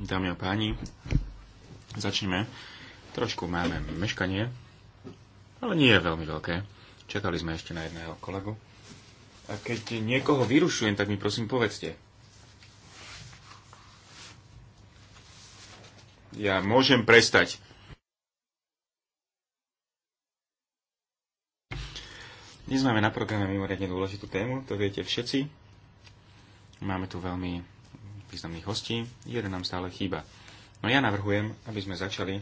Dámy a páni, začneme. Trošku máme meškanie, ale nie je veľmi veľké. Čakali sme ešte na jedného kolegu. A keď niekoho vyrušujem, tak mi prosím povedzte. Ja môžem prestať. Dnes máme na programe mimoriadne dôležitú tému, to viete všetci. Máme tu veľmi významných hostí, jeden nám stále chýba. No ja navrhujem, aby sme začali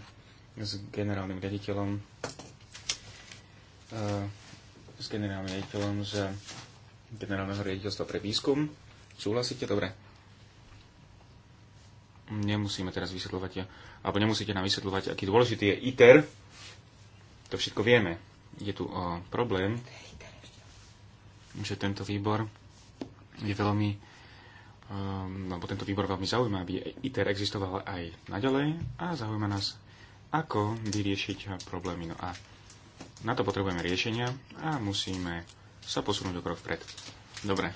s generálnym riaditeľom eh, s generálnym riaditeľom z generálneho riaditeľstva pre výskum. Súhlasíte? Dobre. Nemusíme teraz vysvetľovať, alebo nemusíte nám vysvetľovať, aký dôležitý je ITER. To všetko vieme. Je tu eh, problém, že tento výbor je veľmi Ehm, lebo tento výbor veľmi zaujíma, aby ITER existoval aj naďalej a zaujíma nás, ako vyriešiť problémy. No a na to potrebujeme riešenia a musíme sa posunúť o krok vpred. Dobre,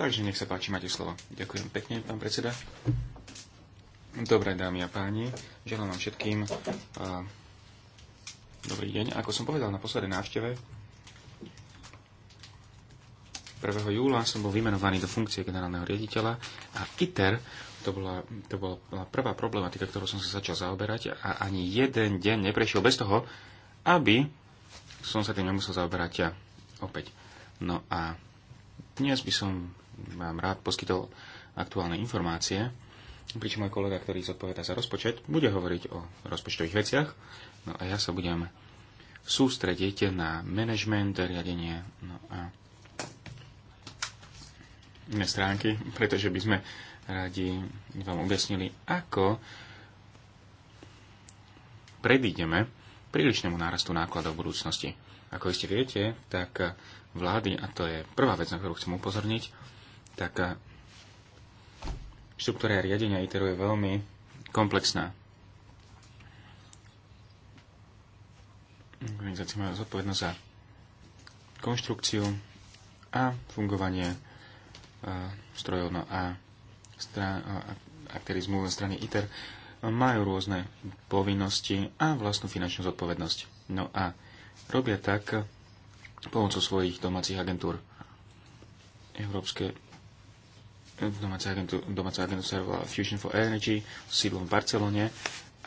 takže nech sa páči, máte slovo. Ďakujem pekne, pán predseda. Dobre, dámy a páni, želám vám všetkým ehm, dobrý deň. Ako som povedal na poslednej návšteve, 1. júla som bol vymenovaný do funkcie generálneho riaditeľa a ITER, to bola, to bola prvá problematika, ktorou som sa začal zaoberať a ani jeden deň neprešiel bez toho, aby som sa tým nemusel zaoberať ja opäť. No a dnes by som vám rád poskytol aktuálne informácie, pričom môj kolega, ktorý zodpoveda za rozpočet, bude hovoriť o rozpočtových veciach, no a ja sa budem sústrediť na management, riadenie, no a iné stránky, pretože by sme radi vám objasnili, ako predídeme prílišnému nárastu nákladov v budúcnosti. Ako iste viete, tak vlády, a to je prvá vec, na ktorú chcem upozorniť, tak štruktúra riadenia ITERu je veľmi komplexná. Organizácia má zodpovednosť za konštrukciu a fungovanie strojov no a, strá, aktivizmu strany ITER majú rôzne povinnosti a vlastnú finančnú zodpovednosť. No a robia tak pomocou svojich domácich agentúr. Európske domáca agentúr domáca agentúr sa volá Fusion for Energy s sídlom v Barcelone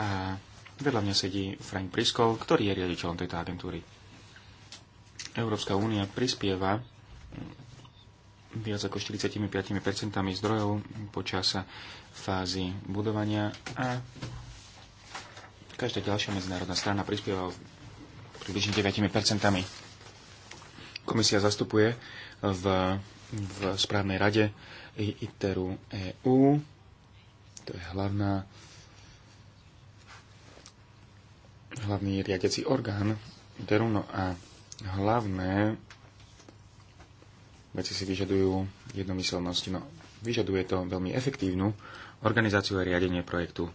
a vedľa mňa sedí Frank Priskov, ktorý je riaditeľom tejto agentúry. Európska únia prispieva viac ako 45% zdrojov počas fázy budovania a každá ďalšia medzinárodná strana prispieva približne 9%. Komisia zastupuje v, v správnej rade ITERu EU, to je hlavná, hlavný riadiací orgán ITERu, no a hlavné veci si vyžadujú jednomyselnosť. No, vyžaduje to veľmi efektívnu organizáciu a riadenie projektu.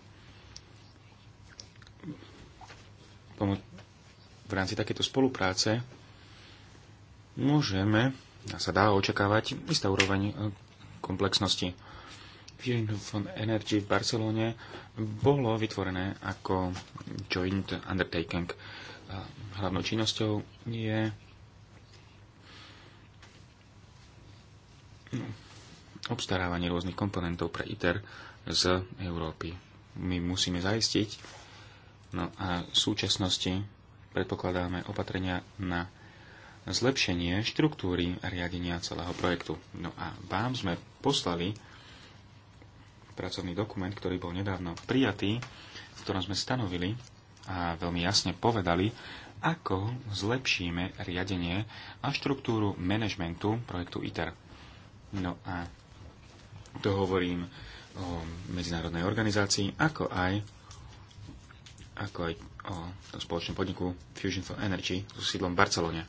V rámci takéto spolupráce môžeme a sa dá očakávať istá úroveň e, komplexnosti. Fusion von Energy v Barcelone bolo vytvorené ako joint undertaking. Hlavnou činnosťou je obstarávanie rôznych komponentov pre ITER z Európy. My musíme zaistiť, no a v súčasnosti predpokladáme opatrenia na zlepšenie štruktúry riadenia celého projektu. No a vám sme poslali pracovný dokument, ktorý bol nedávno prijatý, v ktorom sme stanovili a veľmi jasne povedali, ako zlepšíme riadenie a štruktúru manažmentu projektu ITER. No a to hovorím o medzinárodnej organizácii, ako aj, ako aj o tom spoločnom podniku Fusion for Energy so sídlom v Barcelone.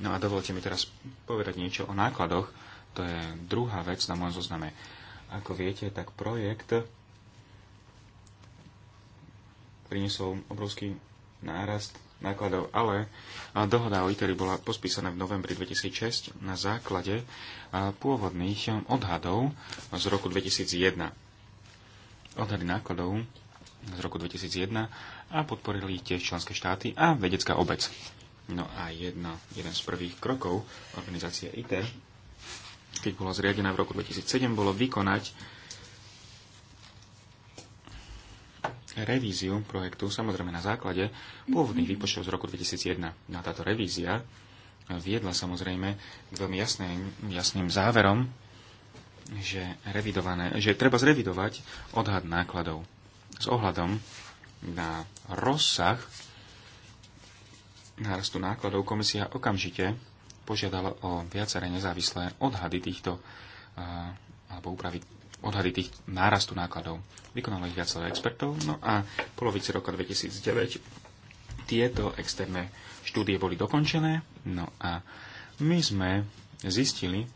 No a dovolte mi teraz povedať niečo o nákladoch. To je druhá vec na môj zozname. Ako viete, tak projekt priniesol obrovský nárast nákladov, ale dohoda o ITERI bola pospísaná v novembri 2006 na základe pôvodných um, odhadov z roku 2001. Odhady nákladov z roku 2001 a podporili tiež členské štáty a vedecká obec. No a jedna, jeden z prvých krokov organizácie ITER, keď bola zriadená v roku 2007, bolo vykonať revíziu projektu, samozrejme na základe pôvodných výpočtov z roku 2001. No a táto revízia e, viedla samozrejme k veľmi jasným, jasným záverom, že, revidované, že treba zrevidovať odhad nákladov s ohľadom na rozsah nárastu nákladov komisia okamžite požiadala o viaceré nezávislé odhady týchto e, alebo úpravy odhady tých nárastu nákladov. Vykonalo ich viacero expertov, no a v polovici roka 2009 tieto externé štúdie boli dokončené, no a my sme zistili,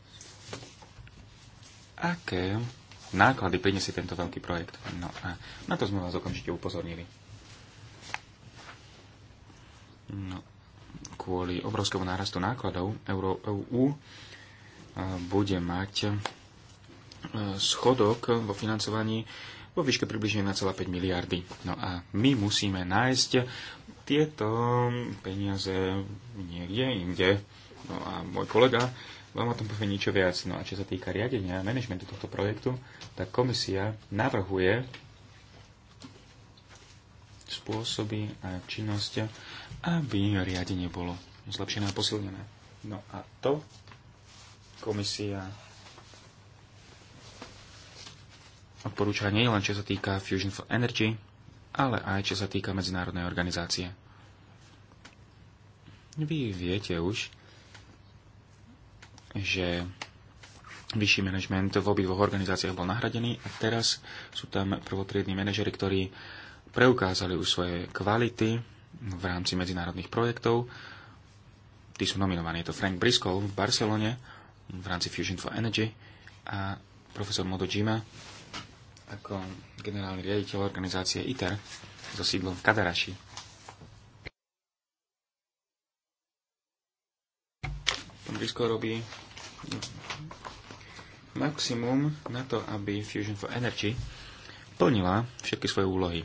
aké náklady priniesie tento veľký projekt. No a na to sme vás okamžite upozornili. No, kvôli obrovskému nárastu nákladov EU eh, bude mať schodok vo financovaní vo výške približne 1,5 miliardy. No a my musíme nájsť tieto peniaze niekde inde. No a môj kolega vám o tom povie niečo viac. No a čo sa týka riadenia a manažmentu tohto projektu, tak komisia navrhuje spôsoby a činnosť, aby riadenie bolo zlepšené a posilnené. No a to komisia odporúča nie len čo sa týka Fusion for Energy, ale aj čo sa týka medzinárodnej organizácie. Vy viete už, že vyšší manažment v obidvoch organizáciách bol nahradený a teraz sú tam prvotriední manažery, ktorí preukázali už svoje kvality v rámci medzinárodných projektov. Tí sú nominovaní. Je to Frank Briscoe v Barcelone v rámci Fusion for Energy a profesor Modo Jima ako generálny riaditeľ organizácie ITER so sídlom v Kadaraši. Pán Brisko robí maximum na to, aby Fusion for Energy plnila všetky svoje úlohy.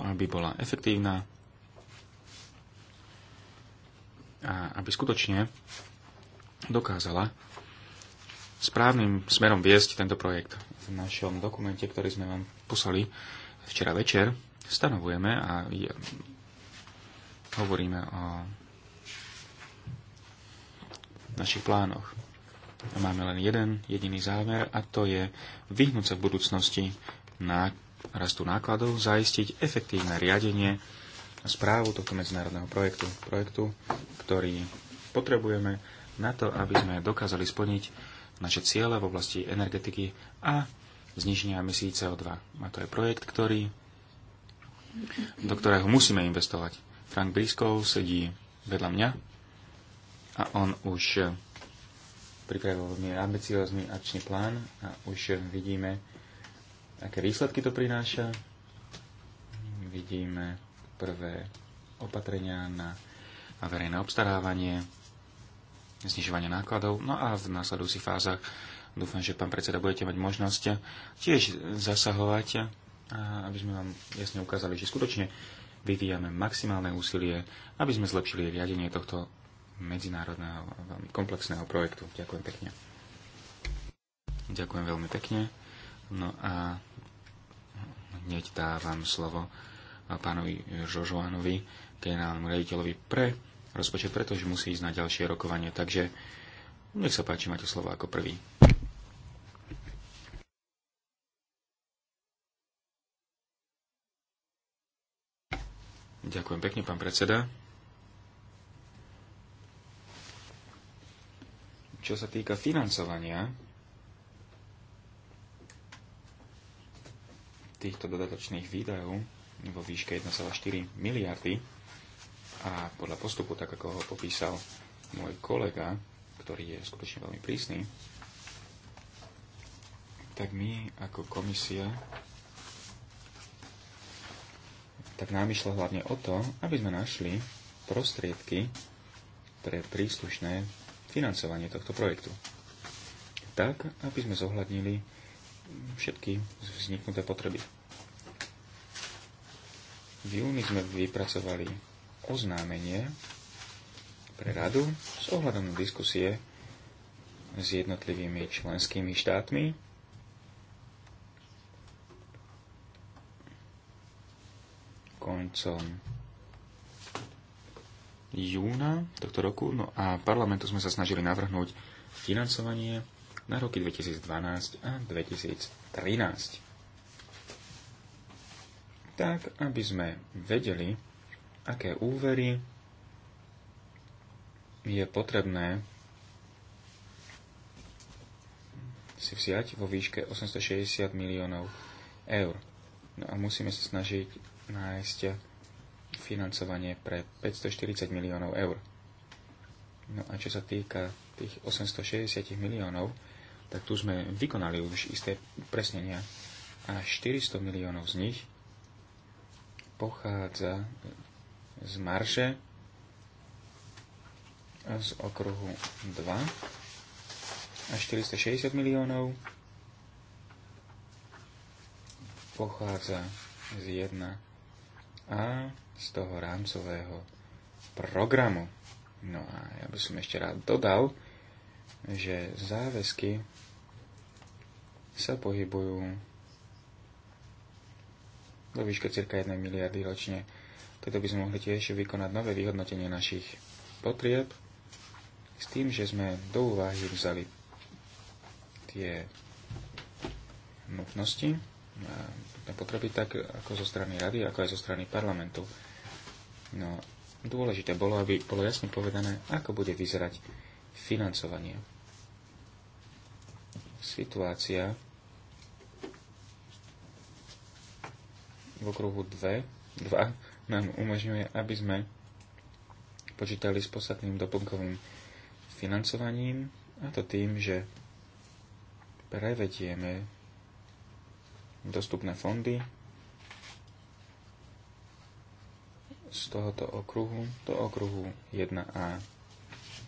Aby bola efektívna a aby skutočne dokázala správnym smerom viesť tento projekt. V našom dokumente, ktorý sme vám poslali včera večer, stanovujeme a je, hovoríme o našich plánoch. máme len jeden jediný zámer a to je vyhnúť sa v budúcnosti na rastu nákladov, zaistiť efektívne riadenie a správu tohto medzinárodného projektu. Projektu, ktorý potrebujeme na to, aby sme dokázali splniť naše ciele v oblasti energetiky a zniženia emisí CO2. A to je projekt, ktorý, do ktorého musíme investovať. Frank Briskov sedí vedľa mňa a on už pripravil veľmi ambiciózny akčný plán a už vidíme, aké výsledky to prináša. Vidíme prvé opatrenia na verejné obstarávanie, znižovania nákladov. No a v následujúcich fázach dúfam, že pán predseda budete mať možnosť tiež zasahovať, aby sme vám jasne ukázali, že skutočne vyvíjame maximálne úsilie, aby sme zlepšili riadenie tohto medzinárodného, veľmi komplexného projektu. Ďakujem pekne. Ďakujem veľmi pekne. No a hneď dávam slovo pánovi Žožoánovi, generálnemu rediteľovi pre rozpočet, pretože musí ísť na ďalšie rokovanie. Takže nech sa páči, máte slovo ako prvý. Ďakujem pekne, pán predseda. Čo sa týka financovania týchto dodatočných výdajov vo výške 1,4 miliardy, a podľa postupu, tak ako ho popísal môj kolega, ktorý je skutočne veľmi prísny, tak my ako komisia tak nám išlo hlavne o to, aby sme našli prostriedky pre príslušné financovanie tohto projektu. Tak, aby sme zohľadnili všetky vzniknuté potreby. V júni sme vypracovali oznámenie pre radu s ohľadom na diskusie s jednotlivými členskými štátmi. Koncom júna tohto roku. No a parlamentu sme sa snažili navrhnúť financovanie na roky 2012 a 2013. Tak, aby sme vedeli, aké úvery je potrebné si vziať vo výške 860 miliónov eur. No a musíme sa snažiť nájsť financovanie pre 540 miliónov eur. No a čo sa týka tých 860 miliónov, tak tu sme vykonali už isté presnenia a 400 miliónov z nich pochádza z marže z okruhu 2 a 460 miliónov pochádza z 1 a z toho rámcového programu. No a ja by som ešte rád dodal, že záväzky sa pohybujú do výške cirka 1 miliardy ročne teda by sme mohli tiež vykonať nové vyhodnotenie našich potrieb s tým, že sme do úvahy vzali tie nutnosti a potreby tak ako zo strany rady, ako aj zo strany parlamentu. No, dôležité bolo, aby bolo jasne povedané, ako bude vyzerať financovanie. Situácia v okruhu 2, 2 nám umožňuje, aby sme počítali s posadným doplnkovým financovaním, a to tým, že prevedieme dostupné fondy z tohoto okruhu do okruhu 1A.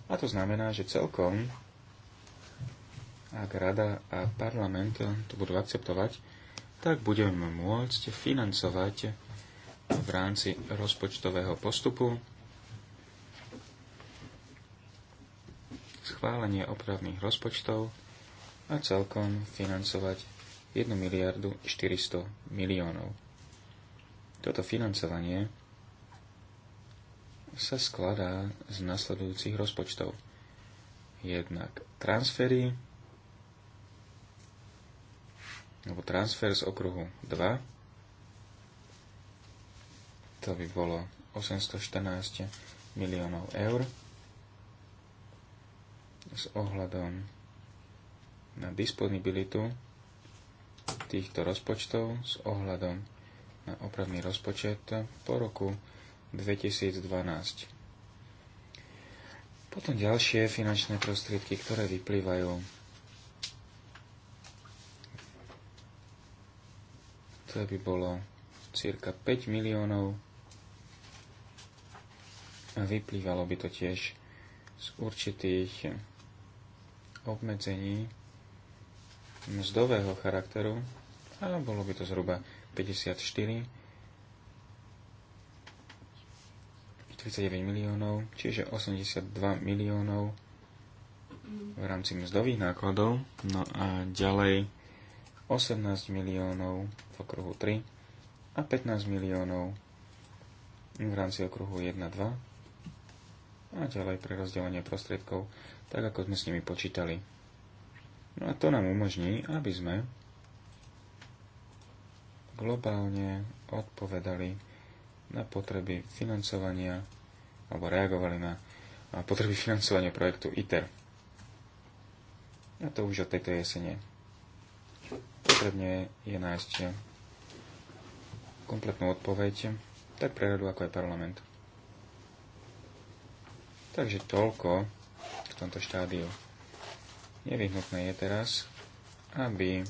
A to znamená, že celkom, ak Rada a parlament to budú akceptovať, tak budeme môcť financovať v rámci rozpočtového postupu, schválenie opravných rozpočtov a celkom financovať 1 miliardu 400 miliónov. Toto financovanie sa skladá z nasledujúcich rozpočtov. Jednak transfery, alebo transfer z okruhu 2, to by bolo 814 miliónov eur s ohľadom na disponibilitu týchto rozpočtov s ohľadom na opravný rozpočet po roku 2012. Potom ďalšie finančné prostriedky, ktoré vyplývajú to by bolo cirka 5 miliónov Vyplývalo by to tiež z určitých obmedzení mzdového charakteru a bolo by to zhruba 54 39 miliónov, čiže 82 miliónov v rámci mzdových nákladov. No a ďalej 18 miliónov v okruhu 3 a 15 miliónov v rámci okruhu 1-2 a ďalej pre rozdelenie prostriedkov, tak ako sme s nimi počítali. No a to nám umožní, aby sme globálne odpovedali na potreby financovania alebo reagovali na potreby financovania projektu ITER. A to už od tejto jesene. Potrebne je nájsť kompletnú odpoveď tak pre radu, ako aj parlament. Takže toľko v tomto štádiu. Nevyhnutné je teraz, aby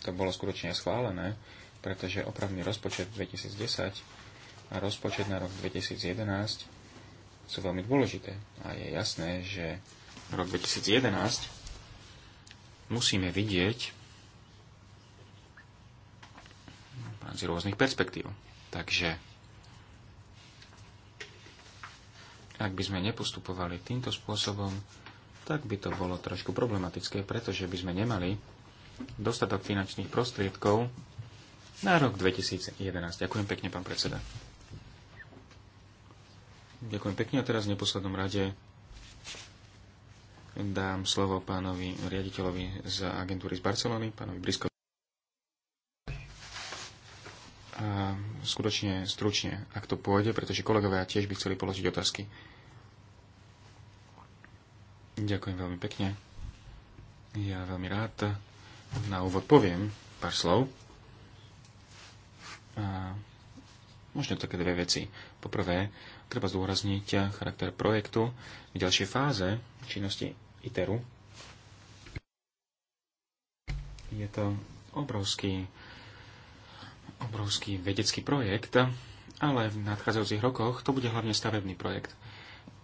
to bolo skutočne schválené, pretože opravný rozpočet 2010 a rozpočet na rok 2011 sú veľmi dôležité. A je jasné, že rok 2011 musíme vidieť z rôznych perspektív. Takže Ak by sme nepostupovali týmto spôsobom, tak by to bolo trošku problematické, pretože by sme nemali dostatok finančných prostriedkov na rok 2011. Ďakujem pekne, pán predseda. Ďakujem pekne a teraz v neposlednom rade dám slovo pánovi riaditeľovi z agentúry z Barcelony, pánovi Brisko. A skutočne stručne, ak to pôjde, pretože kolegovia tiež by chceli položiť otázky. Ďakujem veľmi pekne. Ja veľmi rád na úvod poviem pár slov. A možno také dve veci. Poprvé, treba zdôrazniť charakter projektu v ďalšej fáze činnosti ITERu. Je to obrovský, obrovský vedecký projekt, ale v nadchádzajúcich rokoch to bude hlavne stavebný projekt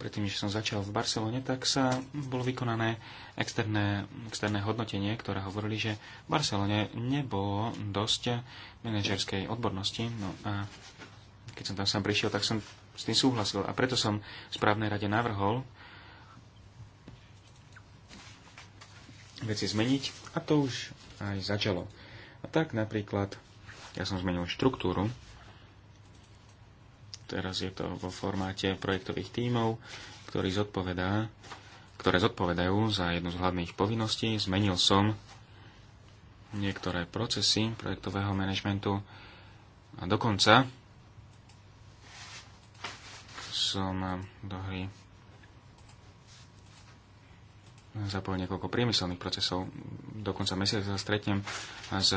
predtým, než som začal v Barcelone, tak sa bolo vykonané externé, externé hodnotenie, ktoré hovorili, že v Barcelone nebolo dosť manažerskej odbornosti. No a keď som tam sám prišiel, tak som s tým súhlasil. A preto som správnej rade navrhol veci zmeniť a to už aj začalo. A tak napríklad ja som zmenil štruktúru Teraz je to vo formáte projektových tímov, ktorý zodpovedá, ktoré zodpovedajú za jednu z hlavných povinností. Zmenil som niektoré procesy projektového manažmentu a dokonca som do hry zapojil niekoľko priemyselných procesov. Do konca mesiaca sa stretnem s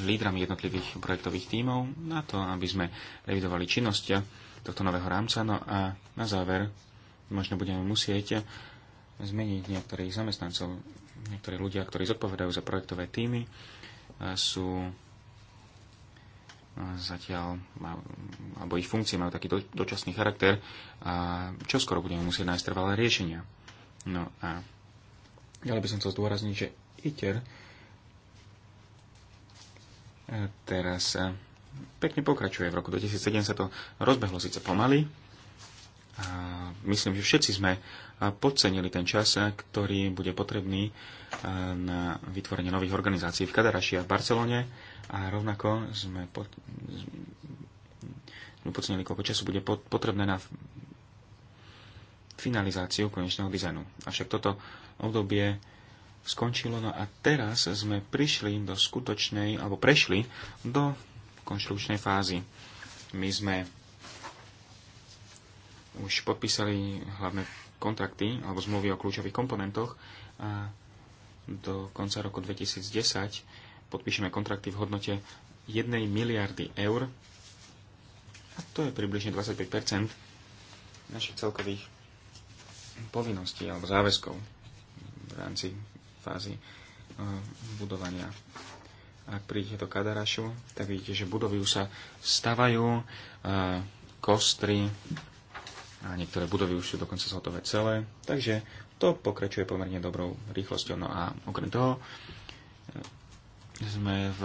lídrami jednotlivých projektových tímov na to, aby sme revidovali činnosť tohto nového rámca. No a na záver možno budeme musieť zmeniť niektorých zamestnancov. Niektorí ľudia, ktorí zodpovedajú za projektové týmy, sú zatiaľ, alebo ich funkcie majú taký dočasný charakter a čo skoro budeme musieť nájsť trvalé riešenia. No a Ďalej by som chcel zdôrazniť, že ITER e, teraz e, pekne pokračuje. V roku 2007 sa to rozbehlo síce pomaly. A myslím, že všetci sme e, podcenili ten čas, ktorý bude potrebný na vytvorenie nových organizácií v Kadaraši a v Barcelone. A rovnako sme, pod, sme podcenili, koľko času bude potrebné na finalizáciu konečného dizajnu. Avšak toto obdobie skončilo. No a teraz sme prišli do skutočnej, alebo prešli do konštrukčnej fázy. My sme už podpísali hlavné kontrakty alebo zmluvy o kľúčových komponentoch a do konca roku 2010 podpíšeme kontrakty v hodnote 1 miliardy eur a to je približne 25 našich celkových povinností alebo záväzkov v rámci fázy eh, budovania. Ak prídete do Kadarašu, tak vidíte, že budovy už sa stavajú, eh, kostry a niektoré budovy už sú dokonca zhotové celé. Takže to pokračuje pomerne dobrou rýchlosťou. No a okrem toho eh, sme v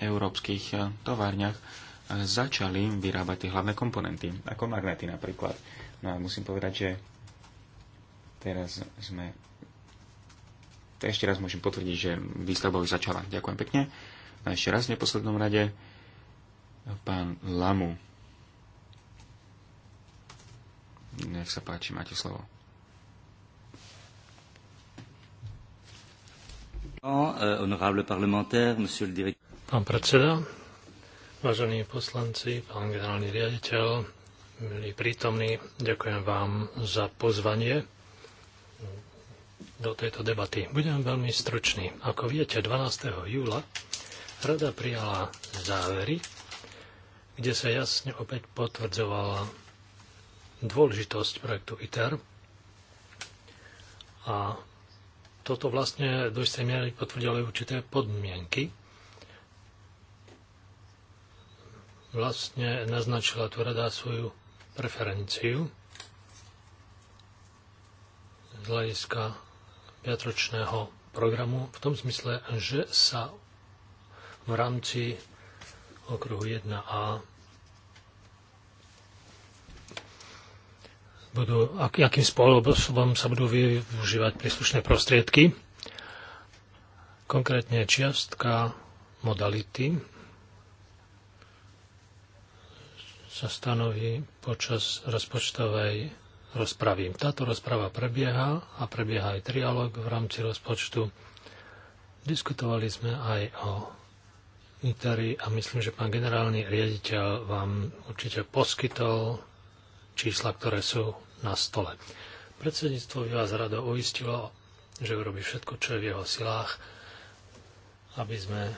európskych továrniach začali vyrábať tie hlavné komponenty, ako magnety napríklad. No a musím povedať, že teraz sme to ešte raz môžem potvrdiť, že výstavba už začala. Ďakujem pekne. A ešte raz v neposlednom rade pán Lamu. Nech sa páči, máte slovo. Pán predseda, vážení poslanci, pán generálny riaditeľ, milí prítomní, ďakujem vám za pozvanie do tejto debaty. Budem veľmi stručný. Ako viete, 12. júla rada prijala závery, kde sa jasne opäť potvrdzovala dôležitosť projektu ITER a toto vlastne do istej miery potvrdilo určité podmienky. Vlastne naznačila tu rada svoju preferenciu z hľadiska piatročného programu v tom zmysle, že sa v rámci okruhu 1a budú, akým spôsobom sa budú využívať príslušné prostriedky, konkrétne čiastka modality sa stanoví počas rozpočtovej rozpravím. Táto rozprava prebieha a prebieha aj trialog v rámci rozpočtu. Diskutovali sme aj o ITERI a myslím, že pán generálny riaditeľ vám určite poskytol čísla, ktoré sú na stole. Predsedníctvo by vás rado uistilo, že urobí všetko, čo je v jeho silách, aby sme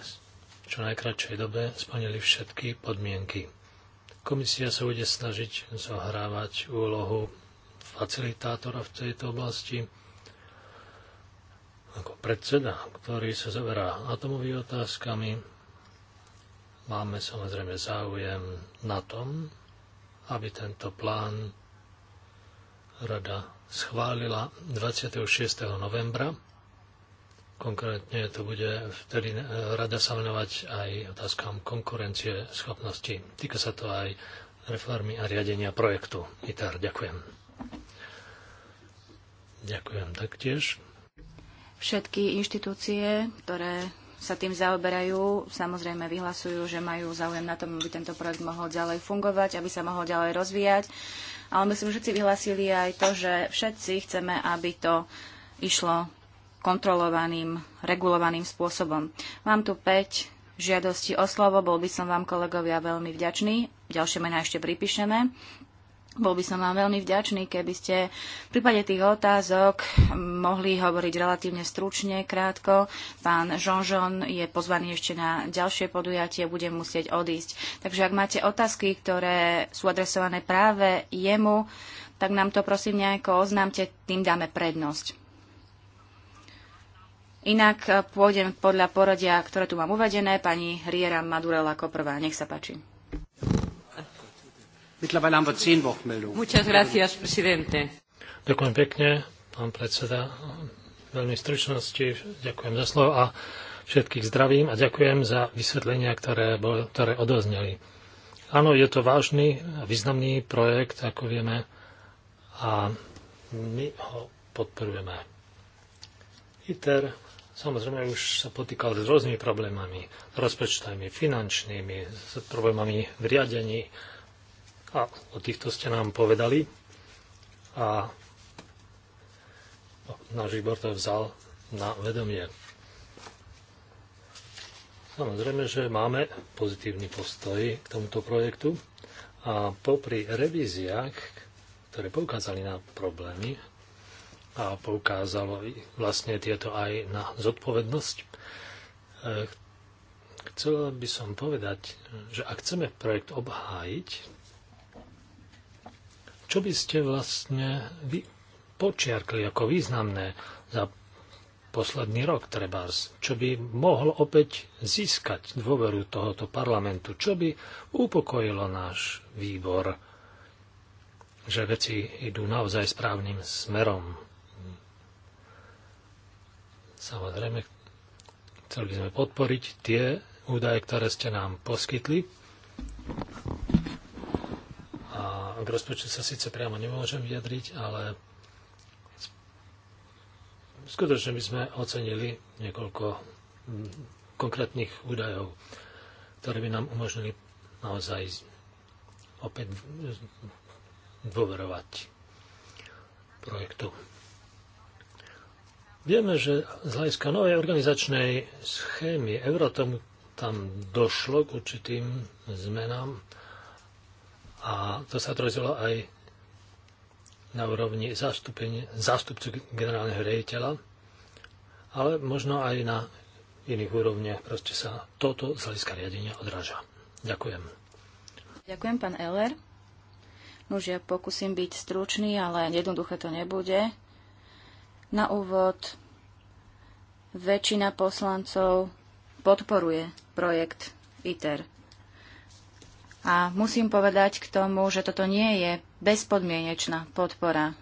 v čo najkračšej dobe splnili všetky podmienky. Komisia sa bude snažiť zohrávať úlohu facilitátora v tejto oblasti, ako predseda, ktorý sa zaverá atomovými otázkami. Máme samozrejme záujem na tom, aby tento plán rada schválila 26. novembra. Konkrétne to bude vtedy eh, rada sa venovať aj otázkam konkurencie schopnosti. Týka sa to aj reformy a riadenia projektu ITAR. Ďakujem. Ďakujem taktiež. Všetky inštitúcie, ktoré sa tým zaoberajú, samozrejme vyhlasujú, že majú záujem na tom, aby tento projekt mohol ďalej fungovať, aby sa mohol ďalej rozvíjať. Ale myslím, že všetci vyhlasili aj to, že všetci chceme, aby to išlo kontrolovaným, regulovaným spôsobom. Mám tu 5 žiadostí o slovo, bol by som vám kolegovia veľmi vďačný. Ďalšie mená ešte pripíšeme. Bol by som vám veľmi vďačný, keby ste v prípade tých otázok mohli hovoriť relatívne stručne, krátko. Pán Žonžon je pozvaný ešte na ďalšie podujatie, budem musieť odísť. Takže ak máte otázky, ktoré sú adresované práve jemu, tak nám to prosím nejako oznámte, tým dáme prednosť. Inak pôjdem podľa poradia, ktoré tu mám uvedené, pani Riera Madurela ako prvá. Nech sa páči. Muchas gracias, presidente. Ďakujem pekne, pán predseda. Veľmi stručnosti ďakujem za slovo a všetkých zdravím a ďakujem za vysvetlenia, ktoré, bol, ktoré odozneli. Áno, je to vážny a významný projekt, ako vieme, a my ho podporujeme. ITER samozrejme už sa potýkal s rôznymi problémami, rozpočtami, finančnými, s problémami v riadení a o týchto ste nám povedali. A náš výbor to vzal na vedomie. Samozrejme, že máme pozitívny postoj k tomuto projektu a popri revíziách, ktoré poukázali na problémy a poukázalo vlastne tieto aj na zodpovednosť, eh, chcel by som povedať, že ak chceme projekt obhájiť, čo by ste vlastne vy počiarkli ako významné za posledný rok trebárs, čo by mohlo opäť získať dôveru tohoto parlamentu, čo by upokojilo náš výbor, že veci idú naozaj správnym smerom. Samozrejme, chceli by sme podporiť tie údaje, ktoré ste nám poskytli. A k rozpočtu sa síce priamo nemôžem vyjadriť, ale skutočne by sme ocenili niekoľko mm, konkrétnych údajov, ktoré by nám umožnili naozaj opäť dôverovať projektu. Vieme, že z hľadiska novej organizačnej schémy Euratom tam došlo k určitým zmenám a to sa odrazilo aj na úrovni zástupcu generálneho rejiteľa, ale možno aj na iných úrovniach proste sa toto z hľadiska riadenia odráža. Ďakujem. Ďakujem, pán Eller. Nož ja pokúsim byť stručný, ale jednoduché to nebude. Na úvod väčšina poslancov podporuje projekt ITER. A musím povedať k tomu, že toto nie je bezpodmienečná podpora.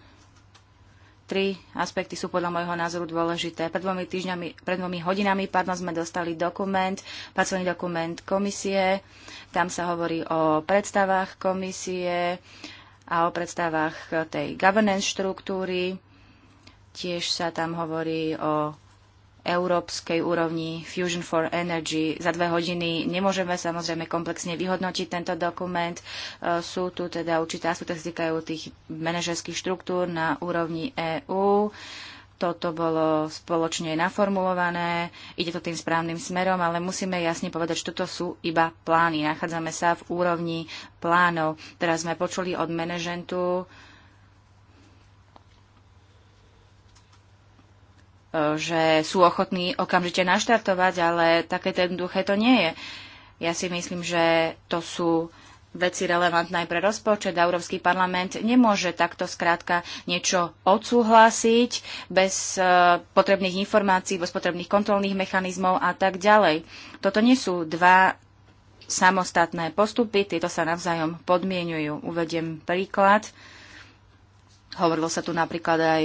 Tri aspekty sú podľa môjho názoru dôležité. Pred dvomi, týždňami, pred dvomi hodinami pardon, sme dostali dokument, pracovný dokument komisie. Tam sa hovorí o predstavách komisie a o predstavách tej governance štruktúry. Tiež sa tam hovorí o európskej úrovni Fusion for Energy za dve hodiny. Nemôžeme samozrejme komplexne vyhodnotiť tento dokument. E, sú tu teda určité aspekty, týkajú tých manažerských štruktúr na úrovni EÚ. Toto bolo spoločne naformulované, ide to tým správnym smerom, ale musíme jasne povedať, že toto sú iba plány. Nachádzame sa v úrovni plánov. Teraz sme počuli od manažentu, že sú ochotní okamžite naštartovať, ale také jednoduché to nie je. Ja si myslím, že to sú veci relevantné aj pre rozpočet. Európsky parlament nemôže takto skrátka niečo odsúhlasiť bez e, potrebných informácií, bez potrebných kontrolných mechanizmov a tak ďalej. Toto nie sú dva samostatné postupy, tieto sa navzájom podmienujú. Uvediem príklad. Hovorilo sa tu napríklad aj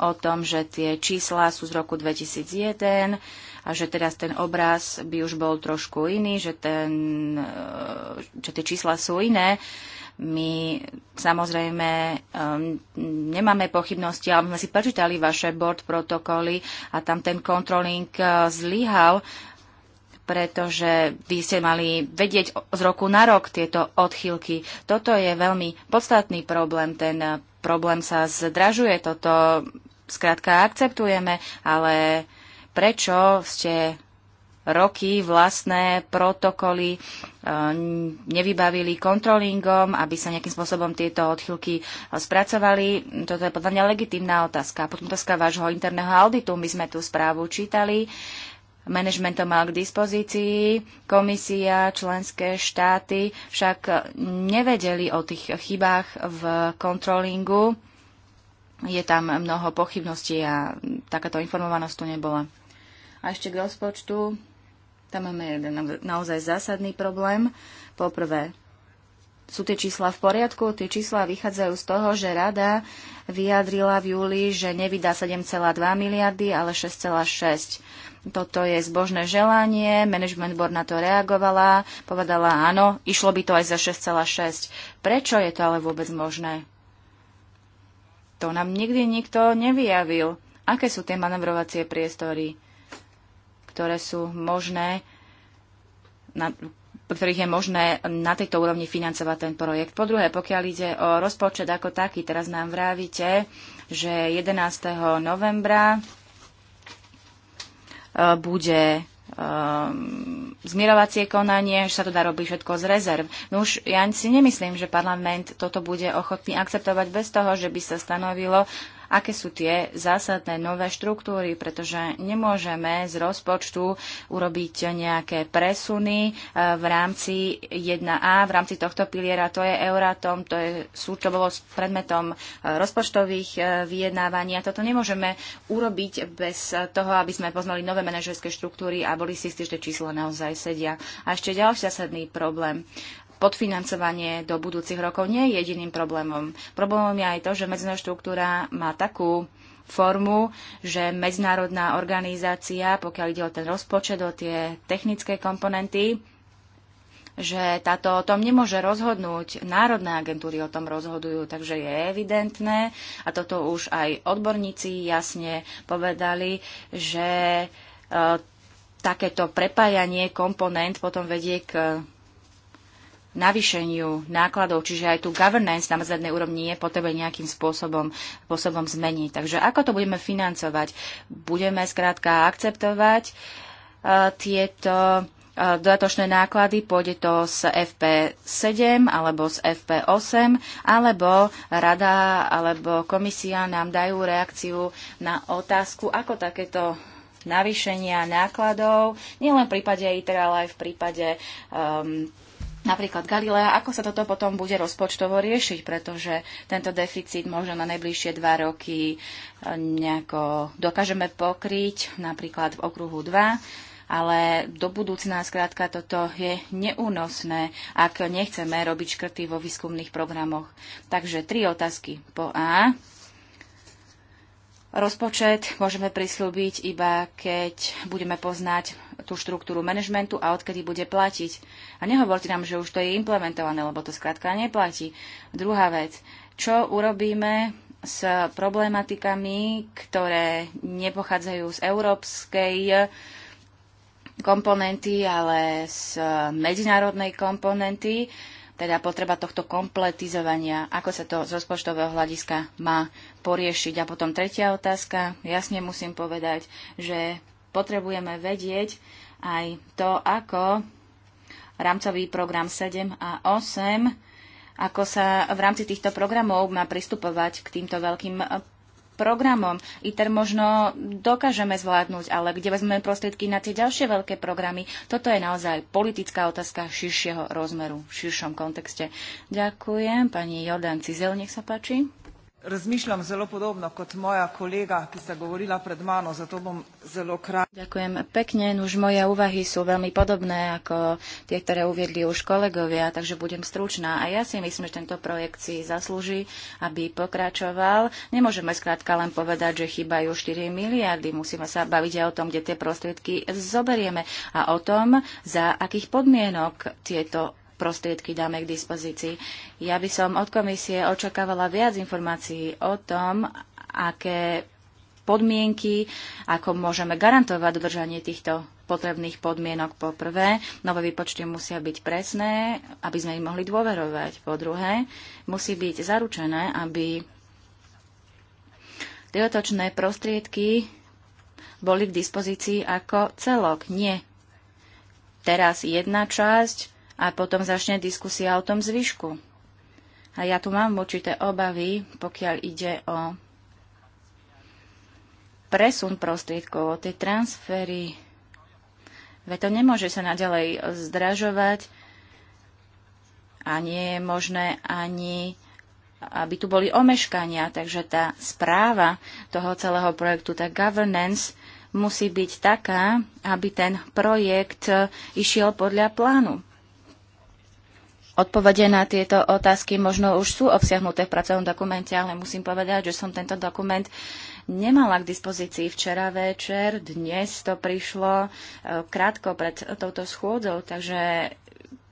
o tom, že tie čísla sú z roku 2001 a že teraz ten obraz by už bol trošku iný, že, ten, e, že tie čísla sú iné. My samozrejme e, nemáme pochybnosti, ale sme si prečítali vaše board protokoly a tam ten controlling e, zlyhal pretože by ste mali vedieť z roku na rok tieto odchýlky. Toto je veľmi podstatný problém. Ten problém sa zdražuje, toto skrátka akceptujeme, ale prečo ste roky vlastné protokoly e, nevybavili kontrolingom, aby sa nejakým spôsobom tieto odchylky spracovali. Toto je podľa mňa legitimná otázka. Potom otázka vášho interného auditu. My sme tú správu čítali manažmentom mal k dispozícii. Komisia, členské štáty však nevedeli o tých chybách v kontrolingu. Je tam mnoho pochybností a takáto informovanosť tu nebola. A ešte k rozpočtu. Tam máme jeden naozaj zásadný problém. Poprvé, sú tie čísla v poriadku? Tie čísla vychádzajú z toho, že rada vyjadrila v júli, že nevydá 7,2 miliardy, ale 6,6 toto je zbožné želanie, management board na to reagovala, povedala áno, išlo by to aj za 6,6. Prečo je to ale vôbec možné? To nám nikdy nikto nevyjavil. Aké sú tie manevrovacie priestory, ktoré sú možné, na, ktorých je možné na tejto úrovni financovať ten projekt. Po druhé, pokiaľ ide o rozpočet ako taký, teraz nám vrávite, že 11. novembra Eh, bude um, zmierovacie konanie, že sa to dá robiť všetko z rezerv. No už ja si nemyslím, že parlament toto bude ochotný akceptovať bez toho, že by sa stanovilo, aké sú tie zásadné nové štruktúry, pretože nemôžeme z rozpočtu urobiť nejaké presuny e, v rámci 1A, v rámci tohto piliera, to je Euratom, to, je, sú, to bolo predmetom e, rozpočtových e, vyjednávaní a toto nemôžeme urobiť bez toho, aby sme poznali nové manažerské štruktúry a boli si istí, že naozaj sedia. A ešte ďalší zásadný problém podfinancovanie do budúcich rokov nie je jediným problémom. Problémom je aj to, že medzinárodná štruktúra má takú formu, že medzinárodná organizácia, pokiaľ ide o ten rozpočet, o tie technické komponenty, že táto o tom nemôže rozhodnúť, národné agentúry o tom rozhodujú, takže je evidentné, a toto už aj odborníci jasne povedali, že e, takéto prepájanie komponent potom vedie k navýšeniu nákladov, čiže aj tu governance na medznárodnej úrovni je potrebné nejakým spôsobom, spôsobom zmeniť. Takže ako to budeme financovať? Budeme skrátka akceptovať uh, tieto e, dodatočné náklady, pôjde to z FP7 alebo z FP8, alebo rada alebo komisia nám dajú reakciu na otázku, ako takéto navýšenia nákladov, nielen v prípade ITER, ale aj v prípade um, napríklad Galilea, ako sa toto potom bude rozpočtovo riešiť, pretože tento deficit možno na najbližšie dva roky e, nejako dokážeme pokryť, napríklad v okruhu 2, ale do budúcna skrátka toto je neúnosné, ak nechceme robiť škrty vo výskumných programoch. Takže tri otázky po A. Rozpočet môžeme prislúbiť iba, keď budeme poznať tú štruktúru manažmentu a odkedy bude platiť. A nehovorte nám, že už to je implementované, lebo to skrátka neplatí. Druhá vec, čo urobíme s problematikami, ktoré nepochádzajú z európskej komponenty, ale z medzinárodnej komponenty, teda potreba tohto kompletizovania, ako sa to z rozpočtového hľadiska má poriešiť. A potom tretia otázka, jasne musím povedať, že potrebujeme vedieť aj to, ako rámcový program 7 a 8, ako sa v rámci týchto programov má pristupovať k týmto veľkým e, programom. ITER možno dokážeme zvládnuť, ale kde vezmeme prostriedky na tie ďalšie veľké programy, toto je naozaj politická otázka širšieho rozmeru, v širšom kontexte. Ďakujem. Pani Jordan Cizel, nech sa páči. Razmišljam zelo podobno kot moja kolega, ki sta govorila pred mano, zato bom zelo krátka. Ďakujem pekne, už moje úvahy sú veľmi podobné ako tie, ktoré uviedli už kolegovia, takže budem stručná. A ja si myslím, že tento projekt si zaslúži, aby pokračoval. Nemôžeme skrátka len povedať, že chýbajú 4 miliardy. Musíme sa baviť aj o tom, kde tie prostriedky zoberieme a o tom, za akých podmienok tieto prostriedky dáme k dispozícii. Ja by som od komisie očakávala viac informácií o tom, aké podmienky, ako môžeme garantovať dodržanie týchto potrebných podmienok. Po prvé, nové výpočty musia byť presné, aby sme im mohli dôverovať. Po druhé, musí byť zaručené, aby dodatočné prostriedky boli k dispozícii ako celok, nie teraz jedna časť, a potom začne diskusia o tom zvyšku. A ja tu mám určité obavy, pokiaľ ide o presun prostriedkov, o tie transfery. Veď to nemôže sa naďalej zdražovať a nie je možné ani aby tu boli omeškania, takže tá správa toho celého projektu, tá governance, musí byť taká, aby ten projekt išiel podľa plánu. Odpovede na tieto otázky možno už sú obsiahnuté v pracovnom dokumente, ale musím povedať, že som tento dokument nemala k dispozícii včera večer. Dnes to prišlo e, krátko pred touto schôdzou, takže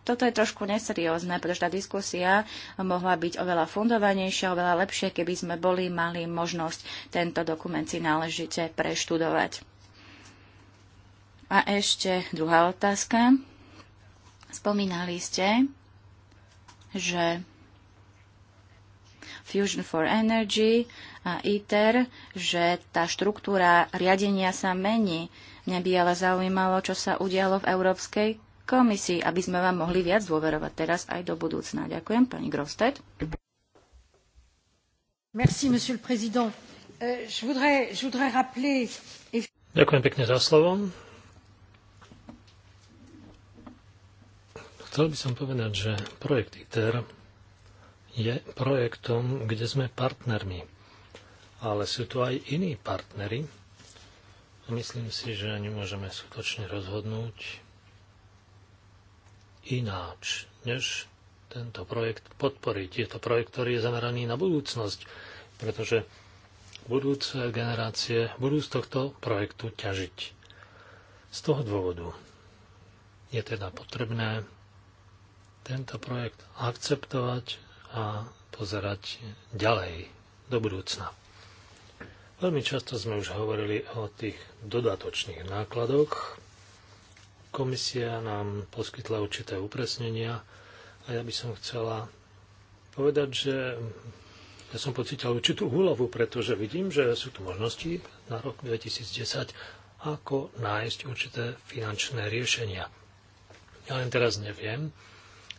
toto je trošku neseriózne, pretože tá diskusia mohla byť oveľa fundovanejšia, oveľa lepšie, keby sme boli mali možnosť tento dokument si náležite preštudovať. A ešte druhá otázka. Spomínali ste, že Fusion for Energy a ITER, že tá štruktúra riadenia sa mení. Mňa by ale zaujímalo, čo sa udialo v Európskej komisii, aby sme vám mohli viac dôverovať teraz aj do budúcna. Ďakujem, pani Grosted. Merci, monsieur le président. Euh, je voudrais, je voudrais rappeler... Ďakujem pekne za slovo. Chcel by som povedať, že projekt ITER je projektom, kde sme partnermi. Ale sú tu aj iní partnery. Myslím si, že nemôžeme skutočne rozhodnúť ináč, než tento projekt podporiť. Je to projekt, ktorý je zameraný na budúcnosť, pretože budúce generácie budú z tohto projektu ťažiť. Z toho dôvodu je teda potrebné tento projekt akceptovať a pozerať ďalej do budúcna. Veľmi často sme už hovorili o tých dodatočných nákladoch. Komisia nám poskytla určité upresnenia a ja by som chcela povedať, že ja som pocítil určitú úlovu, pretože vidím, že sú tu možnosti na rok 2010, ako nájsť určité finančné riešenia. Ja len teraz neviem,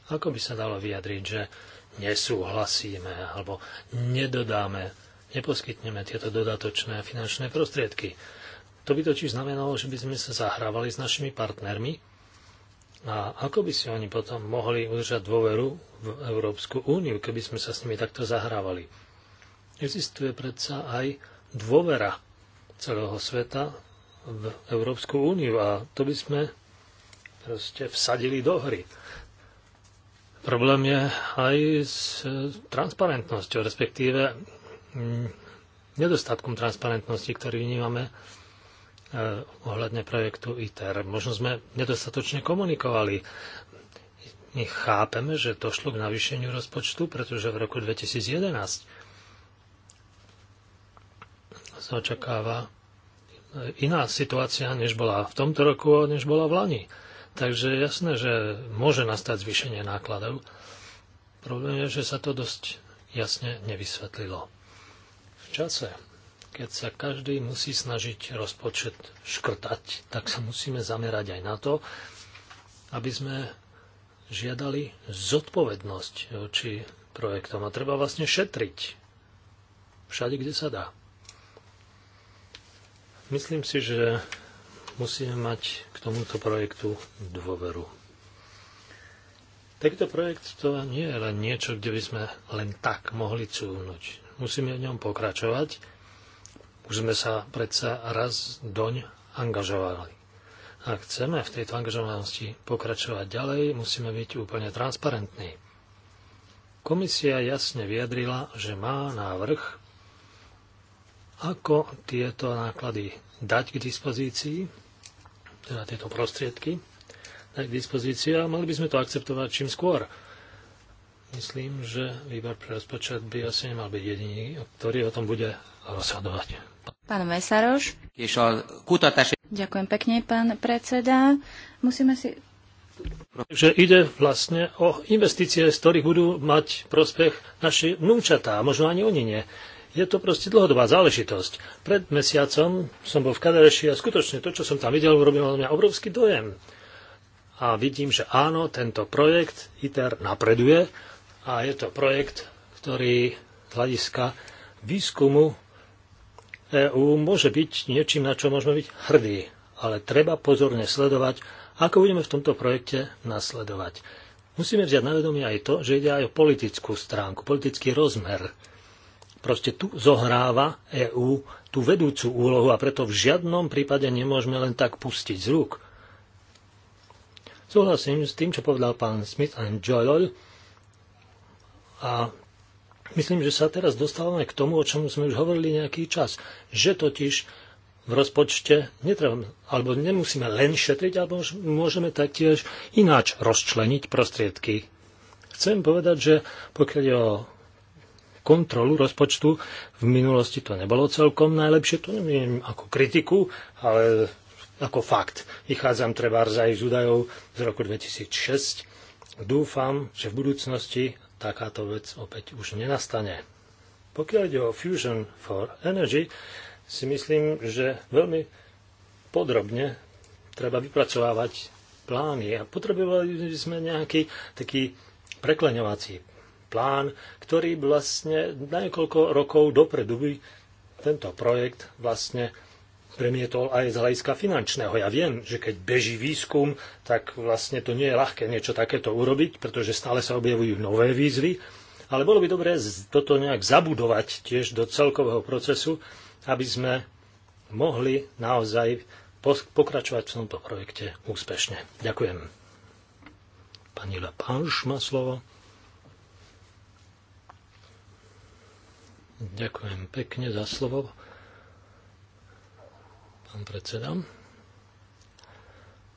ako by sa dalo vyjadriť, že nesúhlasíme alebo nedodáme, neposkytneme tieto dodatočné finančné prostriedky? To by totiž znamenalo, že by sme sa zahrávali s našimi partnermi a ako by si oni potom mohli udržať dôveru v Európsku úniu, keby sme sa s nimi takto zahrávali? Existuje predsa aj dôvera celého sveta v Európsku úniu a to by sme proste vsadili do hry. Problém je aj s e, transparentnosťou, respektíve nedostatkom transparentnosti, ktorý vnímame e, ohľadne projektu ITER. Možno sme nedostatočne komunikovali. My chápeme, že došlo k navýšeniu rozpočtu, pretože v roku 2011 sa očakáva e, iná situácia, než bola v tomto roku, než bola v Lani. Takže je jasné, že môže nastať zvýšenie nákladov. Problém je, že sa to dosť jasne nevysvetlilo. V čase, keď sa každý musí snažiť rozpočet škrtať, tak sa musíme zamerať aj na to, aby sme žiadali zodpovednosť voči projektom. A treba vlastne šetriť všade, kde sa dá. Myslím si, že musíme mať tomuto projektu dôveru. Takýto projekt to nie je len niečo, kde by sme len tak mohli cúvnuť. Musíme v ňom pokračovať. Už sme sa predsa raz doň angažovali. Ak chceme v tejto angažovanosti pokračovať ďalej, musíme byť úplne transparentní. Komisia jasne vyjadrila, že má návrh, ako tieto náklady dať k dispozícii teda tieto prostriedky k dispozícii a mali by sme to akceptovať čím skôr. Myslím, že výbor pre rozpočet by asi nemal byť jediný, ktorý o tom bude rozhodovať. Pán Vesaroš. Ďakujem pekne, pán predseda. Musíme si že ide vlastne o investície, z ktorých budú mať prospech naši vnúčatá, možno ani oni nie. Je to proste dlhodobá záležitosť. Pred mesiacom som bol v Kadereši a skutočne to, čo som tam videl, urobilo na mňa obrovský dojem. A vidím, že áno, tento projekt ITER napreduje a je to projekt, ktorý z hľadiska výskumu EÚ môže byť niečím, na čo môžeme byť hrdí. Ale treba pozorne sledovať, ako budeme v tomto projekte nasledovať. Musíme vziať na vedomie aj to, že ide aj o politickú stránku, politický rozmer. Proste tu zohráva EÚ tú vedúcu úlohu a preto v žiadnom prípade nemôžeme len tak pustiť z rúk. Súhlasím s tým, čo povedal pán Smith a Joel a myslím, že sa teraz dostávame k tomu, o čom sme už hovorili nejaký čas, že totiž v rozpočte netreba, alebo nemusíme len šetriť, alebo môžeme taktiež ináč rozčleniť prostriedky. Chcem povedať, že pokiaľ je o kontrolu rozpočtu. V minulosti to nebolo celkom najlepšie, to neviem ako kritiku, ale ako fakt. Vychádzam treba aj z údajov z roku 2006. Dúfam, že v budúcnosti takáto vec opäť už nenastane. Pokiaľ ide o Fusion for Energy, si myslím, že veľmi podrobne treba vypracovávať plány a potrebovali sme nejaký taký prekleňovací plán, ktorý vlastne na niekoľko rokov dopredu by tento projekt vlastne premietol aj z hľadiska finančného. Ja viem, že keď beží výskum, tak vlastne to nie je ľahké niečo takéto urobiť, pretože stále sa objavujú nové výzvy, ale bolo by dobré toto nejak zabudovať tiež do celkového procesu, aby sme mohli naozaj pokračovať v tomto projekte úspešne. Ďakujem. Pani Lepáš má slovo. Ďakujem pekne za slovo, pán predseda.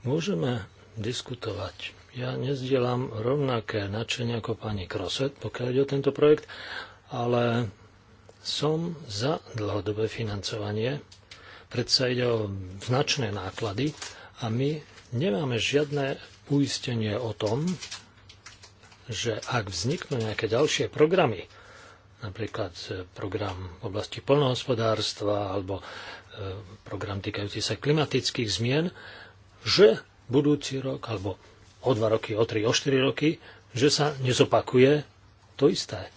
Môžeme diskutovať. Ja nezdielam rovnaké nadšenie ako pani Kroset, pokiaľ ide o tento projekt, ale som za dlhodobé financovanie. Predsa ide o značné náklady a my nemáme žiadne uistenie o tom, že ak vzniknú nejaké ďalšie programy, napríklad e, program v oblasti polnohospodárstva alebo e, program týkajúci sa klimatických zmien, že budúci rok alebo o dva roky, o tri, o štyri roky, že sa nezopakuje to isté.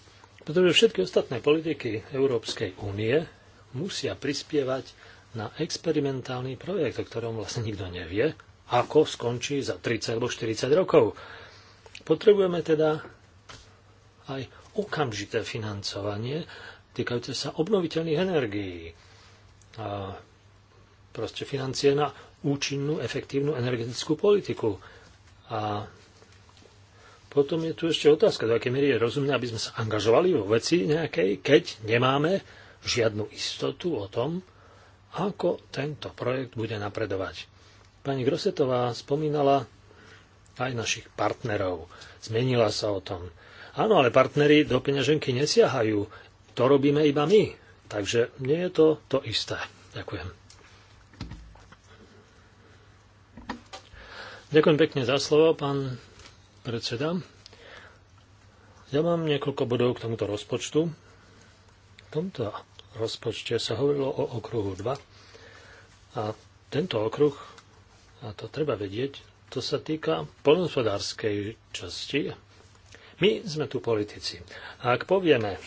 Pretože všetky ostatné politiky Európskej únie musia prispievať na experimentálny projekt, o ktorom vlastne nikto nevie, ako skončí za 30 alebo 40 rokov. Potrebujeme teda aj okamžité financovanie týkajúce sa obnoviteľných energií. A proste financie na účinnú, efektívnu energetickú politiku. A potom je tu ešte otázka, do akej miery je rozumné, aby sme sa angažovali vo veci nejakej, keď nemáme žiadnu istotu o tom, ako tento projekt bude napredovať. Pani Grosetová spomínala aj našich partnerov. Zmenila sa o tom. Áno, ale partnery do peňaženky nesiahajú. To robíme iba my. Takže nie je to to isté. Ďakujem. Ďakujem pekne za slovo, pán predseda. Ja mám niekoľko bodov k tomuto rozpočtu. V tomto rozpočte sa hovorilo o okruhu 2. A tento okruh, a to treba vedieť, to sa týka polnospodárskej časti my sme tu politici. A ak povieme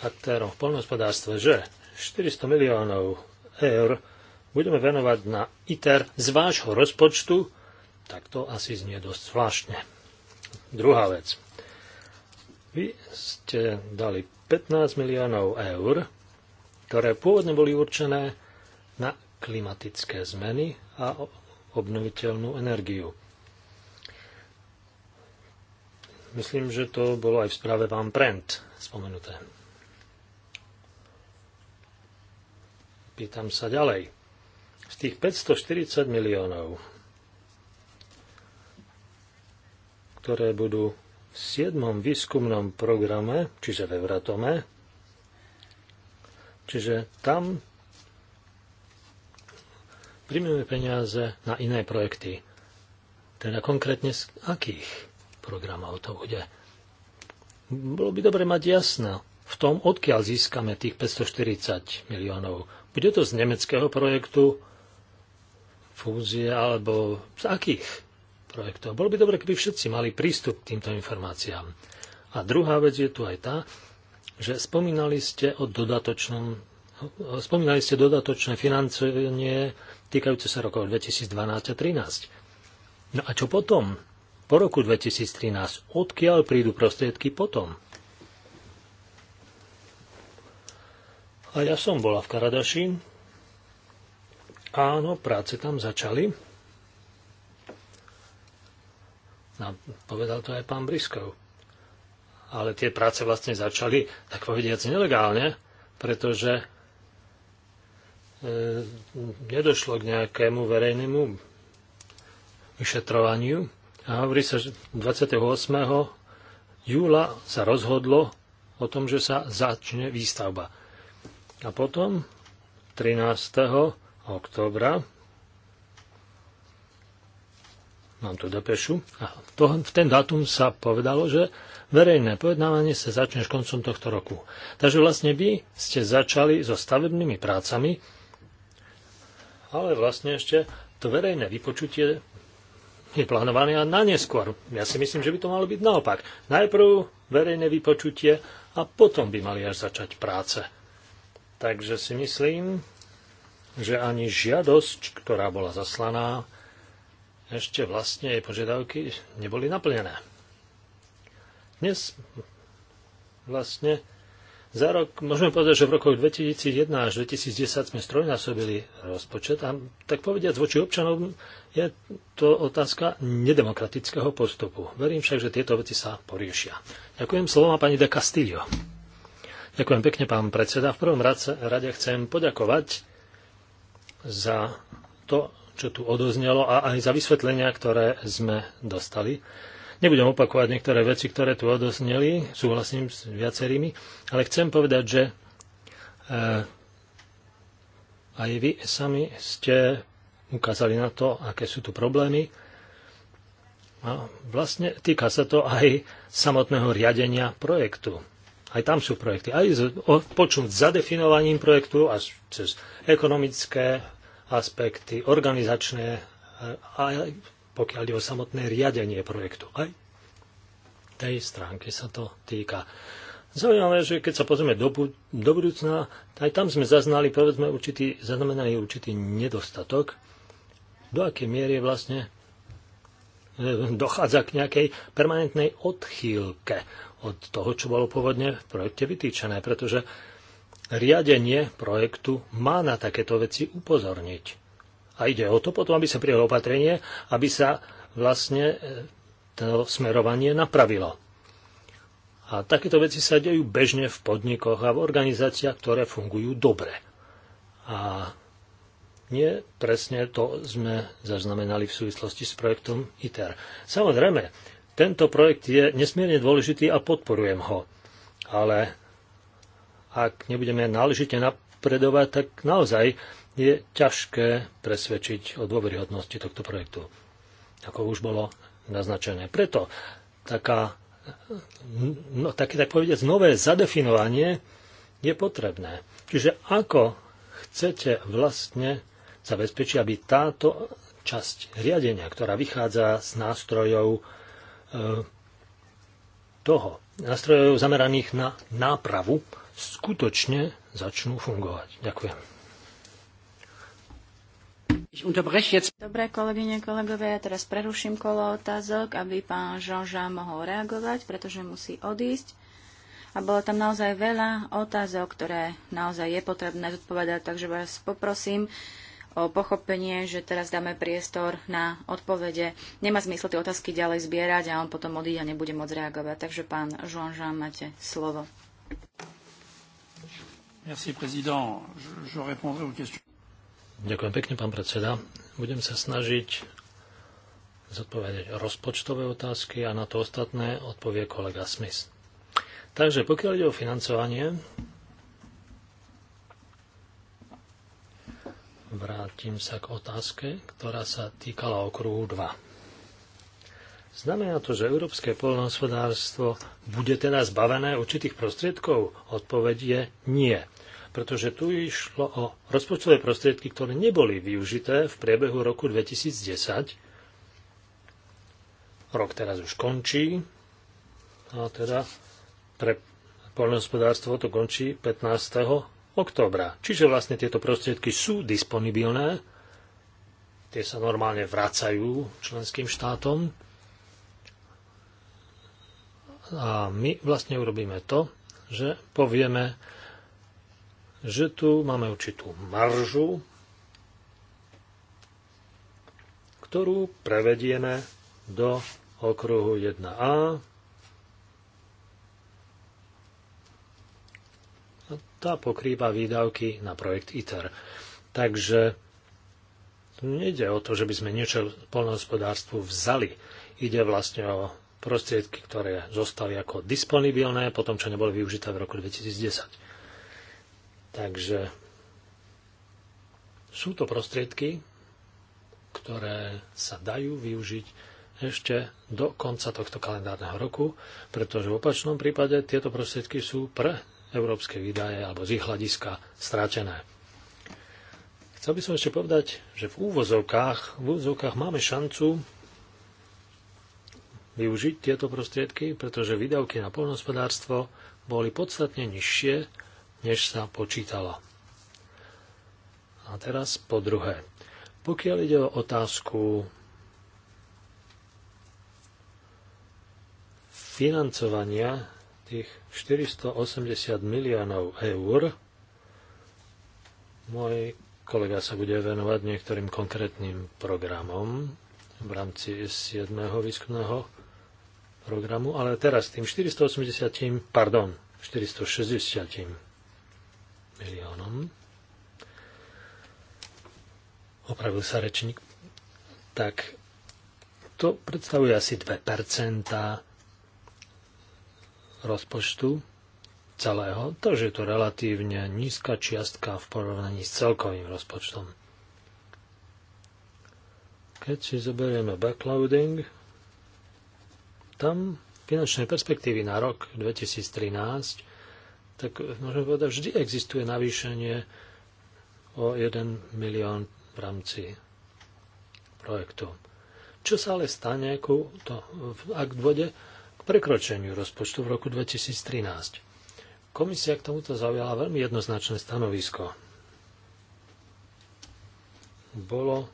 aktérom v poľnohospodárstve, že 400 miliónov eur budeme venovať na ITER z vášho rozpočtu, tak to asi znie dosť zvláštne. Druhá vec. Vy ste dali 15 miliónov eur, ktoré pôvodne boli určené na klimatické zmeny a obnoviteľnú energiu. Myslím, že to bolo aj v správe vám Prent spomenuté. Pýtam sa ďalej. Z tých 540 miliónov, ktoré budú v 7. výskumnom programe, čiže ve vratome. čiže tam príjmeme peniaze na iné projekty. Teda konkrétne z akých? ale to bude. Bolo by dobre mať jasno v tom, odkiaľ získame tých 540 miliónov. Bude to z nemeckého projektu, fúzie alebo z akých projektov. Bolo by dobre, keby všetci mali prístup k týmto informáciám. A druhá vec je tu aj tá, že spomínali ste o dodatočnom spomínali ste dodatočné financovanie týkajúce sa rokov 2012 a 2013. No a čo potom? po roku 2013. Odkiaľ prídu prostriedky potom? A ja som bola v Karadaši. Áno, práce tam začali. No, povedal to aj pán Briskov. Ale tie práce vlastne začali, tak povediac, nelegálne, pretože e, nedošlo k nejakému verejnému vyšetrovaniu. A hovorí sa, že 28. júla sa rozhodlo o tom, že sa začne výstavba. A potom 13. oktobra mám tu depešu a to, v ten dátum sa povedalo, že verejné pojednávanie sa začne s koncom tohto roku. Takže vlastne vy ste začali so stavebnými prácami, ale vlastne ešte to verejné vypočutie je plánované na neskôr. Ja si myslím, že by to malo byť naopak. Najprv verejné vypočutie a potom by mali až začať práce. Takže si myslím, že ani žiadosť, ktorá bola zaslaná, ešte vlastne jej požiadavky neboli naplnené. Dnes vlastne za rok, môžeme povedať, že v rokoch 2001 až 2010 sme strojnásobili rozpočet a tak povediať voči občanov je to otázka nedemokratického postupu. Verím však, že tieto veci sa poriešia. Ďakujem slovo pani de Castillo. Ďakujem pekne, pán predseda. V prvom rade chcem poďakovať za to, čo tu odoznelo a aj za vysvetlenia, ktoré sme dostali. Nebudem opakovať niektoré veci, ktoré tu odosneli, súhlasím s viacerými, ale chcem povedať, že eh, aj vy sami ste ukázali na to, aké sú tu problémy. A vlastne týka sa to aj samotného riadenia projektu. Aj tam sú projekty. Aj počnúť zadefinovaním projektu a cez ekonomické aspekty, organizačné, eh, aj pokiaľ je o samotné riadenie projektu. Aj tej stránke sa to týka. Zaujímavé, že keď sa pozrieme do, bu- do budúcna, aj tam sme zaznali, povedzme, určitý, zaznamenali určitý nedostatok, do akej miery vlastne eh, dochádza k nejakej permanentnej odchýlke od toho, čo bolo pôvodne v projekte vytýčené, pretože riadenie projektu má na takéto veci upozorniť. A ide o to potom, aby sa prijalo opatrenie, aby sa vlastne e, to smerovanie napravilo. A takéto veci sa dejú bežne v podnikoch a v organizáciách, ktoré fungujú dobre. A nie presne to sme zaznamenali v súvislosti s projektom ITER. Samozrejme, tento projekt je nesmierne dôležitý a podporujem ho. Ale ak nebudeme náležite napredovať, tak naozaj je ťažké presvedčiť o dôveryhodnosti tohto projektu, ako už bolo naznačené. Preto taká, no, také, tak povedať, nové zadefinovanie je potrebné. Čiže ako chcete vlastne zabezpečiť, aby táto časť riadenia, ktorá vychádza z nástrojov e, toho, nástrojov zameraných na nápravu, skutočne začnú fungovať. Ďakujem. Dobre, kolegyne, kolegovia, ja teraz preruším kolo otázok, aby pán Žoža mohol reagovať, pretože musí odísť. A bolo tam naozaj veľa otázok, ktoré naozaj je potrebné zodpovedať, takže vás poprosím o pochopenie, že teraz dáme priestor na odpovede. Nemá zmysel tie otázky ďalej zbierať a on potom odíde a nebude môcť reagovať. Takže pán Jean, máte slovo. Merci, président. Je, je répondrai aux questions. Ďakujem pekne, pán predseda. Budem sa snažiť zodpovedať rozpočtové otázky a na to ostatné odpovie kolega Smith. Takže pokiaľ ide o financovanie, vrátim sa k otázke, ktorá sa týkala okruhu 2. Znamená to, že európske polnohospodárstvo bude teda zbavené určitých prostriedkov? Odpoveď je nie pretože tu išlo o rozpočtové prostriedky, ktoré neboli využité v priebehu roku 2010. Rok teraz už končí, a teda pre poľnohospodárstvo to končí 15. októbra. Čiže vlastne tieto prostriedky sú disponibilné, tie sa normálne vracajú členským štátom a my vlastne urobíme to, že povieme, že tu máme určitú maržu, ktorú prevedieme do okruhu 1a. A tá pokrýva výdavky na projekt ITER. Takže tu nejde o to, že by sme niečo polnohospodárstvu vzali. Ide vlastne o prostriedky, ktoré zostali ako disponibilné, potom čo neboli využité v roku 2010. Takže sú to prostriedky, ktoré sa dajú využiť ešte do konca tohto kalendárneho roku, pretože v opačnom prípade tieto prostriedky sú pre európske výdaje alebo z ich hľadiska strátené. Chcel by som ešte povedať, že v úvozovkách, v úvozovkách máme šancu využiť tieto prostriedky, pretože výdavky na poľnohospodárstvo boli podstatne nižšie než sa počítala. A teraz po druhé. Pokiaľ ide o otázku financovania tých 480 miliónov eur, môj kolega sa bude venovať niektorým konkrétnym programom v rámci 7. výskumného programu, ale teraz tým 480, pardon, 460 miliónom. Opravil sa rečník. Tak to predstavuje asi 2 rozpočtu celého, že je to relatívne nízka čiastka v porovnaní s celkovým rozpočtom. Keď si zoberieme backloading, tam finančné perspektívy na rok 2013 tak môžeme povedať, vždy existuje navýšenie o 1 milión v rámci projektu. Čo sa ale stane, ku to, ak dôjde k prekročeniu rozpočtu v roku 2013? Komisia k tomuto zaujala veľmi jednoznačné stanovisko. Bolo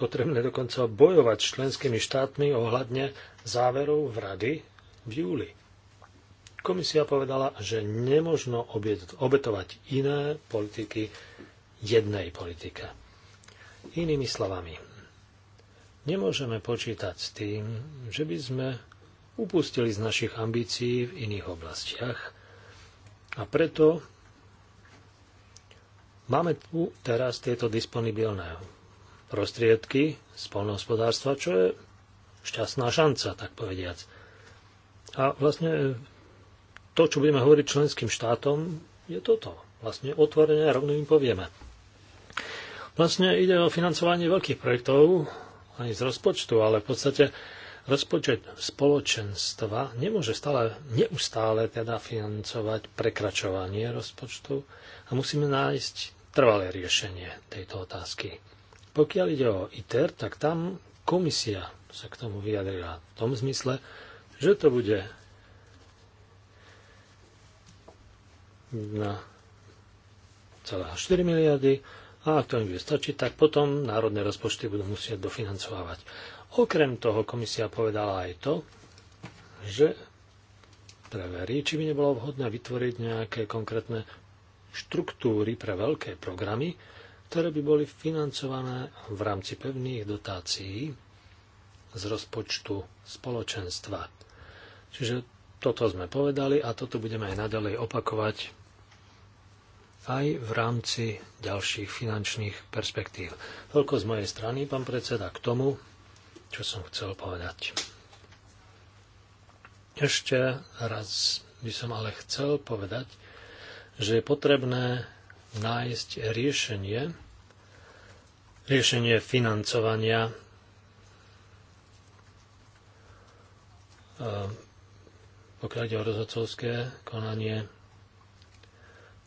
potrebné dokonca bojovať s členskými štátmi ohľadne záverov v rady v júli Komisia povedala, že nemožno obetovať iné politiky jednej politike. Inými slovami, nemôžeme počítať s tým, že by sme upustili z našich ambícií v iných oblastiach a preto máme tu teraz tieto disponibilné prostriedky z polnohospodárstva, čo je šťastná šanca, tak povediac. A vlastne to, čo budeme hovoriť členským štátom, je toto. Vlastne otvorene a rovno im povieme. Vlastne ide o financovanie veľkých projektov, ani z rozpočtu, ale v podstate rozpočet spoločenstva nemôže stále, neustále teda financovať prekračovanie rozpočtu a musíme nájsť trvalé riešenie tejto otázky. Pokiaľ ide o ITER, tak tam komisia sa k tomu vyjadrila v tom zmysle, že to bude na celá 4 miliardy a ak to im bude stačiť, tak potom národné rozpočty budú musieť dofinancovať. Okrem toho komisia povedala aj to, že preverí, či by nebolo vhodné vytvoriť nejaké konkrétne štruktúry pre veľké programy, ktoré by boli financované v rámci pevných dotácií z rozpočtu spoločenstva. Čiže toto sme povedali a toto budeme aj naďalej opakovať aj v rámci ďalších finančných perspektív. Toľko z mojej strany, pán predseda, k tomu, čo som chcel povedať. Ešte raz by som ale chcel povedať, že je potrebné nájsť riešenie, riešenie financovania e, pokiaľ ide o rozhodcovské konanie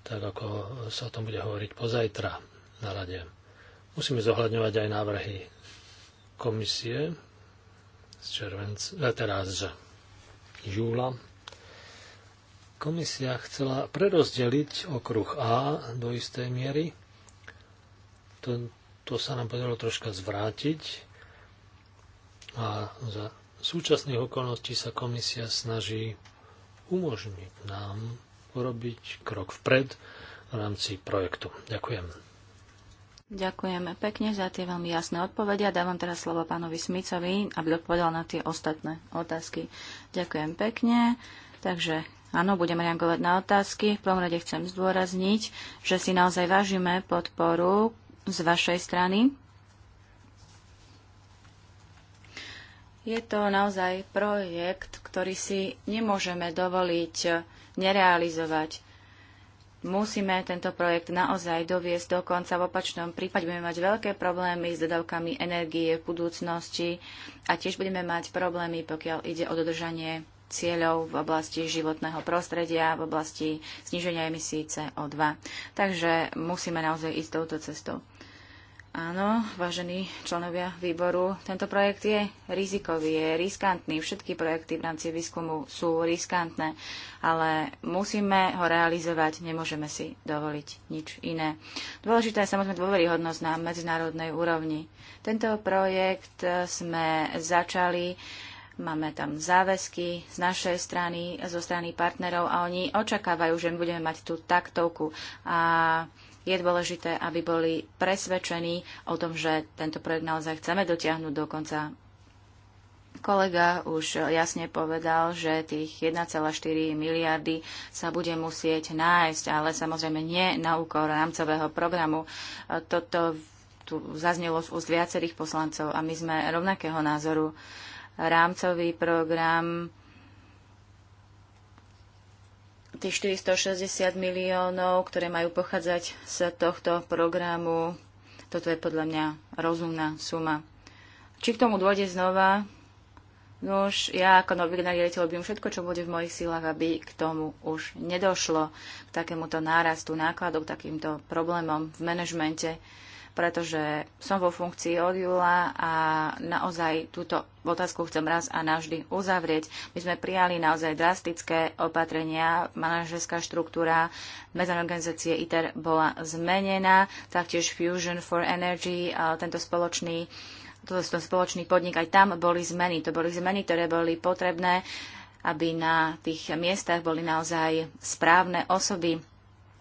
tak ako sa o tom bude hovoriť pozajtra na rade. Musíme zohľadňovať aj návrhy komisie z červenca, eh, teraz z júla. Komisia chcela prerozdeliť okruh A do istej miery. To, to sa nám podarilo troška zvrátiť a za súčasných okolností sa komisia snaží umožniť nám urobiť krok vpred v rámci projektu. Ďakujem. Ďakujeme pekne za tie veľmi jasné odpovede a dávam teraz slovo pánovi Smicovi, aby odpovedal na tie ostatné otázky. Ďakujem pekne. Takže áno, budeme reagovať na otázky. V prvom rade chcem zdôrazniť, že si naozaj vážime podporu z vašej strany. Je to naozaj projekt, ktorý si nemôžeme dovoliť nerealizovať. Musíme tento projekt naozaj doviesť do konca. V opačnom prípade budeme mať veľké problémy s dodávkami energie v budúcnosti a tiež budeme mať problémy, pokiaľ ide o dodržanie cieľov v oblasti životného prostredia, v oblasti zniženia emisí CO2. Takže musíme naozaj ísť touto cestou. Áno, vážení členovia výboru, tento projekt je rizikový, je riskantný. Všetky projekty v rámci výskumu sú riskantné, ale musíme ho realizovať, nemôžeme si dovoliť nič iné. Dôležitá je samozrejme dôveryhodnosť na medzinárodnej úrovni. Tento projekt eh, sme začali Máme tam záväzky z našej strany, zo strany partnerov a oni očakávajú, že my budeme mať tú taktovku. A je dôležité, aby boli presvedčení o tom, že tento projekt naozaj chceme dotiahnuť do konca. Kolega už jasne povedal, že tých 1,4 miliardy sa bude musieť nájsť, ale samozrejme nie na úkor rámcového programu. Toto tu zaznelo z úst viacerých poslancov a my sme rovnakého názoru. Rámcový program tých 460 miliónov, ktoré majú pochádzať z tohto programu, toto je podľa mňa rozumná suma. Či k tomu dôjde znova, no už ja ako novinár riaditeľ robím všetko, čo bude v mojich silách, aby k tomu už nedošlo, k takémuto nárastu nákladov, takýmto problémom v manažmente pretože som vo funkcii od júla a naozaj túto otázku chcem raz a navždy uzavrieť. My sme prijali naozaj drastické opatrenia, manažerská štruktúra medzinárodnej organizácie ITER bola zmenená, taktiež Fusion for Energy, tento spoločný toto spoločný podnik, aj tam boli zmeny. To boli zmeny, ktoré boli potrebné, aby na tých miestach boli naozaj správne osoby,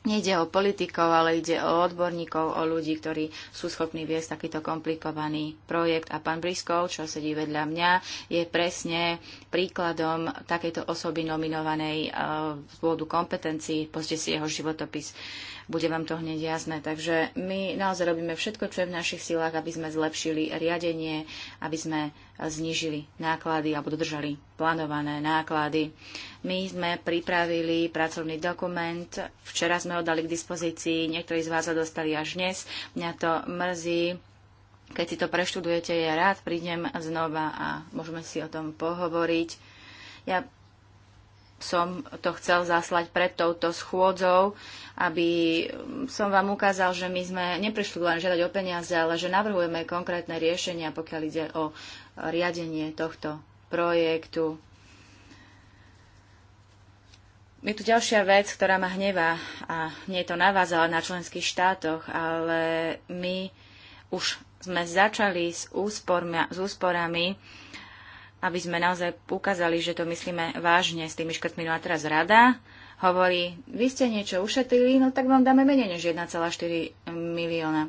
Nejde o politikov, ale ide o odborníkov, o ľudí, ktorí sú schopní viesť takýto komplikovaný projekt. A pán Briskov, čo sedí vedľa mňa, je presne príkladom takejto osoby nominovanej eh, z dôvodu kompetencií. Pozrite si jeho životopis bude vám to hneď jasné. Takže my naozaj robíme všetko, čo je v našich silách, aby sme zlepšili riadenie, aby sme znížili náklady alebo dodržali plánované náklady. My sme pripravili pracovný dokument, včera sme ho dali k dispozícii, niektorí z vás ho dostali až dnes. Mňa to mrzí, keď si to preštudujete, ja rád prídem znova a môžeme si o tom pohovoriť. Ja som to chcel zaslať pred touto schôdzou, aby som vám ukázal, že my sme neprišli len žiadať o peniaze, ale že navrhujeme konkrétne riešenia, pokiaľ ide o riadenie tohto projektu. Je tu ďalšia vec, ktorá ma hnevá a nie je to na vás, ale na členských štátoch, ale my už sme začali s, úspormi, s úsporami aby sme naozaj ukázali, že to myslíme vážne s tými škrtmi. No a teraz rada hovorí, vy ste niečo ušetrili, no tak vám dáme menej než 1,4 milióna.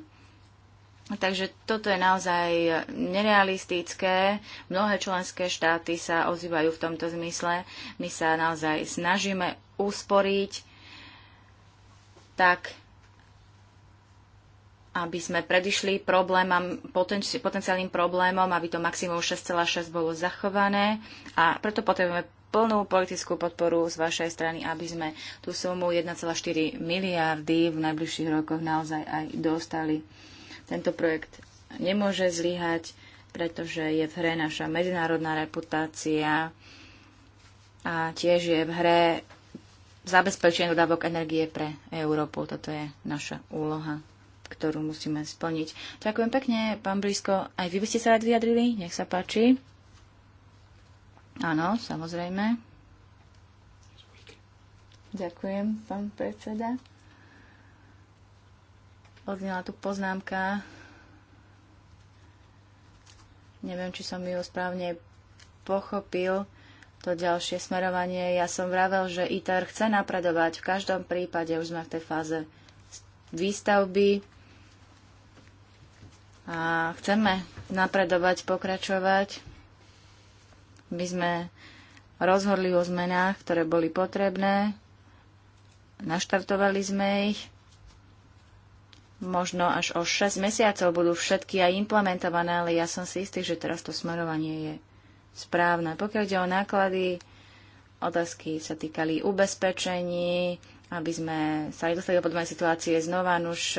Takže toto je naozaj nerealistické. Mnohé členské štáty sa ozývajú v tomto zmysle. My sa naozaj snažíme usporiť tak, aby sme predišli problémam, potenciálnym problémom, aby to maximum 6,6 bolo zachované a preto potrebujeme plnú politickú podporu z vašej strany, aby sme tú sumu 1,4 miliardy v najbližších rokoch naozaj aj dostali. Tento projekt nemôže zlyhať, pretože je v hre naša medzinárodná reputácia a tiež je v hre zabezpečenie dodávok energie pre Európu. Toto je naša úloha ktorú musíme splniť. Ďakujem pekne, pán Blízko. Aj vy by ste sa rád vyjadrili? Nech sa páči. Áno, samozrejme. Ďakujem, pán predseda. Odznala tu poznámka. Neviem, či som ju správne pochopil to ďalšie smerovanie. Ja som vravel, že ITER chce napredovať. V každom prípade už sme v tej fáze výstavby a chceme napredovať, pokračovať. by sme rozhodli o zmenách, ktoré boli potrebné, naštartovali sme ich. Možno až o 6 mesiacov budú všetky aj implementované, ale ja som si istý, že teraz to smerovanie je správne. Pokiaľ ide o náklady, otázky sa týkali ubezpečení, aby sme sa nedostali do podobnej situácie znova. Už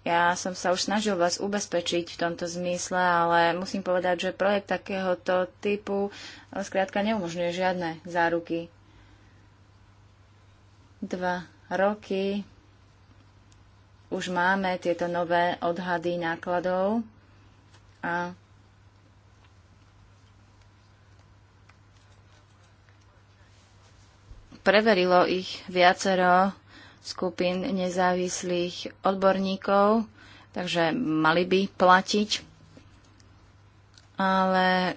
ja som sa už snažil vás ubezpečiť v tomto zmysle, ale musím povedať, že projekt takéhoto typu zkrátka eh, neumožňuje žiadne záruky. Dva roky už máme tieto nové odhady nákladov a preverilo ich viacero skupín nezávislých odborníkov, takže mali by platiť. Ale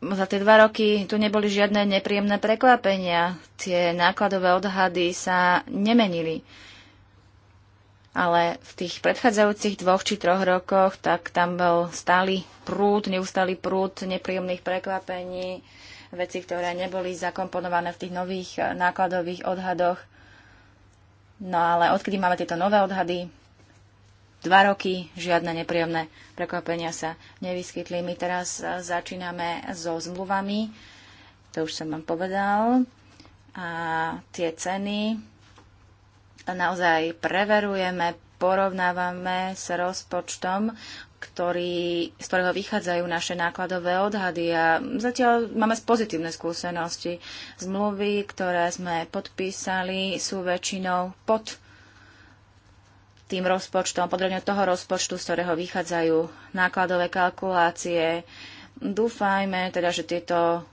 za tie dva roky tu neboli žiadne nepríjemné prekvapenia. Tie nákladové odhady sa nemenili. Ale v tých predchádzajúcich dvoch či troch rokoch, tak tam bol stály prúd, neustály prúd nepríjemných prekvapení veci, ktoré neboli zakomponované v tých nových eh, nákladových odhadoch. No ale odkedy máme tieto nové odhady? Dva roky, žiadne nepríjemné prekvapenia sa nevyskytli. My teraz eh, začíname so zmluvami, to už som vám povedal. A tie ceny naozaj preverujeme, porovnávame s rozpočtom ktorý, z ktorého vychádzajú naše nákladové odhady a zatiaľ máme pozitívne skúsenosti. Zmluvy, ktoré sme podpísali, sú väčšinou pod tým rozpočtom, podrobne toho rozpočtu, z ktorého vychádzajú nákladové kalkulácie. Dúfajme teda, že tieto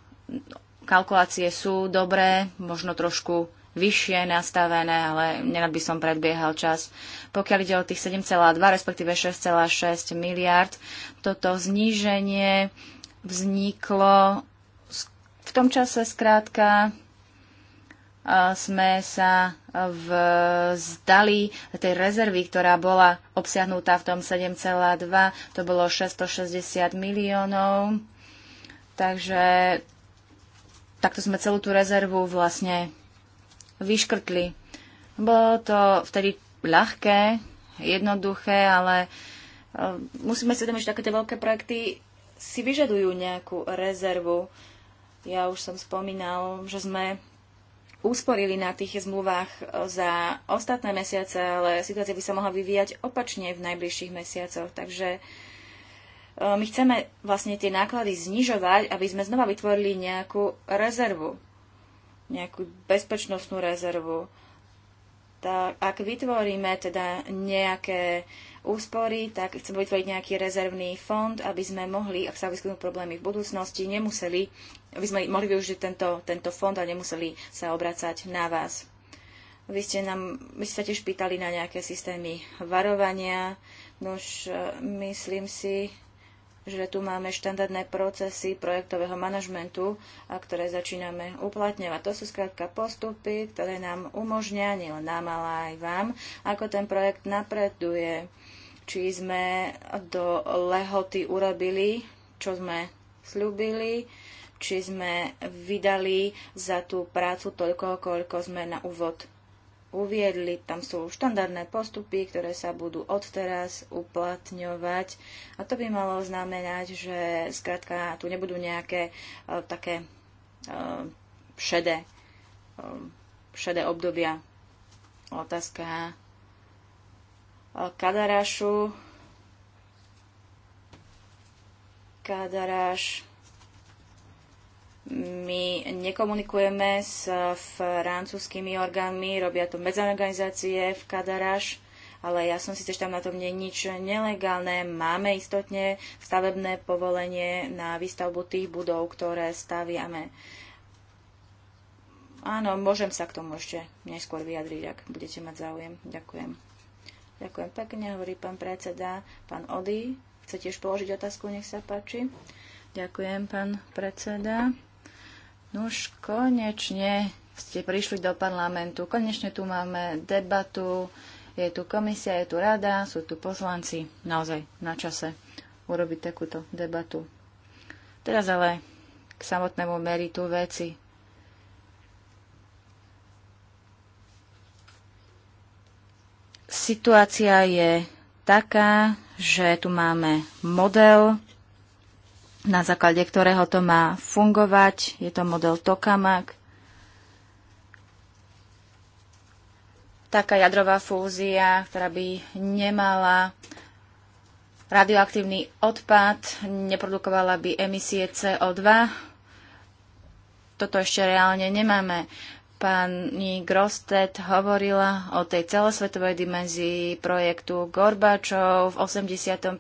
kalkulácie sú dobré, možno trošku vyššie nastavené, ale nerad by som predbiehal čas. Pokiaľ ide o tých 7,2, respektíve 6,6 miliard, toto zníženie vzniklo v tom čase skrátka sme sa vzdali tej rezervy, ktorá bola obsiahnutá v tom 7,2, to bolo 660 miliónov. Takže takto sme celú tú rezervu vlastne vyškrtli. Bolo to vtedy ľahké, jednoduché, ale e, musíme si vedomiť, že takéto veľké projekty si vyžadujú nejakú rezervu. Ja už som spomínal, že sme úsporili na tých zmluvách e, za ostatné mesiace, ale situácia by sa mohla vyvíjať opačne v najbližších mesiacoch. Takže e, my chceme vlastne tie náklady znižovať, aby sme znova vytvorili nejakú rezervu nejakú bezpečnostnú rezervu. Tak, ak vytvoríme teda nejaké úspory, tak chceme vytvoriť nejaký rezervný fond, aby sme mohli, ak sa vyskytnú problémy v budúcnosti, nemuseli, aby sme mohli využiť tento, tento fond a nemuseli sa obracať na vás. Vy ste nám, my ste tiež pýtali na nejaké systémy varovania, nož e, myslím si, že tu máme štandardné procesy projektového manažmentu, a ktoré začíname uplatňovať. To sú skrátka postupy, ktoré nám umožňa, nielen nám, ale aj vám, ako ten projekt napreduje, či sme do lehoty urobili, čo sme slúbili, či sme vydali za tú prácu toľko, koľko sme na úvod uviedli, tam sú štandardné postupy, ktoré sa budú odteraz uplatňovať. A to by malo znamenať, že zkrátka tu nebudú nejaké uh, také uh, šedé, uh, šedé obdobia. Otázka uh, Kadarašu. Kadaráš my nekomunikujeme s francúzskými orgánmi, robia to medzinárodné organizácie v Kadaráš, ale ja som si tiež tam na tom nie nič nelegálne. Máme istotne stavebné povolenie na výstavbu tých budov, ktoré staviame. Áno, môžem sa k tomu ešte neskôr vyjadriť, ak budete mať záujem. Ďakujem. Ďakujem pekne, hovorí pán predseda. Pán Ody, chce tiež položiť otázku, nech sa páči. Ďakujem, pán predseda. Nuž, konečne ste prišli do parlamentu, konečne tu máme debatu, je tu komisia, je tu rada, sú tu poslanci. Naozaj na čase urobiť takúto debatu. Teraz ale k samotnému meritu veci. Situácia je taká, že tu máme model na základe ktorého to má fungovať. Je to model Tokamak. Taká jadrová fúzia, ktorá by nemala radioaktívny odpad, neprodukovala by emisie CO2. Toto ešte reálne nemáme. Pani Grostet hovorila o tej celosvetovej dimenzii projektu Gorbačov v 85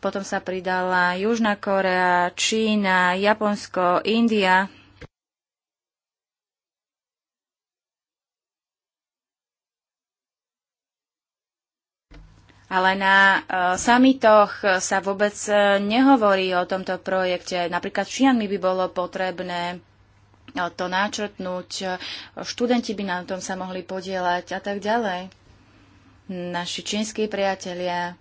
potom sa pridala Južná Korea, Čína, Japonsko, India. Ale na uh, samitoch sa vôbec e, nehovorí o tomto projekte. Napríklad s Čianmi by bolo potrebné e, to náčrtnúť, študenti by na tom sa mohli podielať a tak ďalej. Naši čínsky priatelia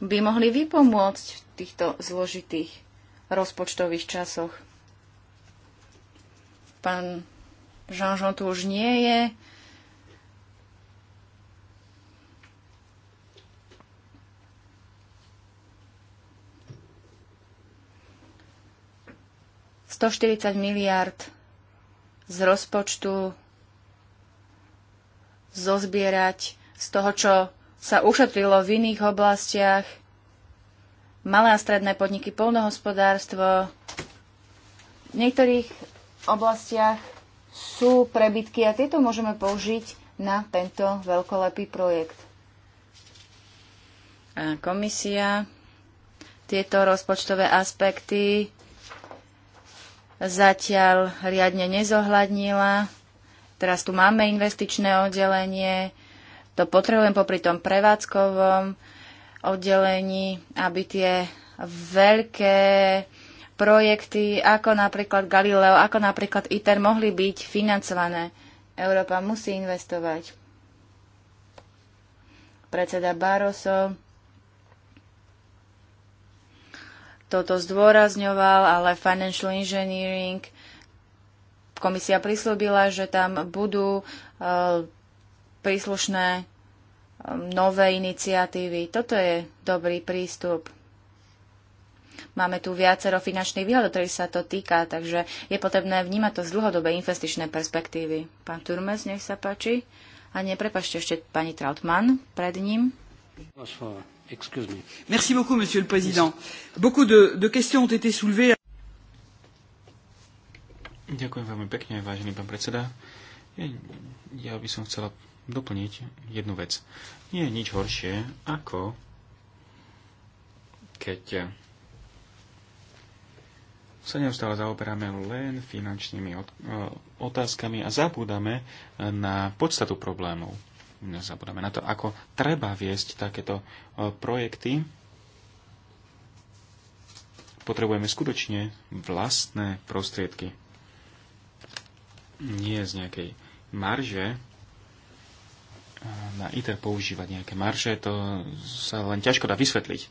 by mohli vypomôcť v týchto zložitých rozpočtových časoch. Pán Jean-Jean tu už nie je. ...140 miliard z rozpočtu zozbierať z toho, čo sa ušetrilo v iných oblastiach. Malé a stredné podniky, polnohospodárstvo. V niektorých oblastiach sú prebytky a tieto môžeme použiť na tento veľkolepý projekt. A komisia tieto rozpočtové aspekty zatiaľ riadne nezohľadnila. Teraz tu máme investičné oddelenie, to potrebujem popri tom prevádzkovom oddelení, aby tie veľké projekty, ako napríklad Galileo, ako napríklad ITER, mohli byť financované. Európa musí investovať. Predseda Barroso toto zdôrazňoval, ale Financial Engineering komisia prislúbila, že tam budú eh, príslušné um, nové iniciatívy. Toto je dobrý prístup. Máme tu viacero finančných výhľadov, ktorých sa to týka, takže je potrebné vnímať to z dlhodobej investičnej perspektívy. Pán Turmes, nech sa páči. A neprepašte ešte pani Trautmann pred ním. Merci beaucoup, monsieur le président. Beaucoup de, de questions ont été soulevées. Ďakujem veľmi pekne, vážený pán predseda. Ja by som chcela doplniť jednu vec. Nie je nič horšie, ako keď sa neustále zaoberáme len finančnými e, otázkami a zabúdame na podstatu problémov. Zabúdame na to, ako treba viesť takéto e, projekty. Potrebujeme skutočne vlastné prostriedky. Nie z nejakej marže, na ITER používať nejaké marže, to sa len ťažko dá vysvetliť.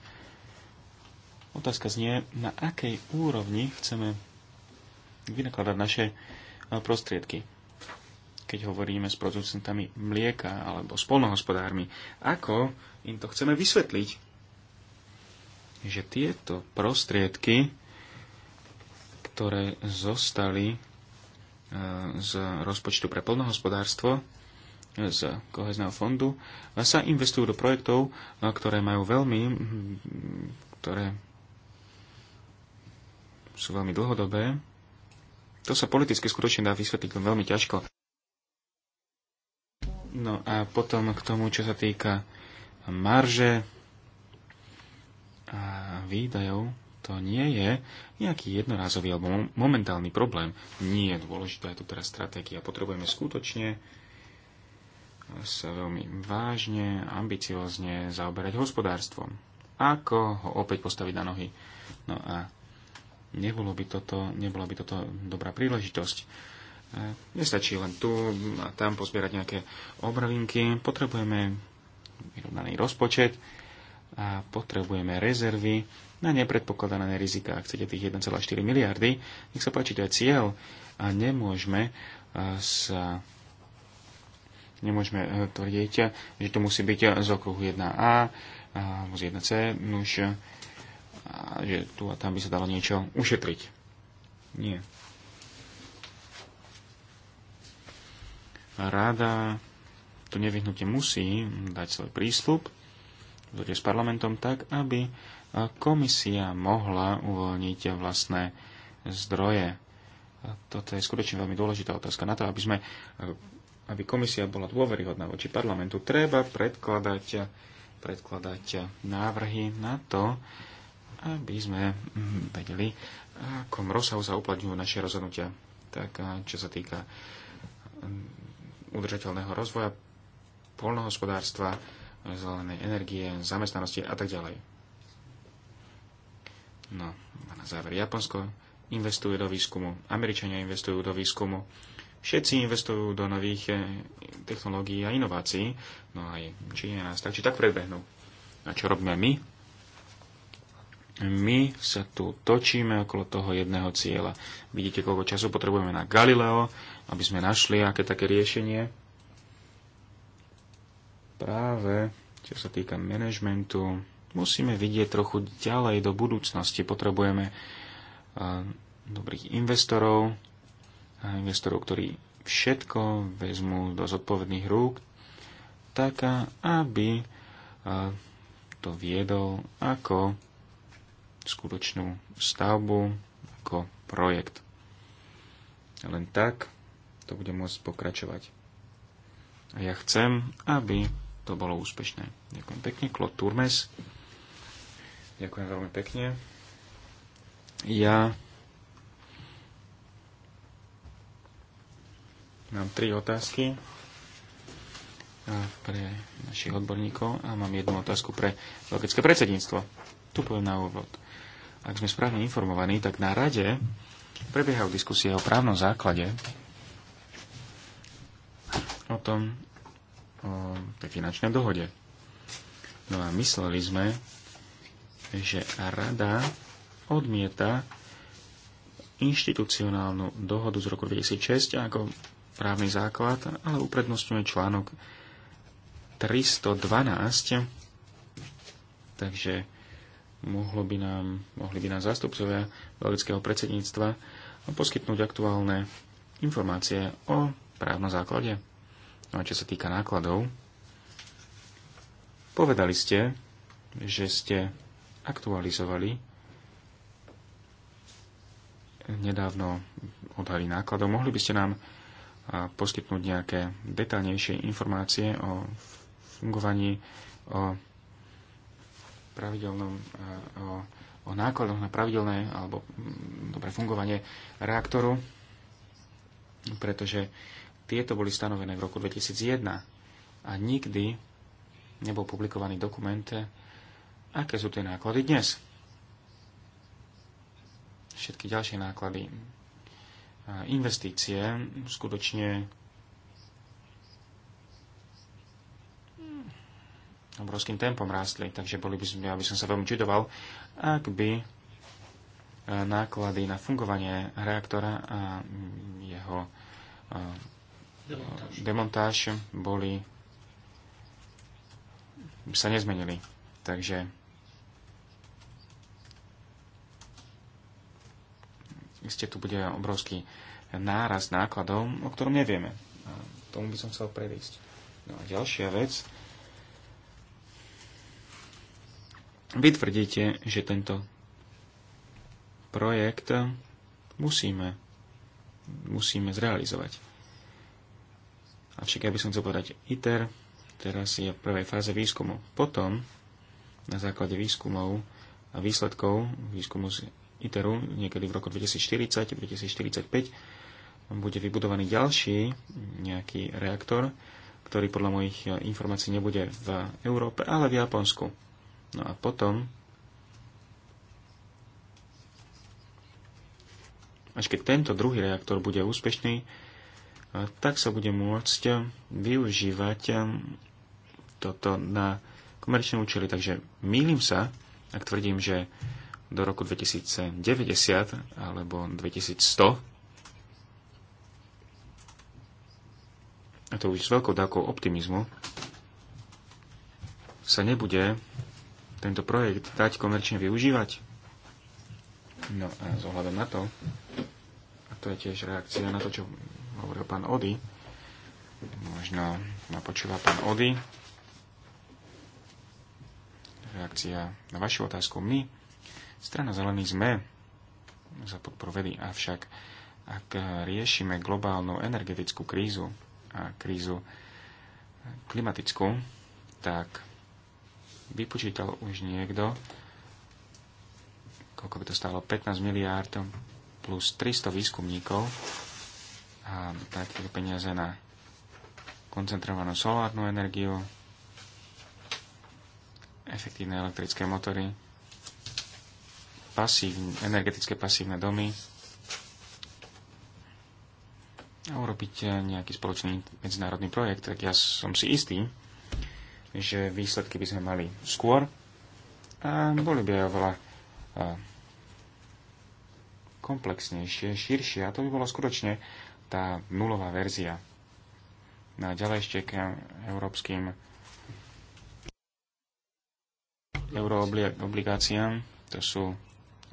Otázka znie, na akej úrovni chceme vynakladať naše e, prostriedky. Keď hovoríme s producentami mlieka alebo s polnohospodármi, ako im to chceme vysvetliť, že tieto prostriedky, ktoré zostali e, z rozpočtu pre polnohospodárstvo, z kohezného fondu sa investujú do projektov, ktoré majú veľmi, ktoré sú veľmi dlhodobé. To sa politicky skutočne dá vysvetliť len veľmi ťažko. No a potom k tomu, čo sa týka marže a výdajov, to nie je nejaký jednorázový alebo momentálny problém. Nie je dôležitá je tu teraz stratégia. Potrebujeme skutočne sa veľmi vážne, ambiciozne zaoberať hospodárstvom. Ako ho opäť postaviť na nohy? No a nebolo by toto, nebola by toto dobrá príležitosť. E, nestačí len tu a tam pozbierať nejaké obravinky. Potrebujeme vyrovnaný rozpočet a potrebujeme rezervy na nepredpokladané rizika. Ak chcete tých 1,4 miliardy, nech sa páči, to je cieľ a nemôžeme e, sa Nemôžeme eh, tvrdiť, že to musí byť z okruhu 1A alebo z 1C, nuž, že tu a tam by sa dalo niečo ušetriť. Nie. Ráda to nevyhnutne musí dať svoj prístup s parlamentom tak, aby komisia mohla uvoľniť vlastné zdroje. Toto je skutočne veľmi dôležitá otázka na to, aby sme aby komisia bola dôveryhodná voči parlamentu, treba predkladať, predkladať návrhy na to, aby sme mm, vedeli, akom rozsahu sa uplatňujú naše rozhodnutia. Tak čo sa týka mm, udržateľného rozvoja, polnohospodárstva, zelenej energie, zamestnanosti a tak ďalej. No a na záver Japonsko investuje do výskumu, Američania investujú do výskumu, všetci investujú do nových eh, technológií a inovácií, no aj je nás tak či tak predbehnú. A čo robíme my? My sa tu točíme okolo toho jedného cieľa. Vidíte, koľko času potrebujeme na Galileo, aby sme našli aké také riešenie. Práve čo sa týka manažmentu, musíme vidieť trochu ďalej do budúcnosti. Potrebujeme eh, dobrých investorov, investorov, ktorí všetko vezmú do zodpovedných rúk, tak aby e, to viedol ako skutočnú stavbu, ako projekt. Len tak to bude môcť pokračovať. A ja chcem, aby to bolo úspešné. Ďakujem pekne, Klot Turmes. Ďakujem veľmi pekne. Ja Mám tri otázky pre našich odborníkov a mám jednu otázku pre logické predsedníctvo. Tu poviem na úvod. Ak sme správne informovaní, tak na rade prebiehajú diskusie o právnom základe o tom, o tej finančnej dohode. No a mysleli sme, že rada odmieta inštitucionálnu dohodu z roku 2006 ako právny základ, ale uprednostňuje článok 312, takže mohlo by nám, mohli by nám zástupcovia belgického predsedníctva poskytnúť aktuálne informácie o právnom základe. No a čo sa týka nákladov, povedali ste, že ste aktualizovali nedávno odhady nákladov. Mohli by ste nám a poskytnúť nejaké detaľnejšie informácie o fungovaní, o pravidelnom, o, o nákladoch na pravidelné alebo mm, dobre fungovanie reaktoru, pretože tieto boli stanovené v roku 2001 a nikdy nebol publikovaný dokument, aké sú tie náklady dnes. Všetky ďalšie náklady investície skutočne obrovským tempom rástli, takže boli by sme, ja by som sa veľmi čudoval, ak by e, náklady na fungovanie reaktora a jeho e, demontáž, demontáž boli by sa nezmenili. Takže iste tu bude obrovský náraz nákladov, o ktorom nevieme. A tomu by som chcel predísť. No a ďalšia vec. Vy tvrdíte, že tento projekt musíme, musíme zrealizovať. Avšak ja by som chcel povedať ITER, teraz je v prvej fáze výskumu. Potom, na základe výskumov a výsledkov výskumu ITERu niekedy v roku 2040-2045 bude vybudovaný ďalší nejaký reaktor, ktorý podľa mojich informácií nebude v Európe, ale v Japonsku. No a potom, až keď tento druhý reaktor bude úspešný, tak sa bude môcť využívať toto na komerčné účely. Takže mýlim sa, ak tvrdím, že do roku 2090 alebo 2100, a to už s veľkou dávkou optimizmu, sa nebude tento projekt dať komerčne využívať. No a zohľadom na to, a to je tiež reakcia na to, čo hovoril pán Ody, možno ma počúva pán Ody, reakcia na vašu otázku. My Strana zelený sme za podporu vedy, avšak ak riešime globálnu energetickú krízu a krízu klimatickú, tak vypočítal už niekto, koľko by to stálo, 15 miliárd plus 300 výskumníkov a takéto peniaze na koncentrovanú solárnu energiu, efektívne elektrické motory, pasívne, energetické pasívne domy a urobiť nejaký spoločný medzinárodný projekt, tak ja som si istý, že výsledky by sme mali skôr a boli by aj oveľa komplexnejšie, širšie a to by bola skutočne tá nulová verzia. No a ďalej ešte k európskym euroobligáciám. To sú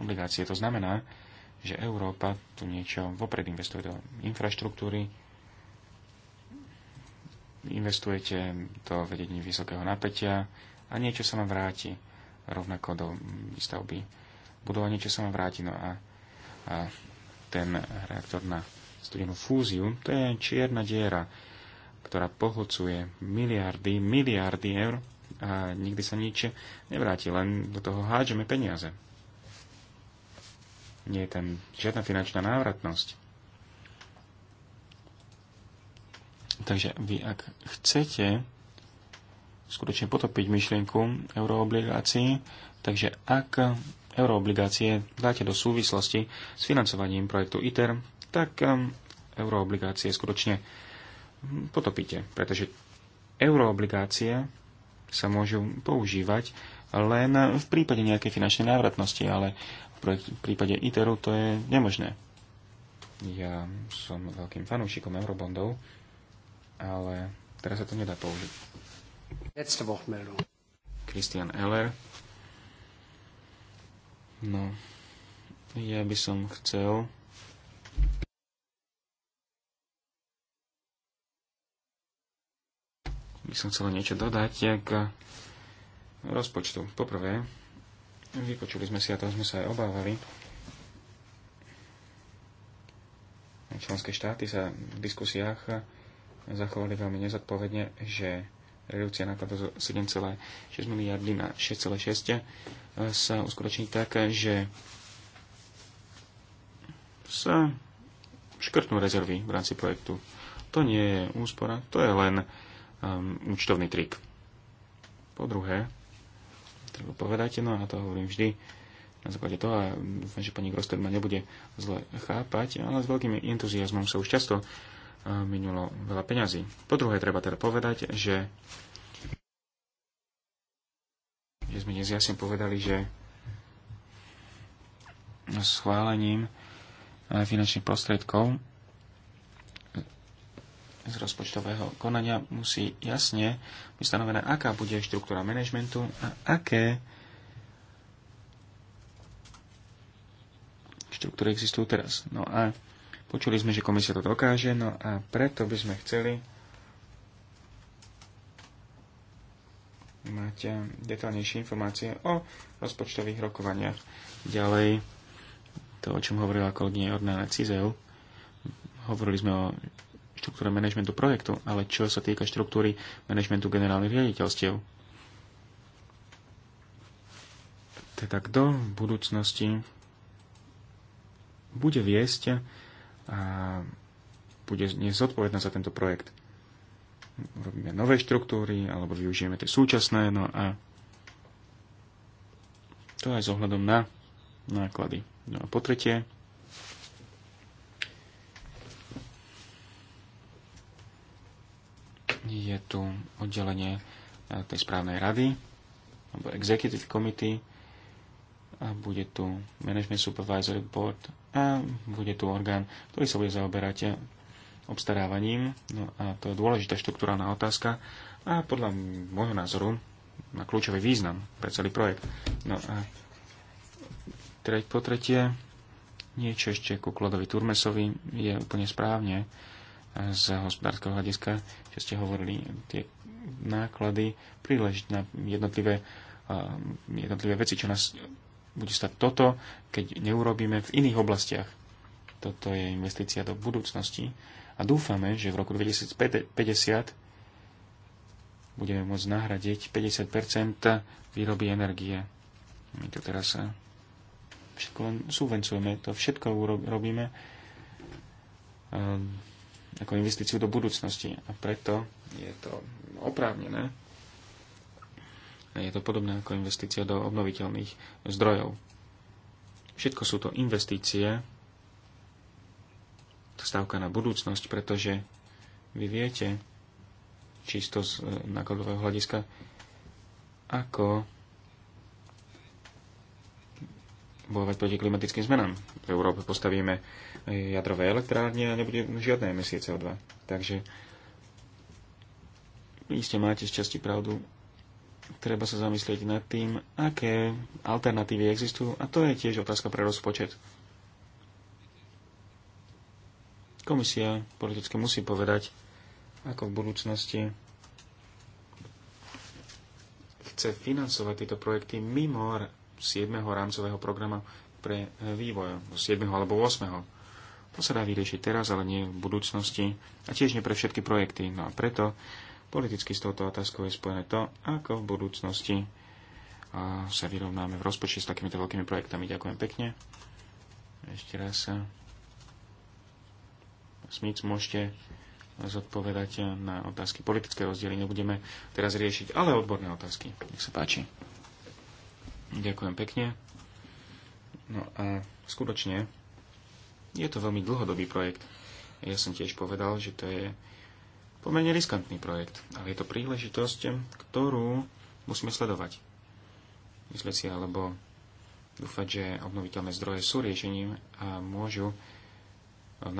obligácie. To znamená, že Európa tu niečo vopred investuje do infraštruktúry, investujete do vedení vysokého napätia a niečo sa vám vráti rovnako do výstavby budova, niečo sa vám vráti. No a, a ten reaktor na studenú fúziu, to je čierna diera, ktorá pohlcuje miliardy, miliardy eur a nikdy sa nič nevráti, len do toho hádžeme peniaze. Nie je tam žiadna finančná návratnosť. Takže vy, ak chcete skutočne potopiť myšlienku euroobligácií, takže ak euroobligácie dáte do súvislosti s financovaním projektu ITER, tak um, euroobligácie skutočne hm, potopíte, pretože euroobligácie sa môžu používať len v prípade nejakej finančnej návratnosti, ale v prípade ITERu to je nemožné. Ja som veľkým fanúšikom eurobondov, ale teraz sa to nedá použiť. Christian Eller. No, ja by som chcel by som chcel niečo dodať k rozpočtu. Poprvé, Vypočuli sme si a toho sme sa aj obávali. Členské štáty sa v diskusiách zachovali veľmi nezodpovedne, že redukcia nákladov z 7,6 miliardy na 6,6 sa uskutoční tak, že sa škrtnú rezervy v rámci projektu. To nie je úspora, to je len um, účtovný trik. Po druhé, treba povedať, no a to hovorím vždy na základe toho, a dúfam, že pani Groster ma nebude zle chápať, ale s veľkým entuziasmom sa už často e, minulo veľa peňazí. Po druhé, treba teda povedať, že, že sme dnes jasne povedali, že schválením e, finančných prostriedkov z rozpočtového konania musí jasne byť stanovená, aká bude štruktúra manažmentu a aké štruktúry existujú teraz. No a počuli sme, že komisia to dokáže, no a preto by sme chceli mať eh, detaľnejšie informácie o rozpočtových rokovaniach. Ďalej, to, o čom hovorila kolegyňa Jordana Cizel, hovorili sme o štruktúre manažmentu projektu, ale čo sa týka štruktúry manažmentu generálnych riaditeľstiev. Teda kto v budúcnosti bude viesť a bude zodpovedná za tento projekt. Robíme nové štruktúry, alebo využijeme tie súčasné, no a to aj s ohľadom na náklady. No a po tretie, je tu oddelenie eh, tej správnej rady, alebo Executive Committee, a bude tu Management Supervisory Board a bude tu orgán, ktorý sa bude zaoberať eh, obstarávaním. No a to je dôležitá štruktúrálna otázka a podľa môjho názoru má kľúčový význam pre celý projekt. No a treť po tretie, niečo ešte ku Klodovi Turmesovi je úplne správne z hospodárskeho hľadiska, čo ste hovorili, tie náklady príležiť na jednotlivé, jednotlivé veci, čo nás bude stať toto, keď neurobíme v iných oblastiach. Toto je investícia do budúcnosti a dúfame, že v roku 2050 budeme môcť nahradiť 50 výroby energie. My to teraz e, všetko len subvencujeme, to všetko robíme ehm, ako investíciu do budúcnosti. A preto je to oprávnené. A je to podobné ako investícia do obnoviteľných zdrojov. Všetko sú to investície, to stavka na budúcnosť, pretože vy viete, čisto z eh, nákladového hľadiska, ako bojovať proti klimatickým zmenám. V Európe postavíme eh, jadrové elektrárne a nebude žiadne emisie CO2. Takže iste máte z časti pravdu. Treba sa zamyslieť nad tým, aké alternatívy existujú a to je tiež otázka pre rozpočet. Komisia politicky musí povedať, ako v budúcnosti chce financovať tieto projekty mimo 7. rámcového programu pre e, vývoj, 7. alebo 8. To sa dá vyriešiť teraz, ale nie v budúcnosti a tiež nie pre všetky projekty. No a preto politicky s touto otázkou je spojené to, ako v budúcnosti e, sa vyrovnáme v rozpočte s takýmito veľkými projektami. Ďakujem pekne. Ešte raz sa. E, Smic, môžete zodpovedať na otázky politické rozdiely. Nebudeme teraz riešiť, ale odborné otázky. Nech sa páči. Ďakujem pekne. No a skutočne je to veľmi dlhodobý projekt. Ja som tiež povedal, že to je pomerne riskantný projekt, ale je to príležitosť, ktorú musíme sledovať. Myslieť si alebo dúfať, že obnoviteľné zdroje sú riešením a môžu v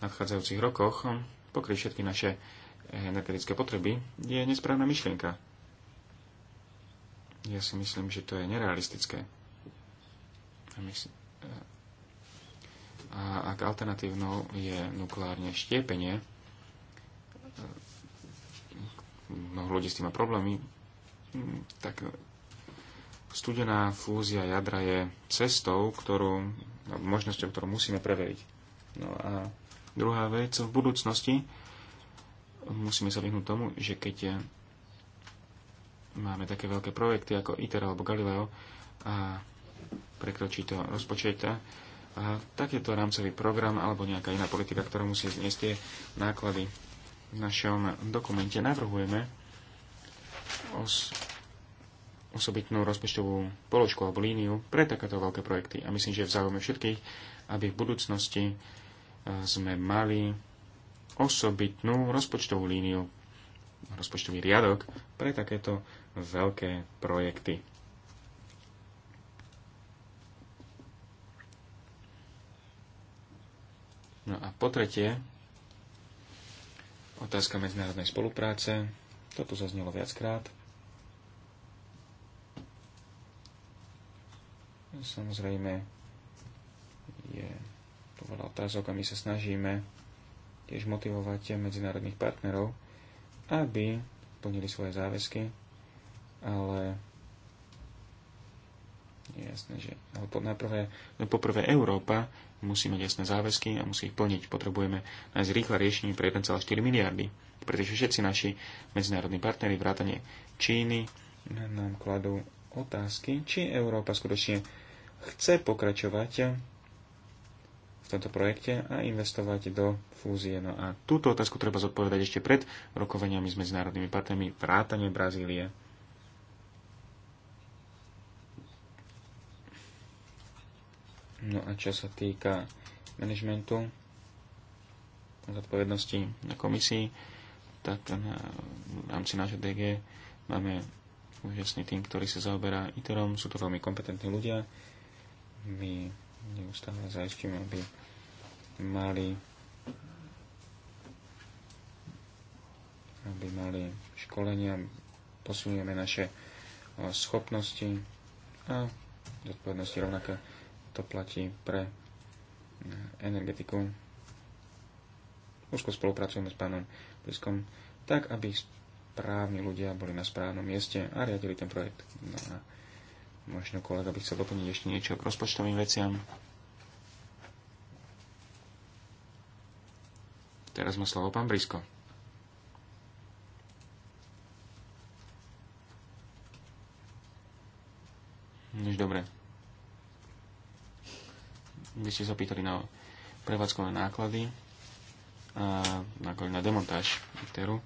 nadchádzajúcich rokoch pokryť všetky naše energetické potreby, je nesprávna myšlienka. Ja si myslím, že to je nerealistické. A, myslím, eh, a ak alternatívnou je nukleárne štiepenie, eh, mnoho ľudí s tým má problémy, hm, tak studená fúzia jadra je cestou, ktorú, alebo možnosťou, ktorú musíme preveriť. No a druhá vec, v budúcnosti musíme sa vyhnúť tomu, že keď máme také veľké projekty ako ITER alebo Galileo a prekročí to rozpočet, takýto rámcový program alebo nejaká iná politika, ktorá musí zniesť tie náklady. V našom dokumente navrhujeme os- osobitnú rozpočtovú položku alebo líniu pre takéto veľké projekty. A myslím, že v záujme všetkých, aby v budúcnosti e, sme mali osobitnú rozpočtovú líniu, rozpočtový riadok pre takéto veľké projekty. No a po tretie, otázka medzinárodnej spolupráce. Toto zaznelo viackrát. Samozrejme, je to veľa otázok a my sa snažíme tiež motivovať medzinárodných partnerov, aby plnili svoje záväzky ale je jasné, že ale po, no poprvé Európa musí mať jasné záväzky a musí ich plniť. Potrebujeme nájsť rýchle riešenie pre 1,4 miliardy, pretože všetci naši medzinárodní partnery, vrátane Číny, nám kladú otázky, či Európa skutočne chce pokračovať v tomto projekte a investovať do fúzie. No a túto otázku treba zodpovedať ešte pred rokovaniami s medzinárodnými partnermi vrátane Brazílie. No a čo sa týka manažmentu, zodpovednosti na komisii, tak na, eh, v rámci nášho DG máme úžasný tým, ktorý sa zaoberá ITERom. Sú to veľmi kompetentní ľudia. My neustále zaistíme, aby mali aby mali školenia, posilňujeme naše eh, schopnosti a zodpovednosti rovnaké to platí pre energetiku. Úzko spolupracujeme s pánom Bliskom, tak aby správni ľudia boli na správnom mieste a riadili ten projekt. No a možno kolega by chcel doplniť ešte niečo k rozpočtovým veciam. Teraz má slovo pán Brisko. ste sa pýtali na prevádzkové náklady a náklady na demontáž Interu.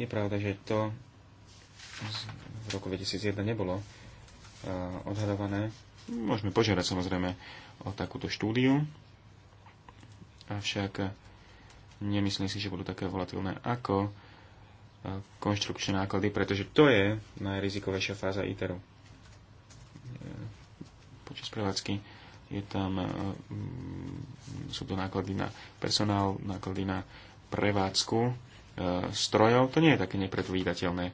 Je pravda, že to v roku 2001 nebolo odhadované. Môžeme požiadať samozrejme o takúto štúdiu, avšak nemyslím si, že budú také volatilné ako konštrukčné náklady, pretože to je najrizikovejšia fáza ITERu počas prevádzky je tam, e, mm, sú to náklady na personál, náklady na prevádzku e, strojov. To nie je také nepredvídateľné,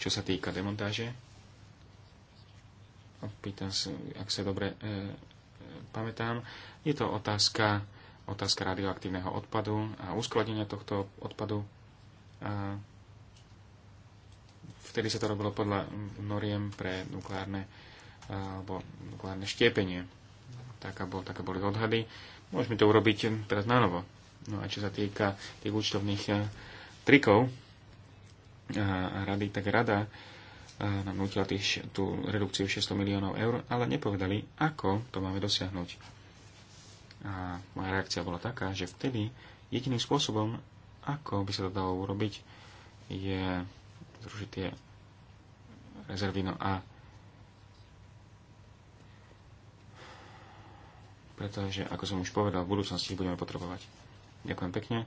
čo sa týka demontáže. Pýtam sa, ak sa dobre e, e, pamätám. Je to otázka, otázka radioaktívneho odpadu a uskladenia tohto odpadu. A vtedy sa to robilo podľa noriem pre nukleárne alebo nukleárne štiepenie taká bol, také boli odhady. Môžeme to urobiť teraz na novo. No a čo sa týka tých účtovných eh, trikov a eh, rady, tak rada eh, nám nutila tých, tú redukciu 600 miliónov eur, ale nepovedali, ako to máme dosiahnuť. A moja reakcia bola taká, že vtedy jediným spôsobom, ako by sa to dalo urobiť, je zrušiť tie rezervy. No a pretože, ako som už povedal, v budúcnosti ich budeme potrebovať. Ďakujem pekne.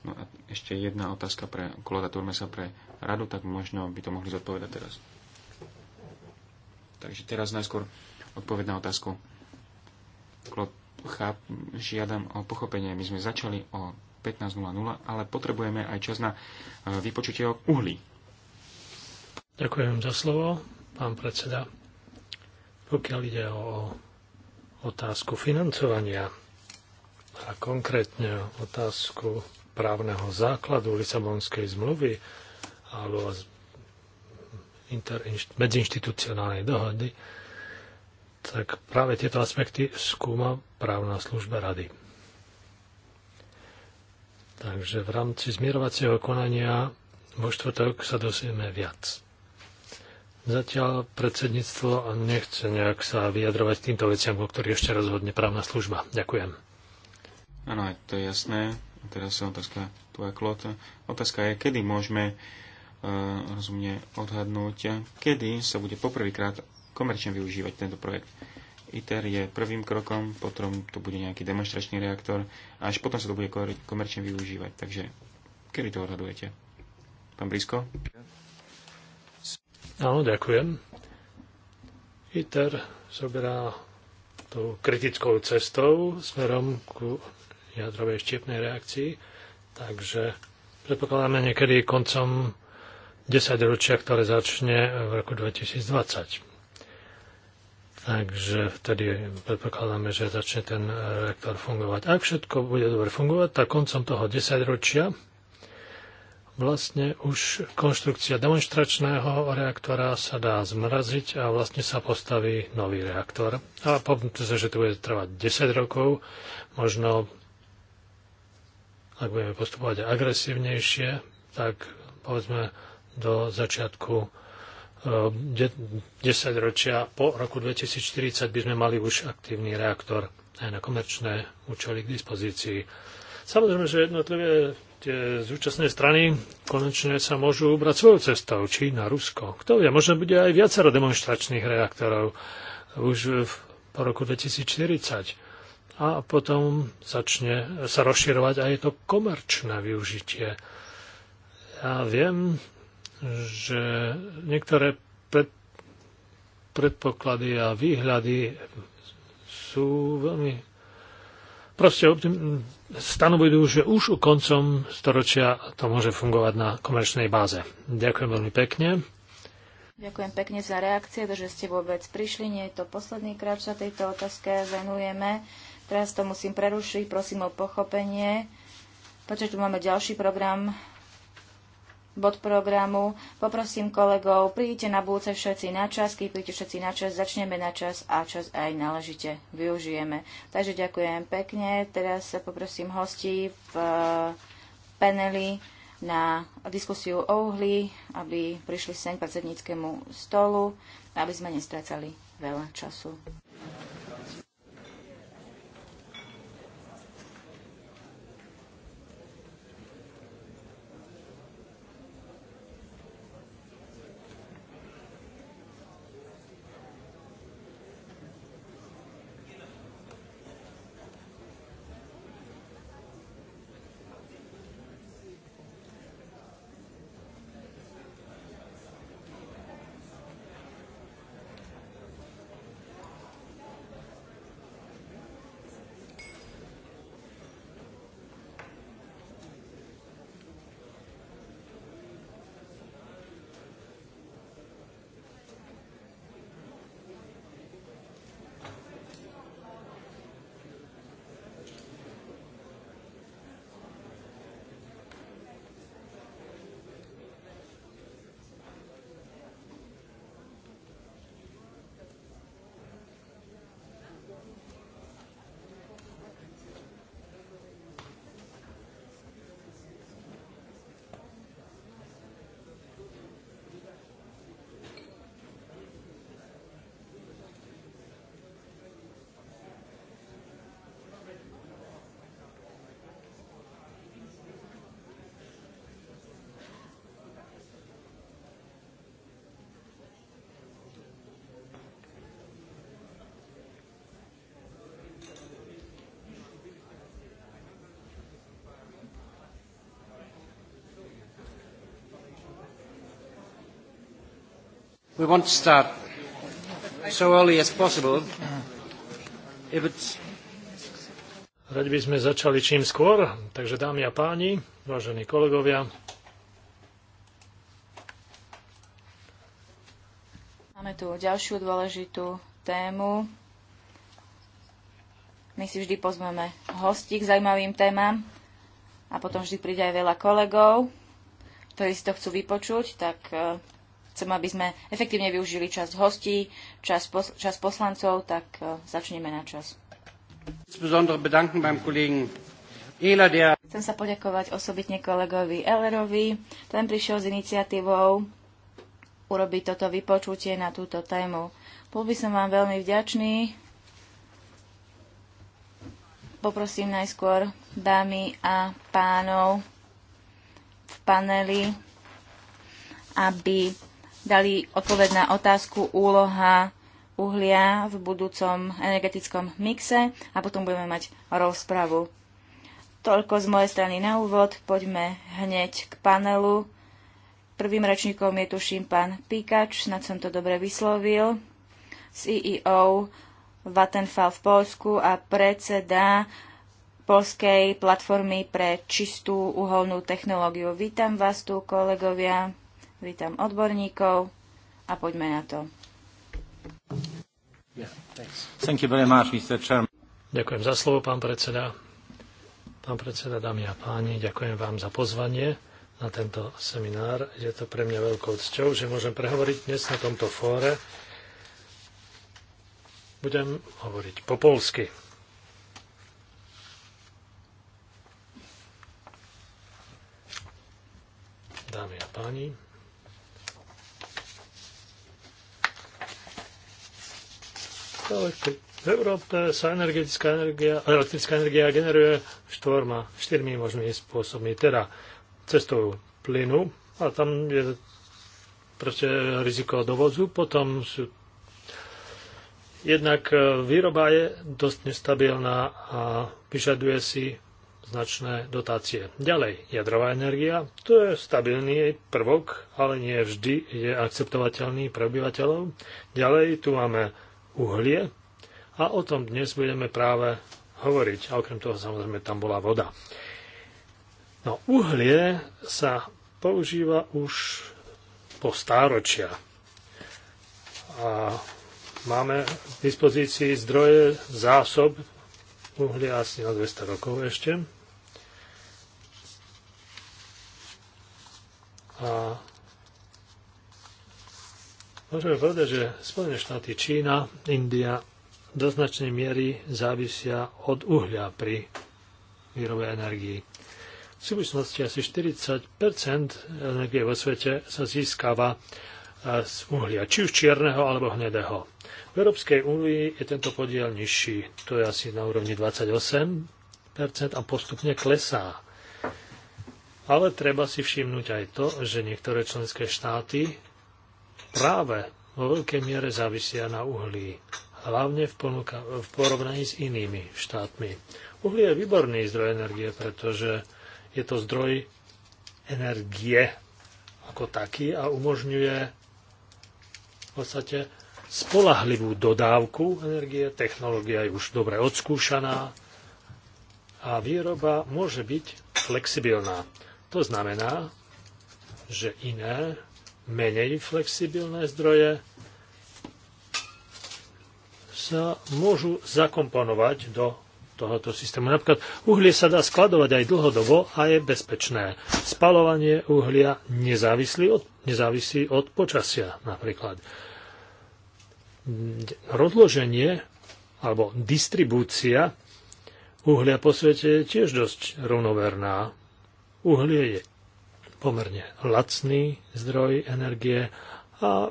No a ešte jedna otázka pre Kolota Turmesa pre radu, tak možno by to mohli zodpovedať teraz. Takže teraz najskôr odpoved na otázku. Klo, cháp, žiadam o pochopenie. My sme začali o 15.00, ale potrebujeme aj čas na e, vypočutie o uhlí. Ďakujem za slovo, pán predseda. Pokiaľ ide o otázku financovania a konkrétne otázku právneho základu Lisabonskej zmluvy alebo medziinstitucionálnej dohody, tak práve tieto aspekty skúma právna služba rady. Takže v rámci zmierovacieho konania vo štvrtok sa dosieme viac. Zatiaľ predsedníctvo nechce nejak sa vyjadrovať týmto veciam, o ktorých ešte rozhodne právna služba. Ďakujem. Áno, to je jasné. A teraz sa otázka je klot. Otázka je, kedy môžeme uh, rozumne odhadnúť, kedy sa bude poprvýkrát komerčne využívať tento projekt. ITER je prvým krokom, potom to bude nejaký demonstračný reaktor a až potom sa to bude komerčne využívať. Takže kedy to odhadujete? Pán Brisko? Áno, ďakujem. ITER zoberá tou kritickou cestou smerom ku jadrovej štiepnej reakcii, takže predpokladáme niekedy koncom 10 ročia, ktoré začne v roku 2020. Takže vtedy predpokladáme, že začne ten reaktor fungovať. Ak všetko bude dobre fungovať, tak koncom toho 10 ročia vlastne už konštrukcia demonstračného reaktora sa dá zmraziť a vlastne sa postaví nový reaktor. A pomôžte sa, že to bude trvať 10 rokov, možno ak budeme postupovať agresívnejšie, tak povedzme do začiatku 10 eh, ročia po roku 2040 by sme mali už aktívny reaktor aj na komerčné účely k dispozícii. Samozrejme, že jednotlivé tie zúčastné strany konečne sa môžu ubrať svojou cestou, Čína, Rusko. Kto vie, možno bude aj viacero demonstračných reaktorov už v, po roku 2040. A potom začne sa rozširovať aj to komerčné využitie. Ja viem, že niektoré pred, predpoklady a výhľady sú veľmi proste stanovujú, že už koncom storočia to môže fungovať na komerčnej báze. Ďakujem veľmi pekne. Ďakujem pekne za reakcie, že ste vôbec prišli. Nie je to posledný krát, sa tejto otázke venujeme. Teraz to musím prerušiť, prosím o pochopenie, pretože tu máme ďalší program bod programu. Poprosím kolegov, príďte na budúce všetci na čas, keď príďte všetci na čas, začneme na čas a čas aj náležite využijeme. Takže ďakujem pekne. Teraz sa poprosím hostí v e, paneli na diskusiu o uhli, aby prišli sem k predsedníckému stolu, aby sme nestrácali veľa času. We want to start so early as possible. If it's... Radi by sme začali čím skôr, takže dámy a páni, vážení kolegovia. Máme tu ďalšiu dôležitú tému. My si vždy pozmeme hosti k zaujímavým témam a potom vždy príde aj veľa kolegov, ktorí si to chcú vypočuť, tak eh, Chcem, aby sme efektívne využili časť hostí, časť, pos- čas poslancov, tak e, začneme na čas. Chcem sa poďakovať osobitne kolegovi Ellerovi. Ten prišiel s iniciatívou urobiť toto vypočutie na túto tému. Bol by som vám veľmi vďačný. Poprosím najskôr dámy a pánov v paneli, aby dali odpoveď na otázku úloha uhlia v budúcom energetickom mixe a potom budeme mať rozpravu. Toľko z mojej strany na úvod. Poďme hneď k panelu. Prvým rečníkom je tuším pán Pikač, snad som to dobre vyslovil, CEO Vattenfall v Polsku a predseda Polskej platformy pre čistú uholnú technológiu. Vítam vás tu, kolegovia vítam odborníkov a poďme na to. ďakujem za slovo, pán predseda. Pán predseda, dámy a páni, ďakujem vám za pozvanie na tento seminár. Je to pre mňa veľkou cťou, že môžem prehovoriť dnes na tomto fóre. Budem hovoriť po polsky. Dámy a páni, Ale v Európe sa energetická energia, elektrická energia generuje štvorma, štyrmi možnými spôsobmi. Teda cestou plynu, a tam je proste riziko dovozu, potom sú Jednak e, výroba je dosť nestabilná a vyžaduje si značné dotácie. Ďalej, jadrová energia, to je stabilný prvok, ale nie vždy je akceptovateľný pre obyvateľov. Ďalej, tu máme uhlie a o tom dnes budeme práve hovoriť. A okrem toho samozrejme tam bola voda. No uhlie sa používa už po stáročia. A máme k dispozícii zdroje zásob uhlia asi na 200 rokov ešte. A Môžeme povedať, že Spojené štáty Čína, India do značnej miery závisia od uhľa pri výrobe energii. V súvislosti asi 40 energie vo svete sa získava e, z uhlia, či už čierneho alebo hnedého. V Európskej únii je tento podiel nižší, to je asi na úrovni 28 a postupne klesá. Ale treba si všimnúť aj to, že niektoré členské štáty práve vo veľkej miere závisia na uhlí, hlavne v, ponuka, v porovnaní s inými štátmi. Uhlie je výborný zdroj energie, pretože je to zdroj energie ako taký a umožňuje v podstate spolahlivú dodávku energie. Technológia je už dobre odskúšaná a výroba môže byť flexibilná. To znamená, že iné menej flexibilné zdroje sa môžu zakomponovať do tohoto systému. Napríklad uhlie sa dá skladovať aj dlhodobo a je bezpečné. Spalovanie uhlia nezávislí od, nezávisí od počasia napríklad. Rozloženie alebo distribúcia uhlia po svete je tiež dosť rovnoverná. Uhlie je pomerne lacný zdroj energie a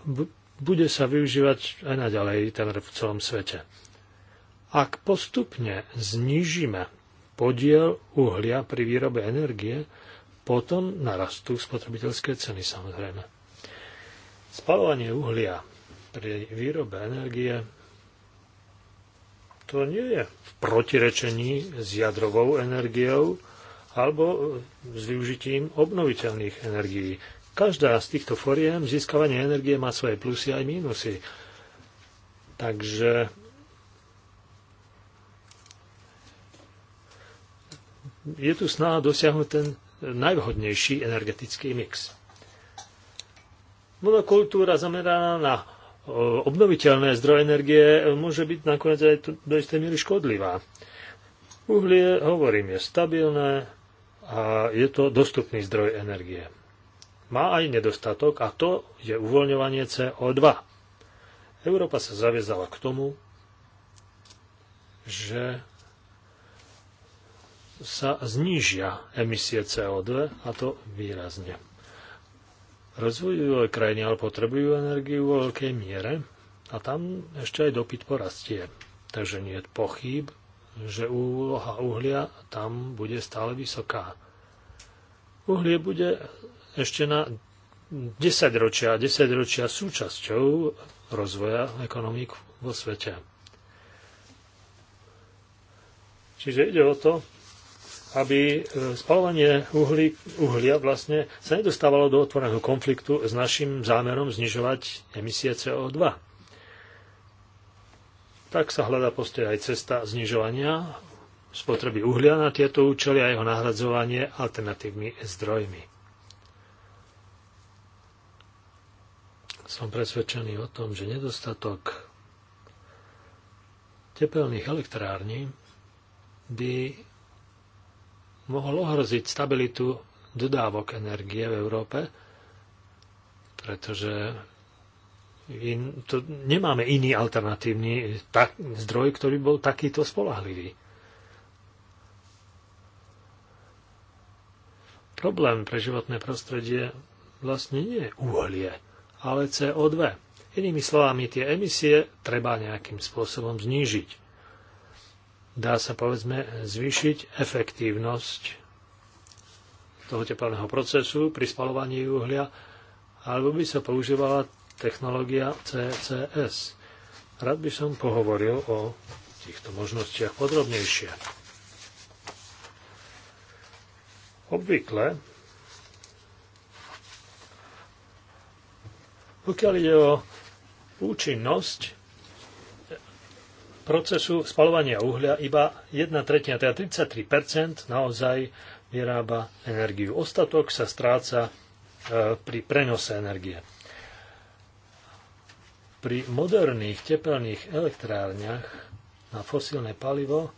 bude sa využívať aj naďalej temer v celom svete. Ak postupne znížime podiel uhlia pri výrobe energie, potom narastú spotrebiteľské ceny samozrejme. Spalovanie uhlia pri výrobe energie to nie je v protirečení s jadrovou energiou, alebo e, s využitím obnoviteľných energií. Každá z týchto foriem získavanie energie má svoje plusy aj mínusy. Takže je tu snaha dosiahnuť ten najvhodnejší energetický mix. Monokultúra zameraná na e, obnoviteľné zdroje energie môže byť nakoniec aj do istej miery škodlivá. Uhlie, hovorím, je stabilné, a je to dostupný zdroj energie. Má aj nedostatok a to je uvoľňovanie CO2. Európa sa zaviezala k tomu, že sa znížia emisie CO2 a to výrazne. Rozvojové krajiny ale potrebujú energiu vo veľkej miere a tam ešte aj dopyt porastie. Takže nie je pochyb, že úloha uhlia tam bude stále vysoká. Uhlie bude ešte na 10 ročia, 10 ročia súčasťou rozvoja ekonomík vo svete. Čiže ide o to, aby e, spalovanie uhlí, uhlia vlastne sa nedostávalo do otvoreného konfliktu s našim zámerom znižovať emisie CO2. Tak sa hľadá postoj aj cesta znižovania spotreby uhlia na tieto účely a jeho nahradzovanie alternatívnymi zdrojmi. Som presvedčený o tom, že nedostatok tepelných elektrární by mohol ohroziť stabilitu dodávok energie v Európe, pretože in, to, nemáme iný alternatívny tak, zdroj, ktorý bol takýto spolahlivý. Problém pre životné prostredie vlastne nie je uhlie, ale CO2. Inými slovami, tie emisie treba nejakým spôsobom znížiť. Dá sa, povedzme, zvýšiť efektívnosť toho teplného procesu pri spalovaní uhlia, alebo by sa používala technológia CCS. Rád by som pohovoril o týchto možnostiach podrobnejšie. Obvykle, pokiaľ ide o účinnosť procesu spalovania uhlia, iba 1 tretina, teda 33 naozaj vyrába energiu. Ostatok sa stráca e, pri prenose energie. Pri moderných tepelných elektrárniach na fosílne palivo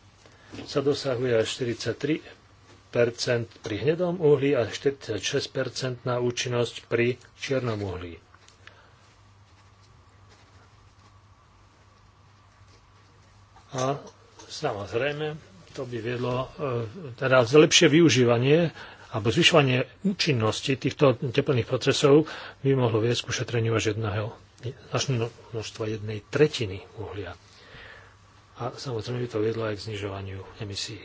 sa dosahuje až 43 pri hnedom uhli a 46 na účinnosť pri čiernom uhlí. A samozrejme, to by viedlo e, teda lepšie využívanie alebo zvyšovanie účinnosti týchto teplných procesov by mohlo viesť k ušetreniu až jedného množstva jednej tretiny uhlia. A samozrejme by to viedlo aj k znižovaniu emisí.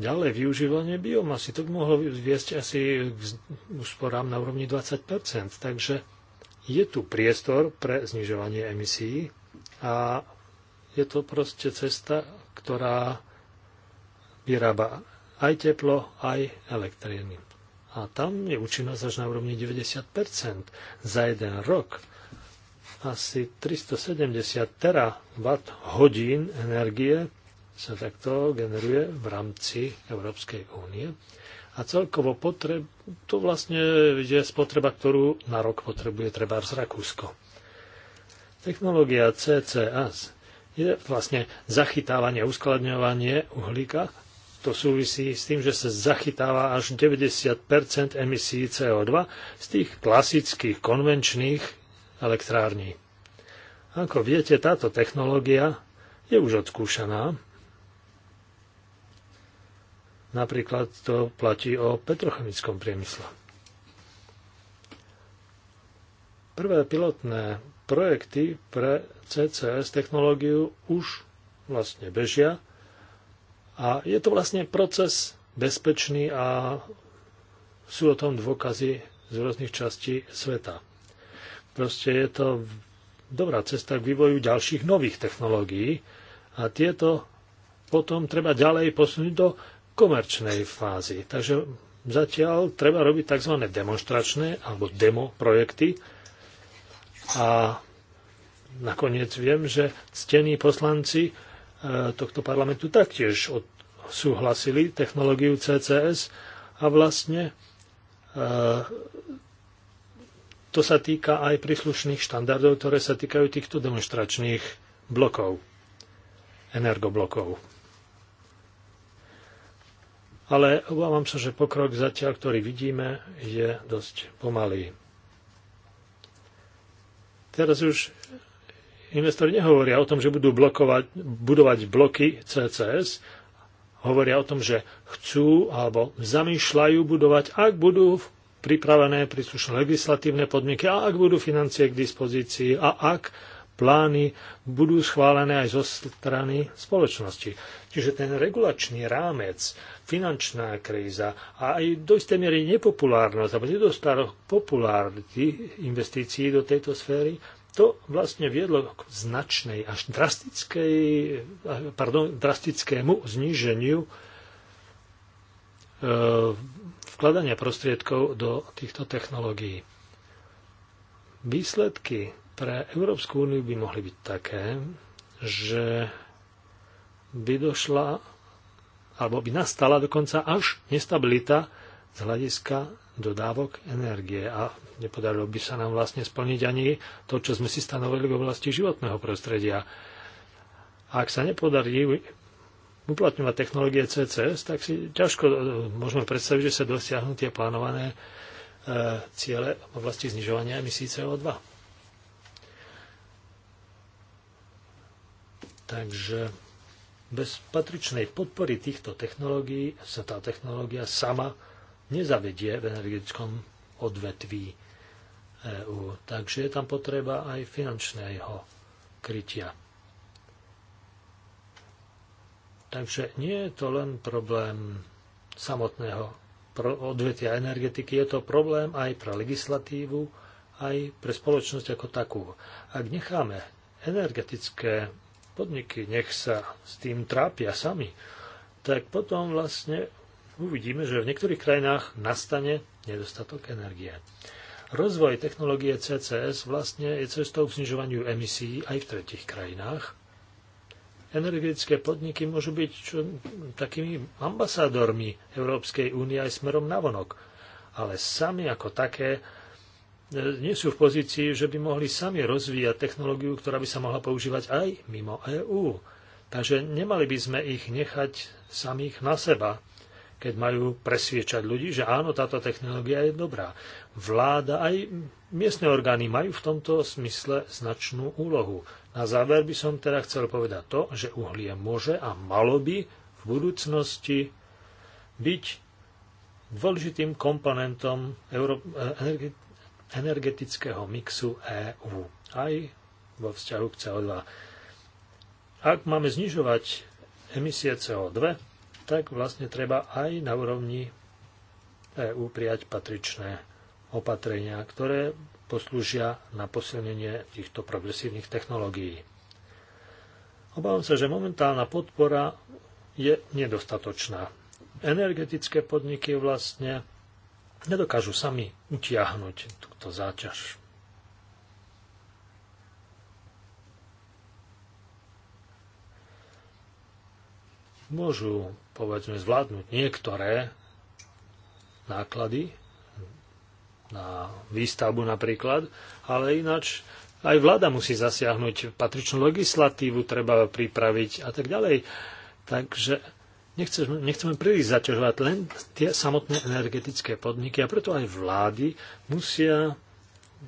Ďalej využívanie biomasy, to by mohlo viesť asi k úsporám na úrovni 20 takže je tu priestor pre znižovanie emisí a je to proste cesta, ktorá vyrába aj teplo, aj elektriny. A tam je účinnosť až na úrovni 90 za jeden rok. Asi 370 terawatt hodín energie sa takto generuje v rámci Európskej únie. A celkovo potreb, to vlastne je spotreba, ktorú na rok potrebuje treba z Rakúsko. Technológia CCS je vlastne zachytávanie, uskladňovanie uhlíka. To súvisí s tým, že sa zachytáva až 90 emisí CO2 z tých klasických konvenčných elektrární. Ako viete, táto technológia je už odskúšaná Napríklad to platí o petrochemickom priemysle. Prvé pilotné projekty pre CCS technológiu už vlastne bežia a je to vlastne proces bezpečný a sú o tom dôkazy z rôznych častí sveta. Proste je to dobrá cesta k vývoju ďalších nových technológií a tieto potom treba ďalej posunúť do komerčnej fázi. Takže zatiaľ treba robiť tzv. demonstračné alebo demo projekty a nakoniec viem, že ctení poslanci e, tohto parlamentu taktiež súhlasili technológiu CCS a vlastne e, to sa týka aj príslušných štandardov, ktoré sa týkajú týchto demonstračných blokov, energoblokov ale obávam sa, že pokrok zatiaľ, ktorý vidíme, je dosť pomalý. Teraz už investori nehovoria o tom, že budú blokovať, budovať bloky CCS, hovoria o tom, že chcú alebo zamýšľajú budovať, ak budú pripravené príslušné legislatívne podmienky a ak budú financie k dispozícii a ak plány budú schválené aj zo strany spoločnosti. Čiže ten regulačný rámec, finančná kríza a aj do istej miery nepopulárnosť alebo nedostatok populárnosti investícií do tejto sféry, to vlastne viedlo k značnej až drastickej, pardon, drastickému zníženiu e, vkladania prostriedkov do týchto technológií. Výsledky pre Európsku úniu by mohli byť také, že by došla alebo by nastala dokonca až nestabilita z hľadiska dodávok energie a nepodarilo by sa nám vlastne splniť ani to, čo sme si stanovili v oblasti životného prostredia. A ak sa nepodarí uplatňovať technológie CCS, tak si ťažko e, môžeme predstaviť, že sa dosiahnu tie plánované e, ciele v oblasti znižovania emisí CO2. Takže bez patričnej podpory týchto technológií sa tá technológia sama nezavedie v energetickom odvetví EÚ. Takže je tam potreba aj finančného krytia. Takže nie je to len problém samotného odvetia energetiky, je to problém aj pre legislatívu, aj pre spoločnosť ako takú. Ak necháme energetické podniky nech sa s tým trápia sami, tak potom vlastne uvidíme, že v niektorých krajinách nastane nedostatok energie. Rozvoj technológie CCS vlastne je cestou k znižovaniu emisí aj v tretich krajinách. Energetické podniky môžu byť čo, takými ambasádormi Európskej únie aj smerom navonok, ale sami ako také E, nie sú v pozícii, že by mohli sami rozvíjať technológiu, ktorá by sa mohla používať aj mimo EÚ. Takže nemali by sme ich nechať samých na seba, keď majú presviečať ľudí, že áno, táto technológia je dobrá. Vláda aj miestne orgány majú v tomto smysle značnú úlohu. Na záver by som teda chcel povedať to, že uhlie môže a malo by v budúcnosti byť dôležitým komponentom e, energetického mixu EÚ, aj vo vzťahu k CO2. Ak máme znižovať emisie CO2, tak vlastne treba aj na úrovni EÚ prijať patričné opatrenia, ktoré poslúžia na posilnenie týchto progresívnych technológií. Obávam sa, že momentálna podpora je nedostatočná. Energetické podniky vlastne nedokážu sami utiahnuť túto záťaž. Môžu, povedzme, zvládnuť niektoré náklady na výstavbu napríklad, ale ináč aj vláda musí zasiahnuť patričnú legislatívu, treba pripraviť a tak ďalej. Takže Nechceme, nechceme príliš zaťažovať len tie samotné energetické podniky a preto aj vlády musia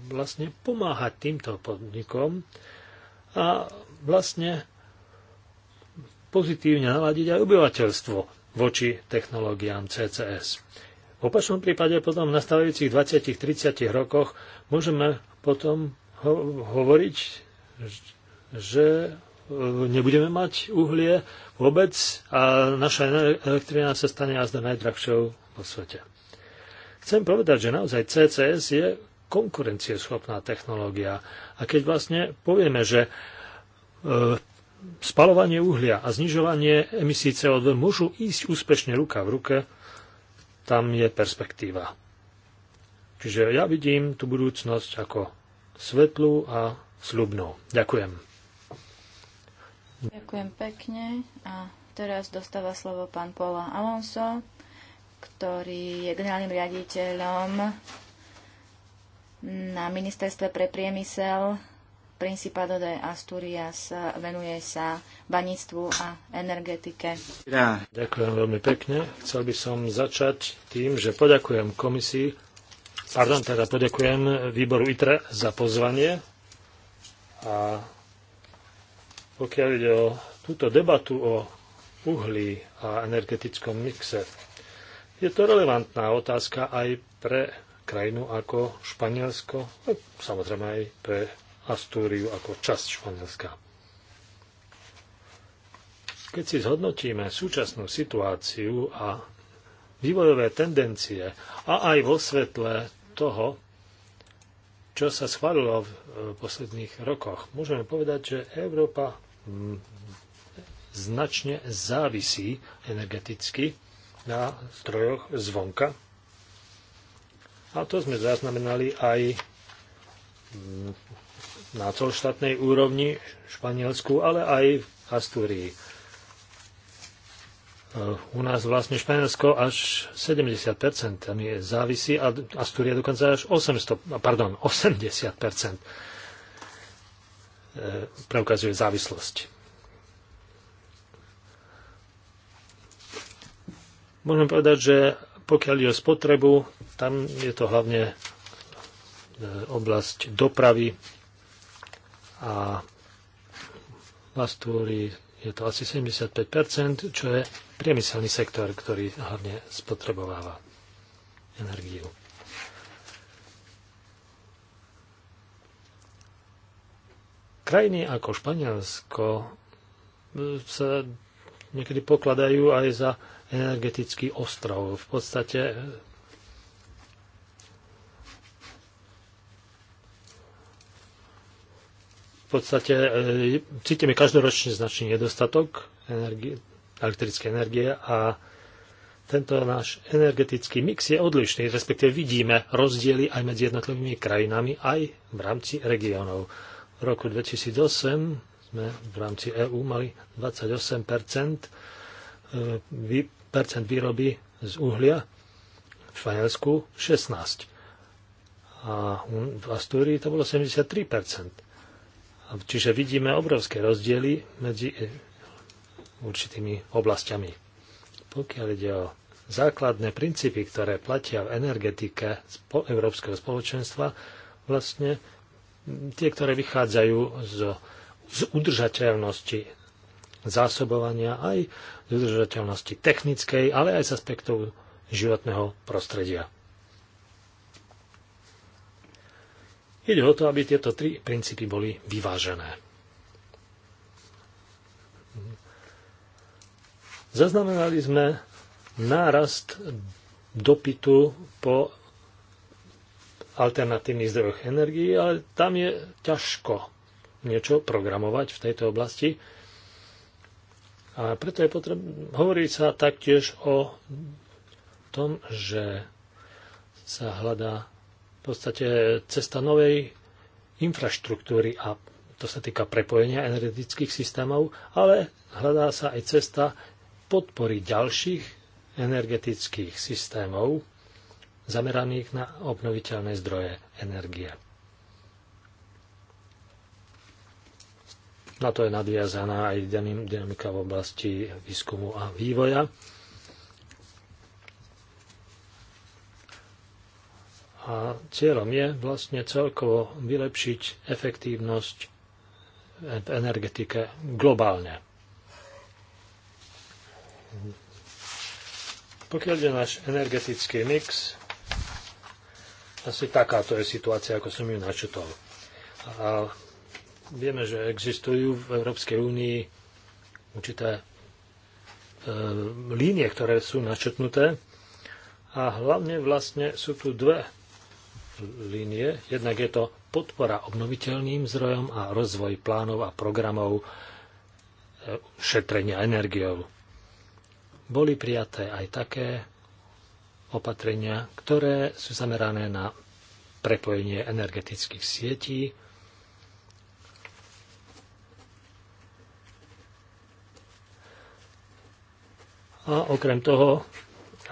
vlastne pomáhať týmto podnikom a vlastne pozitívne naladiť aj obyvateľstvo voči technológiám CCS. V opačnom prípade potom v nastavujúcich 20-30 rokoch môžeme potom ho- hovoriť, že nebudeme mať uhlie vôbec a naša elektrina sa stane azda najdrahšou vo svete. Chcem povedať, že naozaj CCS je konkurencieschopná technológia. A keď vlastne povieme, že e, spalovanie uhlia a znižovanie emisí CO2 môžu ísť úspešne ruka v ruke, tam je perspektíva. Čiže ja vidím tú budúcnosť ako svetlú a slubnú. Ďakujem. Ďakujem pekne a teraz dostáva slovo pán Paula Alonso, ktorý je generálnym riaditeľom na ministerstve pre priemysel Principado de Asturias venuje sa baníctvu a energetike. Ja. Ďakujem veľmi pekne. Chcel by som začať tým, že poďakujem komisii, pardon, teda poďakujem výboru ITRE za pozvanie a pokiaľ ide o túto debatu o uhlí a energetickom mixe. Je to relevantná otázka aj pre krajinu ako Španielsko, a no, samozrejme aj pre Astúriu ako časť Španielska. Keď si zhodnotíme súčasnú situáciu a vývojové tendencie a aj vo svetle toho, čo sa schválilo v e, posledných rokoch, môžeme povedať, že Európa značne závisí energeticky na strojoch zvonka. A to sme zaznamenali aj na celoštátnej úrovni v Španielsku, ale aj v Astúrii. U nás vlastne Španielsko až 70% závisí a Astúria dokonca až 800, pardon, 80%. E, preukazuje závislosť. Môžem povedať, že pokiaľ je o spotrebu, tam je to hlavne e, oblasť dopravy a v je to asi 75%, čo je priemyselný sektor, ktorý hlavne spotrebováva energiu. Krajiny ako Španielsko e, sa niekedy pokladajú aj za energetický ostrov. V podstate v podstate e, cítime každoročne značný nedostatok energie, elektrické energie a tento náš energetický mix je odlišný, respektíve vidíme rozdiely aj medzi jednotlivými krajinami, aj v rámci regiónov roku 2008 sme v rámci EÚ mali 28 e, percent výroby z uhlia, v Španielsku 16 a v Astúrii to bolo 73 Čiže vidíme obrovské rozdiely medzi e, určitými oblastiami. Pokiaľ ide o základné princípy, ktoré platia v energetike Európskeho spoločenstva, vlastne tie, ktoré vychádzajú z, z udržateľnosti zásobovania, aj z udržateľnosti technickej, ale aj z aspektov životného prostredia. Ide o to, aby tieto tri princípy boli vyvážené. Zaznamenali sme nárast dopytu po alternatívnych zdrojoch energií, ale tam je ťažko niečo programovať v tejto oblasti. A preto je potrebné, hovorí sa taktiež o tom, že sa hľadá v podstate cesta novej infraštruktúry a to sa týka prepojenia energetických systémov, ale hľadá sa aj cesta podpory ďalších energetických systémov, zameraných na obnoviteľné zdroje energie. Na to je nadviazaná aj dynamika v oblasti výskumu a vývoja. A cieľom je vlastne celkovo vylepšiť efektívnosť v energetike globálne. Pokiaľ je náš energetický mix, asi takáto je situácia, ako som ju načetol. A vieme, že existujú v Európskej únii určité e, línie, ktoré sú načetnuté. A hlavne vlastne sú tu dve línie. Jednak je to podpora obnoviteľným zdrojom a rozvoj plánov a programov e, šetrenia energiou. Boli prijaté aj také opatrenia, ktoré sú zamerané na prepojenie energetických sietí, a okrem toho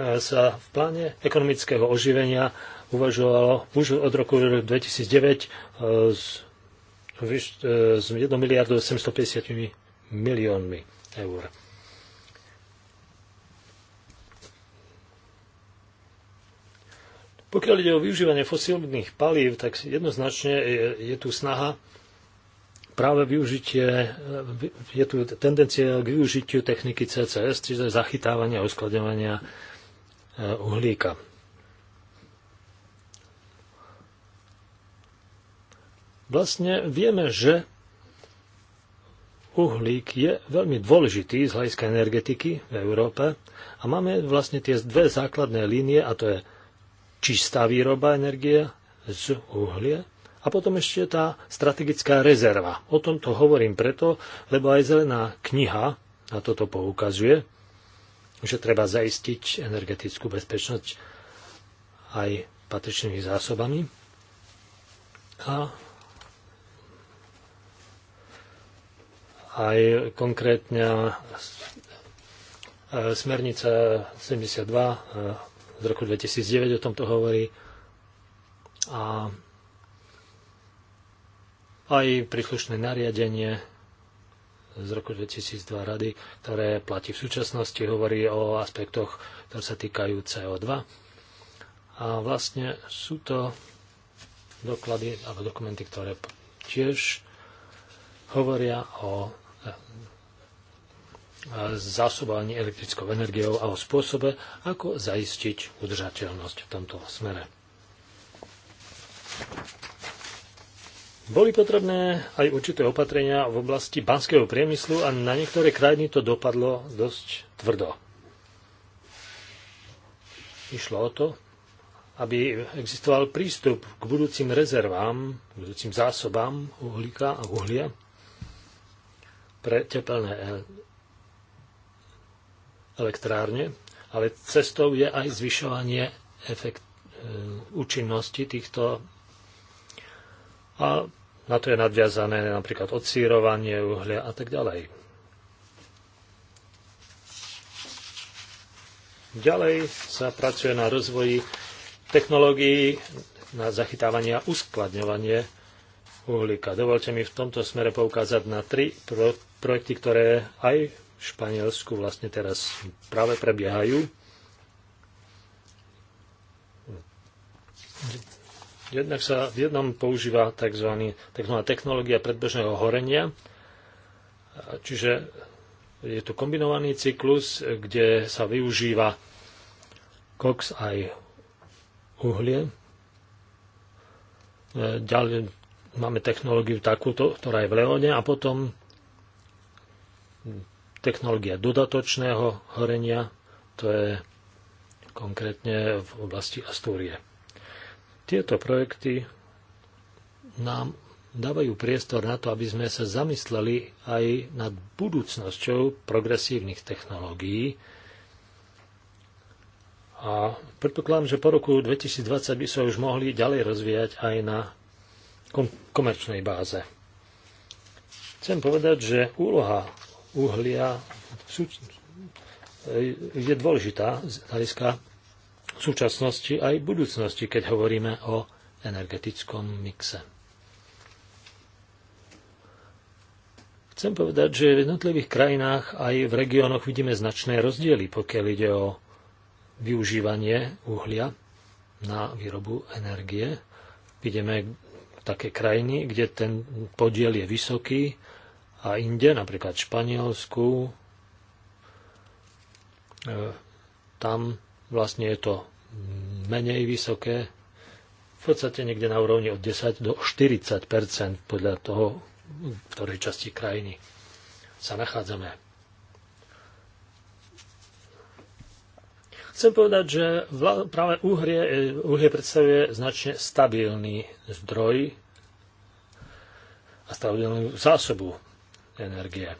e, sa v pláne ekonomického oživenia uvažovalo už od roku 2009 s, 1 miliardou 750 miliónmi eur. Pokiaľ ide o využívanie fosílnych palív, tak jednoznačne je, je tu snaha práve využitie, e, je tu tendencia k využitiu techniky CCS, čiže zachytávania a uskladňovania e, uhlíka. Vlastne vieme, že uhlík je veľmi dôležitý z hľadiska energetiky v Európe a máme vlastne tie dve základné línie a to je čistá výroba energie z uhlia a potom ešte tá strategická rezerva. O tom to hovorím preto, lebo aj zelená kniha na toto poukazuje, že treba zaistiť energetickú bezpečnosť aj patričnými zásobami. A aj konkrétne smernica 72 z roku 2009 o tomto hovorí. A aj príslušné nariadenie z roku 2002 rady, ktoré platí v súčasnosti, hovorí o aspektoch, ktoré sa týkajú CO2. A vlastne sú to doklady alebo dokumenty, ktoré tiež hovoria o zásobovaní elektrickou energiou a o spôsobe, ako zaistiť udržateľnosť v tomto smere. Boli potrebné aj určité opatrenia v oblasti banského priemyslu a na niektoré krajiny to dopadlo dosť tvrdo. Išlo o to, aby existoval prístup k budúcim rezervám, k budúcim zásobám uhlíka a uhlia pre tepelné elektrárne, ale cestou je aj zvyšovanie efekt, e, účinnosti týchto a na to je nadviazané napríklad odsírovanie uhlia a tak ďalej. Ďalej sa pracuje na rozvoji technológií na zachytávanie a uskladňovanie uhlíka. Dovolte mi v tomto smere poukázať na tri pro- projekty, ktoré aj Španielsku vlastne teraz práve prebiehajú. Jednak sa v jednom používa tzv. tzv. technológia predbežného horenia, čiže je tu kombinovaný cyklus, kde sa využíva kox aj uhlie. Ďalej máme technológiu takúto, ktorá je v Leone a potom technológia dodatočného horenia, to je konkrétne v oblasti Astúrie. Tieto projekty nám dávajú priestor na to, aby sme sa zamysleli aj nad budúcnosťou progresívnych technológií, a predpokladám, že po roku 2020 by sa už mohli ďalej rozvíjať aj na komerčnej báze. Chcem povedať, že úloha uhlia sú, je dôležitá z hľadiska súčasnosti aj budúcnosti, keď hovoríme o energetickom mixe. Chcem povedať, že v jednotlivých krajinách aj v regiónoch vidíme značné rozdiely, pokiaľ ide o využívanie uhlia na výrobu energie. Vidíme také krajiny, kde ten podiel je vysoký a inde, napríklad v Španielsku, e, tam vlastne je to menej vysoké, v podstate niekde na úrovni od 10 do 40 podľa toho, v ktorej časti krajiny sa nachádzame. Chcem povedať, že práve uhrie, e, uhrie predstavuje značne stabilný zdroj a stabilnú zásobu energie.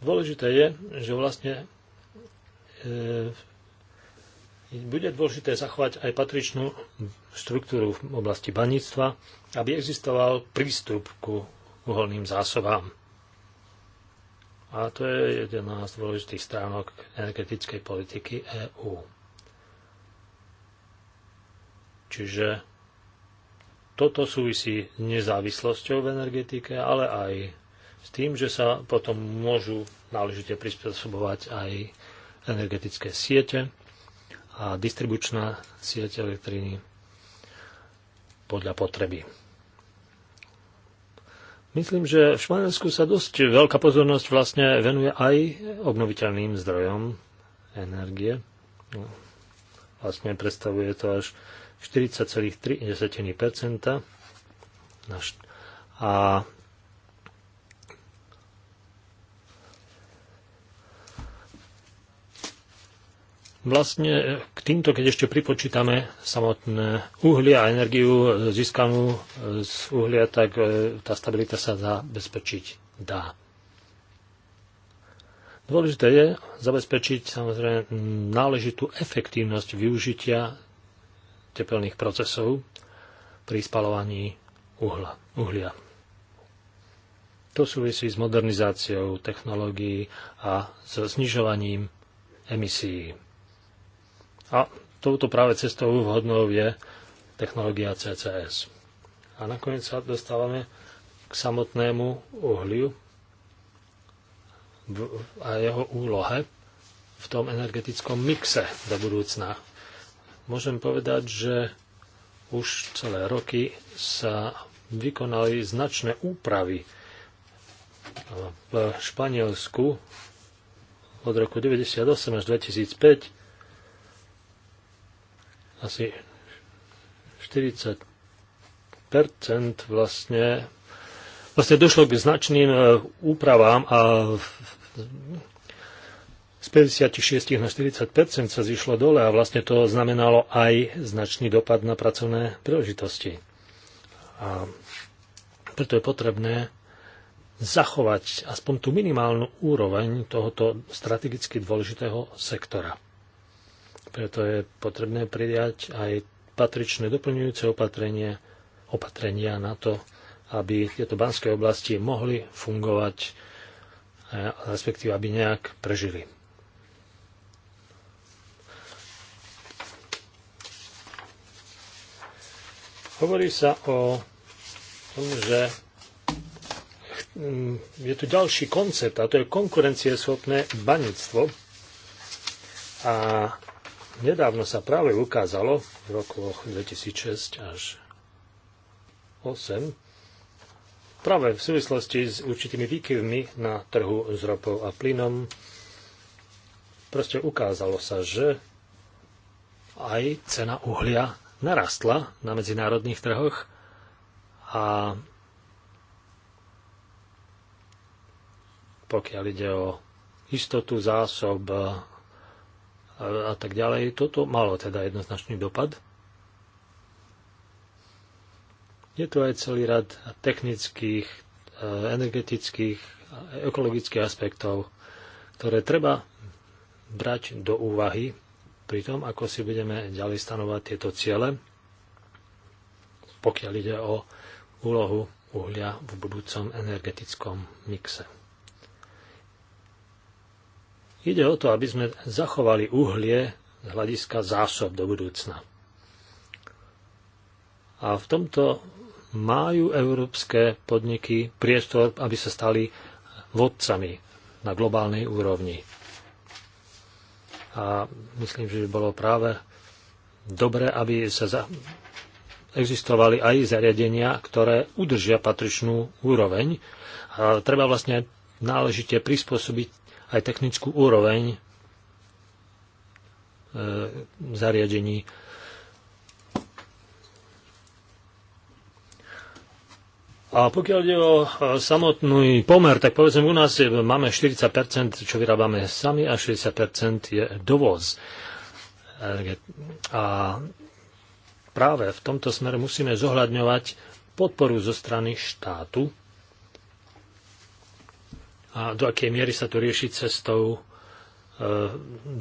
Dôležité je, že vlastne e, bude dôležité zachovať aj patričnú štruktúru v oblasti baníctva, aby existoval prístup ku uholným zásobám. A to je jedna z dôležitých stránok energetickej politiky EÚ. Čiže toto súvisí s nezávislosťou v energetike, ale aj s tým, že sa potom môžu náležite prispôsobovať aj energetické siete a distribučná sieť elektriny podľa potreby. Myslím, že v Španielsku sa dosť veľká pozornosť vlastne venuje aj obnoviteľným zdrojom energie. No, vlastne predstavuje to až 40,3 a Vlastne k týmto, keď ešte pripočítame samotné uhlie a energiu získanú z uhlia, tak e, tá stabilita sa zabezpečiť dá. Dôležité je zabezpečiť samozrejme náležitú efektívnosť využitia tepelných procesov pri spalovaní uhla, uhlia. To súvisí s modernizáciou technológií a so znižovaním emisí. A touto práve cestou vhodnou je technológia CCS. A nakoniec sa dostávame k samotnému uhliu a jeho úlohe v tom energetickom mixe do budúcna môžem povedať, že už celé roky sa vykonali značné úpravy v Španielsku od roku 1998 až 2005 asi 40 vlastne vlastne došlo k značným e, úpravám a 56 na 40 sa zišlo dole a vlastne to znamenalo aj značný dopad na pracovné príležitosti. A preto je potrebné zachovať aspoň tú minimálnu úroveň tohoto strategicky dôležitého sektora. Preto je potrebné prijať aj patričné doplňujúce opatrenie, opatrenia na to, aby tieto banské oblasti mohli fungovať, eh, respektíve aby nejak prežili. Hovorí sa o tom, že je tu ďalší koncept a to je konkurencieschopné baníctvo. A nedávno sa práve ukázalo v rokoch 2006 až 2008, práve v súvislosti s určitými výkyvmi na trhu s ropou a plynom proste ukázalo sa, že aj cena uhlia narastla na medzinárodných trhoch a pokiaľ ide o istotu zásob a tak ďalej, toto malo teda jednoznačný dopad. Je tu aj celý rad technických, e, energetických, ekologických aspektov, ktoré treba brať do úvahy pri tom, ako si budeme ďalej stanovať tieto ciele, pokiaľ ide o úlohu uhlia v budúcom energetickom mixe. Ide o to, aby sme zachovali uhlie z hľadiska zásob do budúcna. A v tomto majú európske podniky priestor, aby sa stali vodcami na globálnej úrovni a myslím, že by bolo práve dobre, aby sa za... existovali aj zariadenia, ktoré udržia patričnú úroveň. A treba vlastne náležite prispôsobiť aj technickú úroveň e, zariadení A pokiaľ ide o samotný pomer, tak povedzme u nás máme 40%, čo vyrábame sami a 60% je dovoz. E, a práve v tomto smere musíme zohľadňovať podporu zo strany štátu a do akej miery sa to rieši cestou e,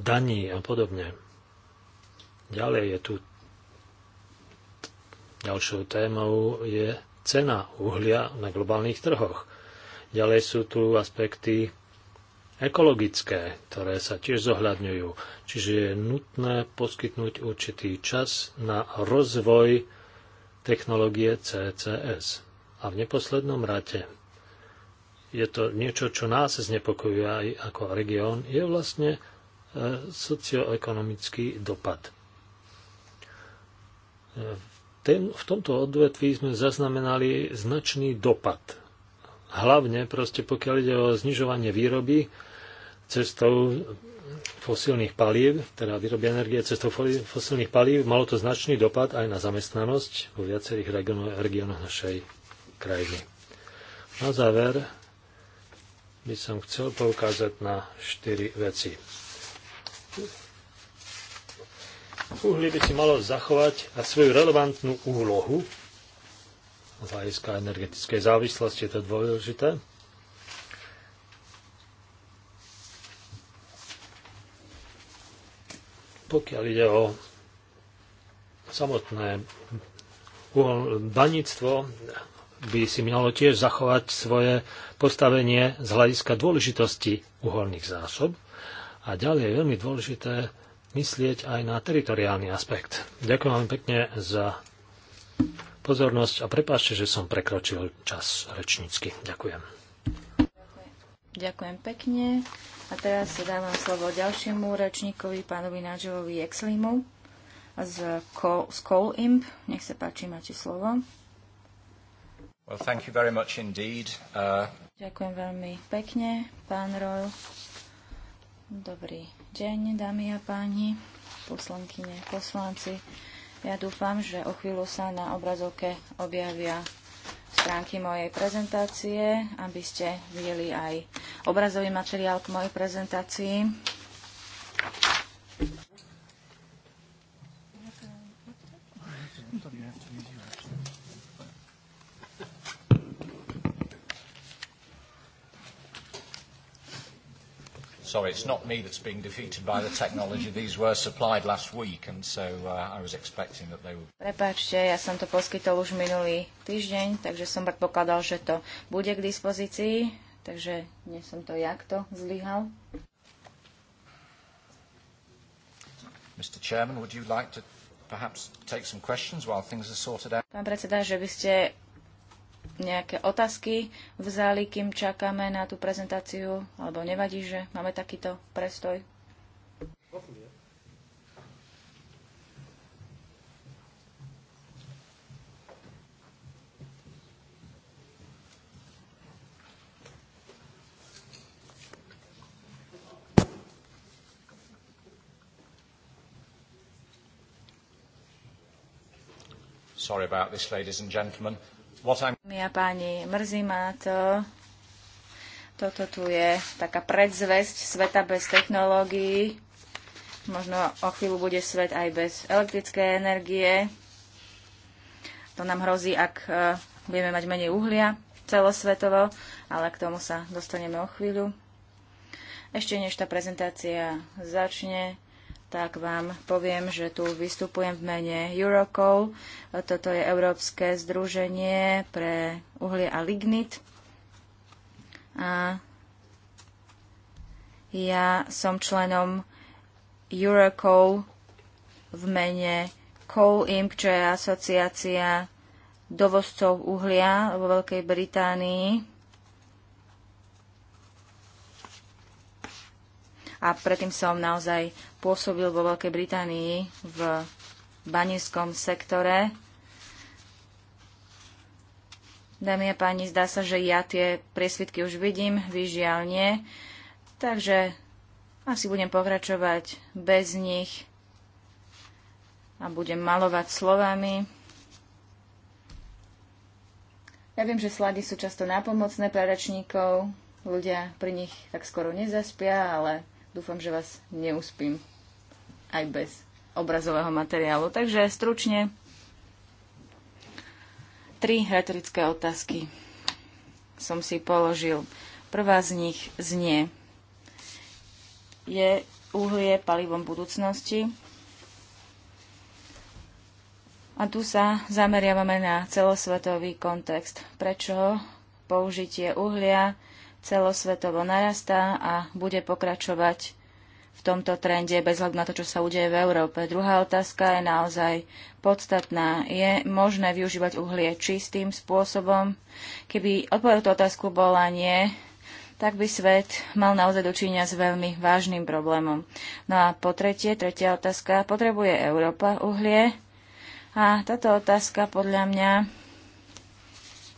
daní a podobne. Ďalej je tu ďalšou témou je cena uhlia na globálnych trhoch. Ďalej sú tu aspekty ekologické, ktoré sa tiež zohľadňujú. Čiže je nutné poskytnúť určitý čas na rozvoj technológie CCS. A v neposlednom rate je to niečo, čo nás znepokojuje aj ako región, je vlastne e, socioekonomický dopad. E, ten, v tomto odvetví sme zaznamenali značný dopad. Hlavne proste pokiaľ ide o znižovanie výroby cestou fosílnych palív, teda výroby energie cestou fosílnych palív, malo to značný dopad aj na zamestnanosť vo viacerých regiónoch našej krajiny. Na záver by som chcel poukázať na štyri veci Uhlie by si malo zachovať a svoju relevantnú úlohu z hľadiska energetickej závislosti, je to dôležité. Pokiaľ ide o samotné baníctvo, by si malo tiež zachovať svoje postavenie z hľadiska dôležitosti uholných zásob. A ďalej je veľmi dôležité myslieť aj na teritoriálny aspekt. Ďakujem vám pekne za pozornosť a prepáčte, že som prekročil čas rečnícky. Ďakujem. Ďakujem pekne. A teraz sa dávam slovo ďalšiemu rečníkovi, pánovi Nážovovi Exlimu z, Col, z Imp. Nech sa páči, máte slovo. Well, thank you very much indeed. Uh... Ďakujem veľmi pekne, pán Royal. Dobrý deň, dámy a páni, poslankyne, poslanci. Ja dúfam, že o chvíľu sa na obrazovke objavia stránky mojej prezentácie, aby ste videli aj obrazový materiál k mojej prezentácii. Sorry, it's not me that's being defeated by the technology. These were supplied last week, and so uh, I was expecting that they would... Prepáčte, ja som to poskytol už minulý týždeň, takže som tak pokladal, že to bude k dispozícii, takže nie som to ja, kto zlyhal. Mr. Chairman, would you like to perhaps take some questions while things are sorted out? Pán predseda, že by ste nejaké otázky v záli, kým čakáme na tú prezentáciu, alebo nevadí, že máme takýto prestoj? Sorry about this, ladies and gentlemen. Ja páni, mrzí ma to. Toto tu je taká predzvesť sveta bez technológií. Možno o chvíľu bude svet aj bez elektrické energie. To nám hrozí, ak e, budeme mať menej uhlia celosvetovo, ale k tomu sa dostaneme o chvíľu. Ešte než tá prezentácia začne, tak vám poviem, že tu vystupujem v mene Eurocall. Toto je Európske združenie pre uhlie a lignit. A ja som členom Eurocall v mene Coal Imp, čo je asociácia dovozcov uhlia vo Veľkej Británii a predtým som naozaj pôsobil vo Veľkej Británii v banírskom sektore. Dámy a páni, zdá sa, že ja tie priesvitky už vidím, vyžiaľ nie. Takže asi budem pokračovať bez nich a budem malovať slovami. Ja viem, že slady sú často nápomocné pre rečníkov, ľudia pri nich tak skoro nezaspia, ale Dúfam, že vás neuspím aj bez obrazového materiálu. Takže stručne tri retorické otázky som si položil. Prvá z nich znie, je uhlie palivom budúcnosti? A tu sa zameriavame na celosvetový kontext. Prečo použitie uhlia celosvetovo narastá a bude pokračovať v tomto trende bez hľadu na to, čo sa udeje v Európe. Druhá otázka je naozaj podstatná. Je možné využívať uhlie čistým spôsobom? Keby odpoveď tú otázku bola nie, tak by svet mal naozaj dočinia s veľmi vážnym problémom. No a po tretie, tretia otázka, potrebuje Európa uhlie? A táto otázka podľa mňa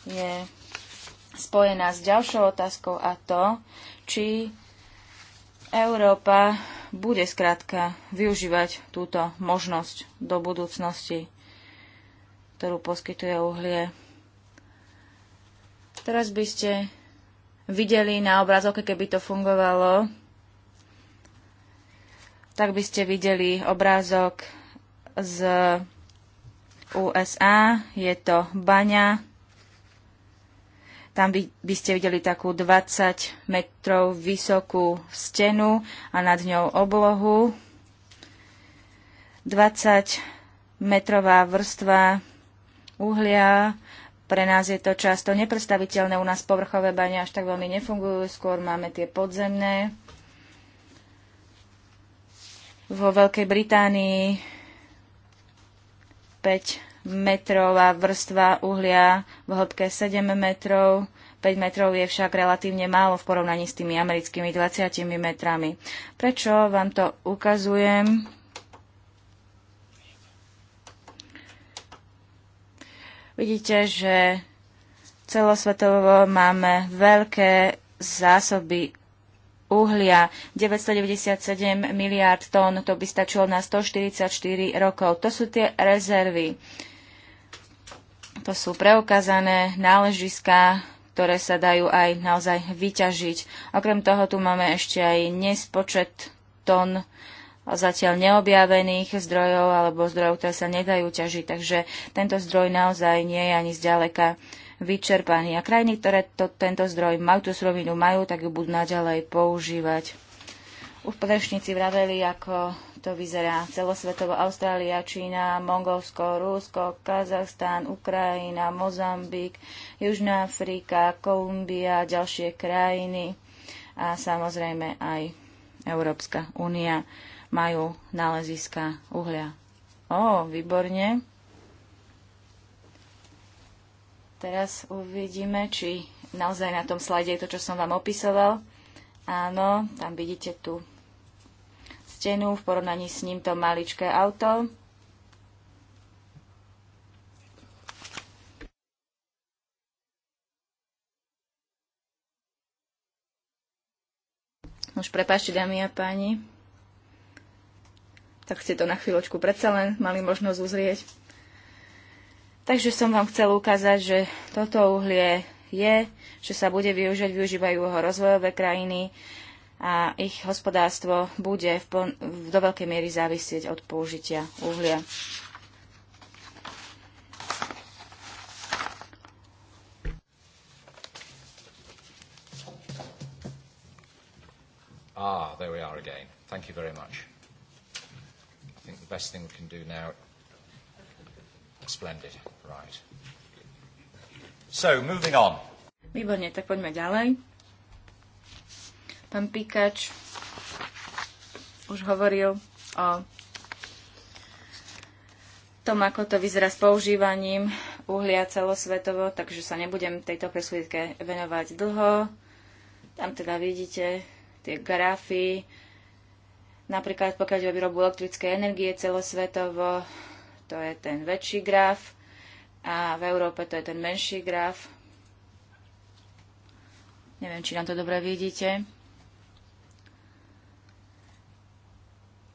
je spojená s ďalšou otázkou a to, či Európa bude skrátka využívať túto možnosť do budúcnosti, ktorú poskytuje uhlie. Teraz by ste videli na obrazovke, keby to fungovalo, tak by ste videli obrázok z USA. Je to baňa, tam by, by ste videli takú 20 metrov vysokú stenu a nad ňou oblohu. 20 metrová vrstva uhlia. Pre nás je to často nepredstaviteľné. U nás povrchové bane až tak veľmi nefungujú. Skôr máme tie podzemné. Vo Veľkej Británii 5 metrov a vrstva uhlia v hĺbke 7 metrov. 5 metrov je však relatívne málo v porovnaní s tými americkými 20 metrami. Prečo vám to ukazujem? Vidíte, že celosvetovo máme veľké zásoby uhlia 997 miliárd tón, to by stačilo na 144 rokov. To sú tie rezervy. To sú preukázané náležiská, ktoré sa dajú aj naozaj vyťažiť. Okrem toho tu máme ešte aj nespočet tón zatiaľ neobjavených zdrojov alebo zdrojov, ktoré sa nedajú ťažiť. Takže tento zdroj naozaj nie je ani zďaleka vyčerpaný. A krajiny, ktoré to, tento zdroj majú, tú surovinu majú, tak ju budú naďalej používať. Už predrečníci vraveli, ako to vyzerá celosvetovo Austrália, Čína, Mongolsko, Rusko, Kazachstán, Ukrajina, Mozambik, Južná Afrika, Kolumbia, ďalšie krajiny a samozrejme aj Európska únia majú náleziska uhlia. Ó, výborne. Teraz uvidíme, či naozaj na tom slajde je to, čo som vám opisoval. Áno, tam vidíte tú stenu v porovnaní s ním to maličké auto. Už prepáčte, dámy a páni. Tak ste to na chvíľočku predsa len mali možnosť uzrieť. Takže som vám chcel ukázať, že toto uhlie je, že sa bude využiť, využívajú ho rozvojové krajiny, a ich hospodárstvo bude v pln- do veľkej miery závisieť od použitia uhlia. Ah, there we are again. Thank you very much. I think the best thing we can do now. Splendid. Right. So, moving on. Výborne, tak poďme ďalej. Pán Pikač už hovoril o tom, ako to vyzerá s používaním uhlia celosvetovo, takže sa nebudem tejto presvietke venovať dlho. Tam teda vidíte tie grafy. Napríklad pokiaľ o výrobu elektrickej energie celosvetovo, to je ten väčší graf a v Európe to je ten menší graf. Neviem, či nám to dobre vidíte.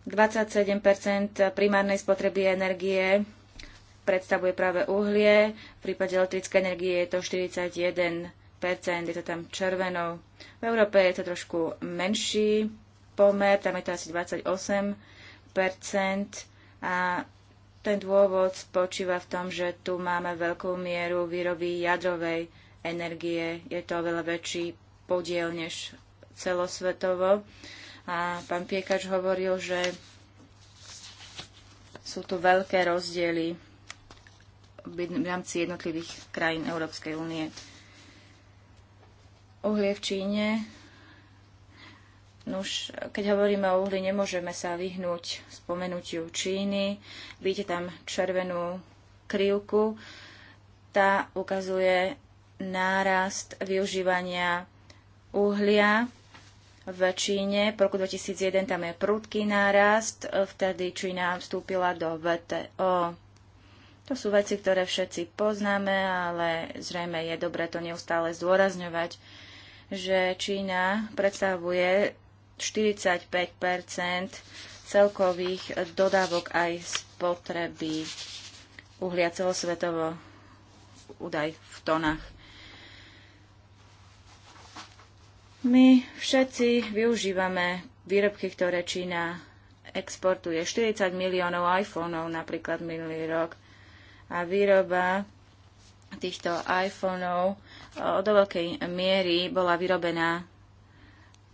27 primárnej spotreby energie predstavuje práve uhlie, v prípade elektrické energie je to 41 je to tam červenou. V Európe je to trošku menší pomer, tam je to asi 28 a ten dôvod spočíva v tom, že tu máme veľkú mieru výroby jadrovej energie. Je to oveľa väčší podiel než celosvetovo. A pán Piekač hovoril, že sú tu veľké rozdiely v rámci jednotlivých krajín Európskej únie. Uhlie v Číne. Nuž, keď hovoríme o uhli, nemôžeme sa vyhnúť spomenutiu Číny. Vidíte tam červenú krivku. Tá ukazuje nárast využívania uhlia v Číne. V roku 2001 tam je prudký nárast, vtedy Čína vstúpila do VTO. To sú veci, ktoré všetci poznáme, ale zrejme je dobre to neustále zdôrazňovať, že Čína predstavuje 45 celkových dodávok aj spotreby uhlia celosvetovo údaj v tonách. My všetci využívame výrobky, ktoré Čína exportuje. 40 miliónov iPhoneov napríklad minulý rok. A výroba týchto iPhoneov eh, do veľkej miery bola vyrobená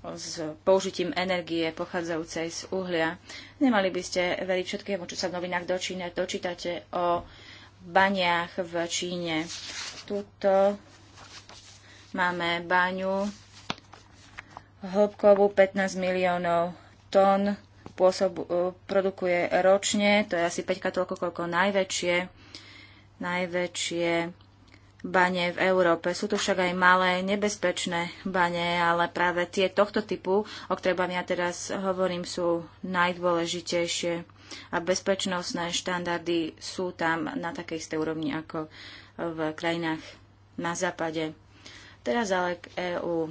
s použitím energie pochádzajúcej z uhlia. Nemali by ste veriť všetkému, čo sa v novinách dočína, dočítate o baniach v Číne. Tuto máme baňu hĺbkovú 15 miliónov tón pôsob, e, produkuje ročne, to je asi 5 toľko, koľko najväčšie, najväčšie bane v Európe. Sú tu však aj malé, nebezpečné bane, ale práve tie tohto typu, o ktorém ja teraz hovorím, sú najdôležitejšie a bezpečnostné štandardy sú tam na takej istej úrovni ako v krajinách na západe. Teraz ale k EÚ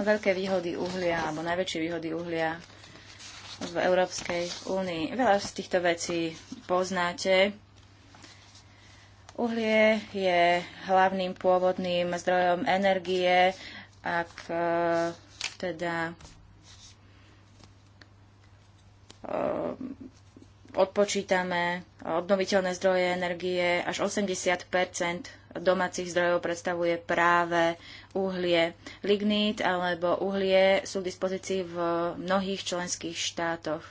veľké výhody uhlia, alebo najväčšie výhody uhlia v Európskej únii. Veľa z týchto vecí poznáte. Uhlie je hlavným pôvodným zdrojom energie, ak e, teda e, odpočítame obnoviteľné zdroje energie, až 80 domácich zdrojov predstavuje práve uhlie. Lignit alebo uhlie sú k dispozícii v mnohých členských štátoch.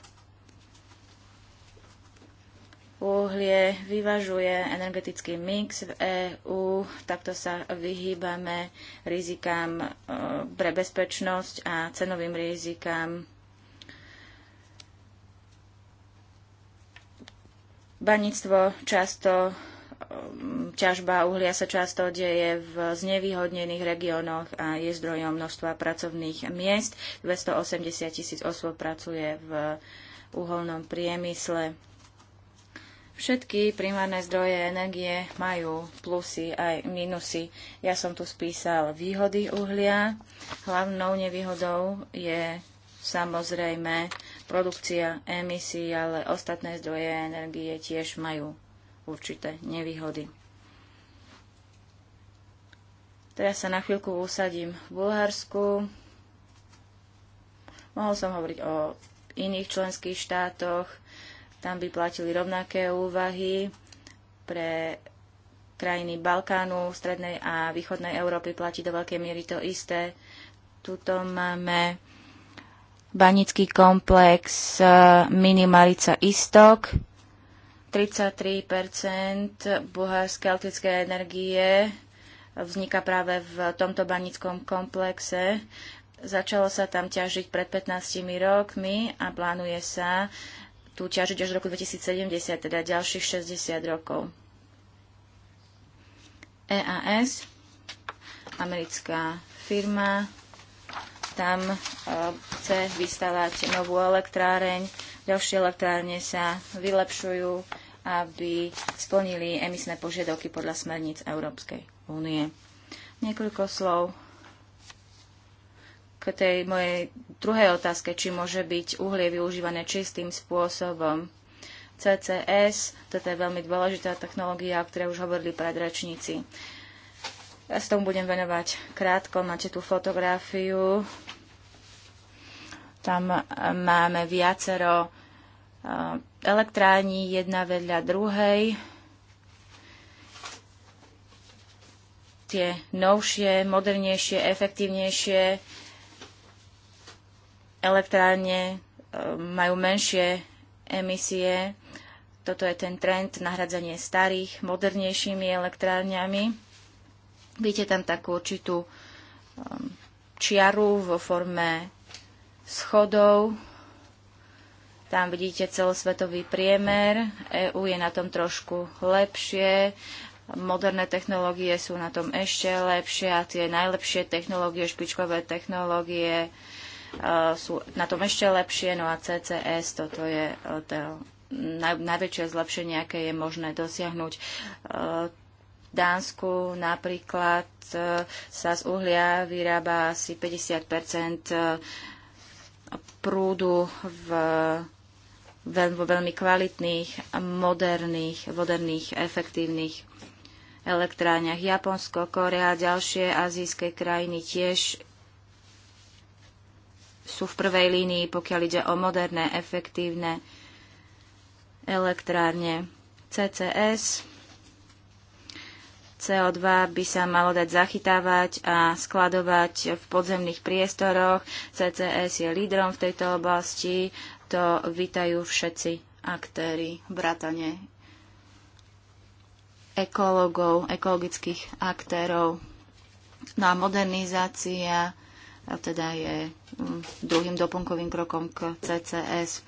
Uhlie vyvažuje energetický mix v EÚ, takto sa vyhýbame rizikám e, pre bezpečnosť a cenovým rizikám baníctvo často ťažba uhlia sa často deje v znevýhodnených regiónoch a je zdrojom množstva pracovných miest. 280 tisíc osôb pracuje v uholnom priemysle. Všetky primárne zdroje energie majú plusy aj minusy. Ja som tu spísal výhody uhlia. Hlavnou nevýhodou je samozrejme produkcia emisí, ale ostatné zdroje energie tiež majú určité nevýhody. Teraz sa na chvíľku usadím v Bulharsku. Mohol som hovoriť o iných členských štátoch. Tam by platili rovnaké úvahy pre krajiny Balkánu, Strednej a Východnej Európy platí do veľkej miery to isté. Tuto máme banický komplex eh, Minimalica Istok, 33 bulharskej elektrickej energie vzniká práve v tomto banickom komplexe. Začalo sa tam ťažiť pred 15 rokmi a plánuje sa tu ťažiť až do roku 2070, teda ďalších 60 rokov. EAS, americká firma, tam e, chce vystavať novú elektráreň, ďalšie elektrárne sa vylepšujú, aby splnili emisné požiadavky podľa smerníc Európskej únie. Niekoľko slov k tej mojej druhej otázke, či môže byť uhlie využívané čistým spôsobom. CCS, toto je veľmi dôležitá technológia, o ktorej už hovorili predračníci. Ja sa tomu budem venovať krátko, máte tú fotografiu. Tam e, máme viacero e, elektrární jedna vedľa druhej. Tie novšie, modernejšie, efektívnejšie elektrárne e, majú menšie emisie. Toto je ten trend, nahradzanie starých, modernejšími elektrárňami. Vidíte tam takú určitú e, čiaru vo forme schodov, tam vidíte celosvetový priemer. EU je na tom trošku lepšie. Moderné technológie sú na tom ešte lepšie a tie najlepšie technológie, špičkové technológie e, sú na tom ešte lepšie. No a CCS, toto je e, to najväčšie zlepšenie, aké je možné dosiahnuť. E, v Dánsku napríklad sa z uhlia vyrába asi 50 prúdu v vo veľmi kvalitných, moderných, moderných, efektívnych elektrániach. Japonsko, Korea a ďalšie azijské krajiny tiež sú v prvej línii, pokiaľ ide o moderné, efektívne elektrárne. CCS, CO2 by sa malo dať zachytávať a skladovať v podzemných priestoroch. CCS je lídrom v tejto oblasti to vítajú všetci aktéry, bratane ekológov, ekologických aktérov. No a modernizácia teda je mm, druhým doplnkovým krokom k CCS.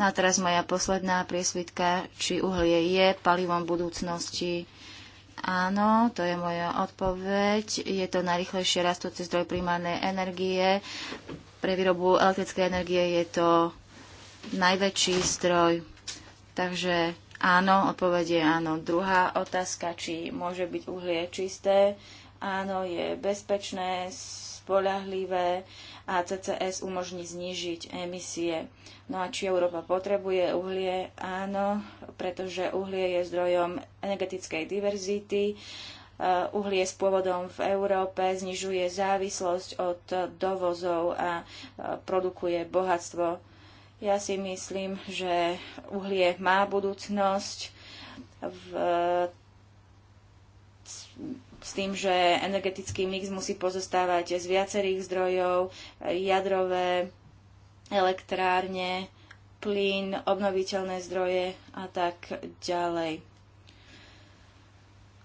No a teraz moja posledná priesvitka, či uhlie je palivom budúcnosti. Áno, to je moja odpoveď. Je to najrychlejšie rastúci zdroj primárnej energie. Pre výrobu elektrickej energie je to najväčší zdroj. Takže áno, odpovedie áno. Druhá otázka, či môže byť uhlie čisté. Áno, je bezpečné, spolahlivé a CCS umožní znížiť emisie. No a či Európa potrebuje uhlie? Áno, pretože uhlie je zdrojom energetickej diverzity. Uh, uhlie s pôvodom v Európe znižuje závislosť od dovozov a uh, produkuje bohatstvo ja si myslím, že uhlie má budúcnosť v, s tým, že energetický mix musí pozostávať z viacerých zdrojov, jadrové elektrárne, plyn, obnoviteľné zdroje a tak ďalej.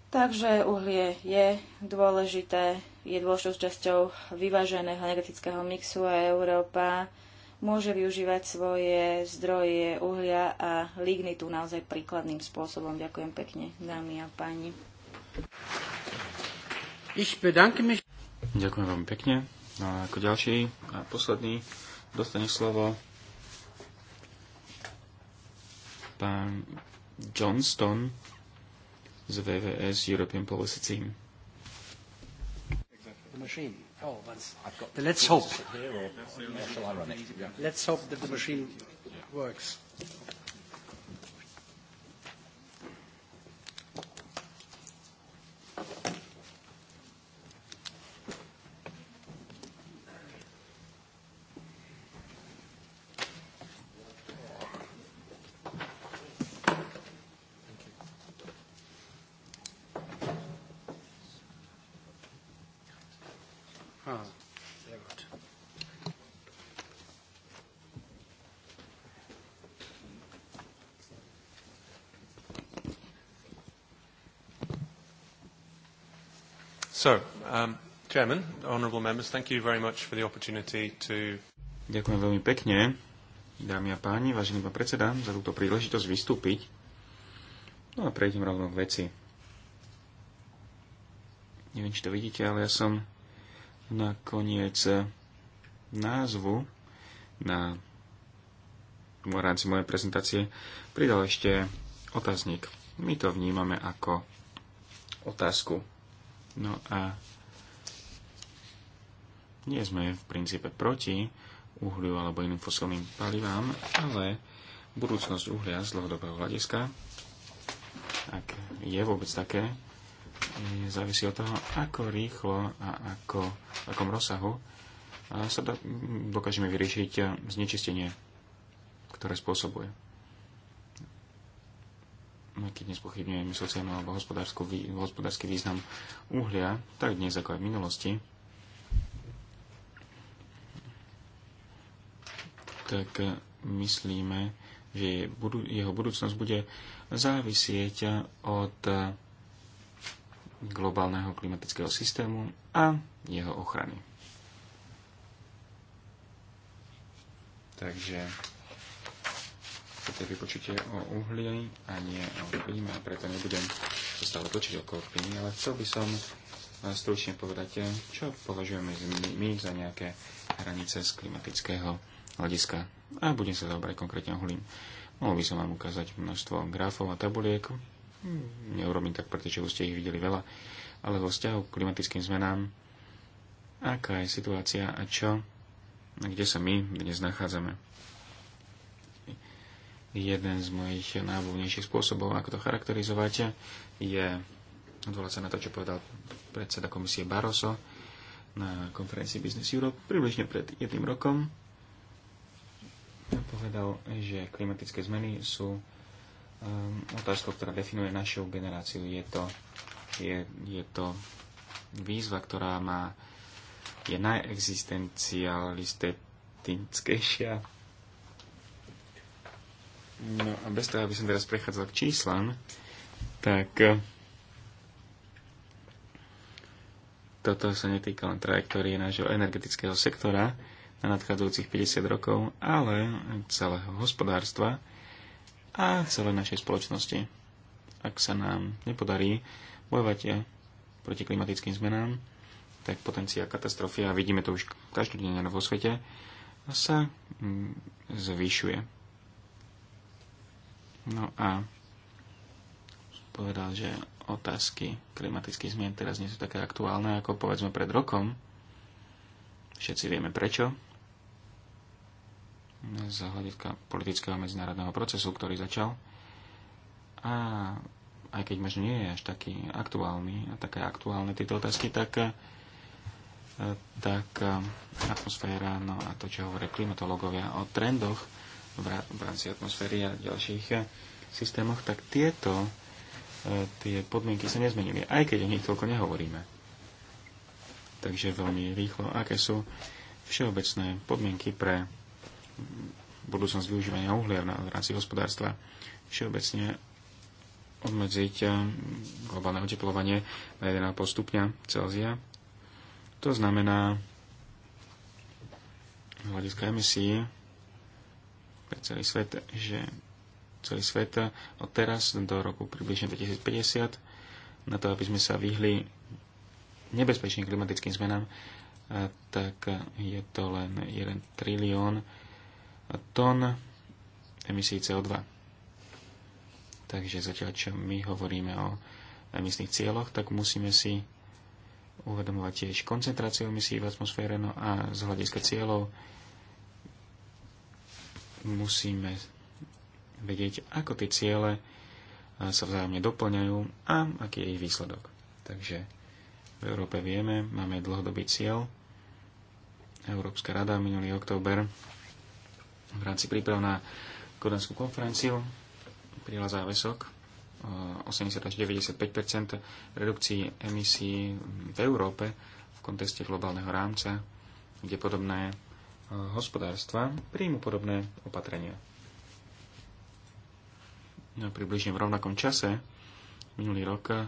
Takže uhlie je dôležité, je dôležitou časťou vyváženého energetického mixu a Európa môže využívať svoje zdroje uhlia a lignitu naozaj príkladným spôsobom. Ďakujem pekne, dámy a páni. Ich bedanke mich. Ďakujem veľmi pekne. No a ako ďalší a posledný dostane slovo pán Johnston z VVS European Policy Team. Exactly. Oh, once I've got. The, let's hope. Here or, shall I run it? Yeah. Let's hope that the machine works. So, um, Chairman, honorable members, thank you very much for the opportunity to... Ďakujem veľmi pekne, dámy a páni, vážený pán predseda, za túto príležitosť vystúpiť. No a prejdem rovno k veci. Neviem, či to vidíte, ale ja som na koniec eh, názvu na v rámci mojej prezentácie pridal ešte otáznik. My to vnímame ako otázku No a nie sme v princípe proti uhliu alebo iným fosilným palivám, ale budúcnosť uhlia z dlhodobého hľadiska, ak je vôbec také, závisí od toho, ako rýchlo a ako, akom rozsahu sa dokážeme vyriešiť eh, znečistenie, ktoré spôsobuje. No, keď nespochybňujeme sociálnu alebo hospodársky význam uhlia, tak dnes ako aj v minulosti, tak myslíme, že jeho budúcnosť bude závisieť od globálneho klimatického systému a jeho ochrany. Takže toto je vypočutie o uhli a nie o plíme, a preto nebudem sa stále točiť okolo plyny, ale chcel by som eh, stručne povedať, eh, čo považujeme my za nejaké hranice z klimatického hľadiska. A budem sa zaoberať konkrétne uhlím. Mohol by som vám ukázať množstvo grafov a tabuliek. Hm, neurobím tak, pretože už ste ich videli veľa. Ale vo vzťahu k klimatickým zmenám, aká je situácia a čo, kde sa my dnes nachádzame. Jeden z mojich najobľúbenejších spôsobov, ako to charakterizovať, je odvolať sa na to, čo povedal predseda komisie Barroso na konferencii Business Europe približne pred jedným rokom. Povedal, že klimatické zmeny sú um, otázkou, ktorá definuje našu generáciu. Je to, je, je to výzva, ktorá má je najexistencialistickejšia No a bez toho, aby som teraz prechádzal k číslam, tak eh, toto sa netýka len trajektórie nášho energetického sektora na nadchádzajúcich 50 rokov, ale celého hospodárstva a celej našej spoločnosti. Ak sa nám nepodarí bojovať eh, proti klimatickým zmenám, tak potenciál katastrofy, a vidíme to už každodenne vo svete, sa mm, zvyšuje No a povedal, že otázky klimatických zmien teraz nie sú také aktuálne ako povedzme pred rokom. Všetci vieme prečo. Z hľadiska politického medzinárodného procesu, ktorý začal. A aj keď možno nie je až taký aktuálny a také aktuálne tieto otázky, tak, eh, tak eh, atmosféra, no a to, čo hovoria klimatológovia o trendoch, v rámci atmosféry a ďalších eh, systémoch, tak tieto eh, tie podmienky sa nezmenili, aj keď o nich toľko nehovoríme. Takže veľmi rýchlo, aké sú všeobecné podmienky pre budúcnosť využívania uhlia v rámci hospodárstva. Všeobecne obmedziť eh, globálne oteplovanie na 1,5 stupňa Celzia. To znamená z hľadiska emisí pre celý svet, že celý svet od teraz do roku približne 2050 na to, aby sme sa vyhli nebezpečným klimatickým zmenám, tak je to len 1 trilión tón emisí CO2. Takže zatiaľ, čo my hovoríme o emisných cieľoch, tak musíme si uvedomovať tiež koncentráciu emisí v atmosfére no a z hľadiska cieľov musíme vedieť, ako tie ciele sa vzájomne doplňajú a aký je ich výsledok. Takže v Európe vieme, máme dlhodobý cieľ. Európska rada minulý október v rámci príprav na Kodanskú konferenciu prijala závesok 80 až 95 redukcií emisí v Európe v kontexte globálneho rámca, kde podobné hospodárstva príjmu podobné opatrenia. No, približne v rovnakom čase minulý rok eh,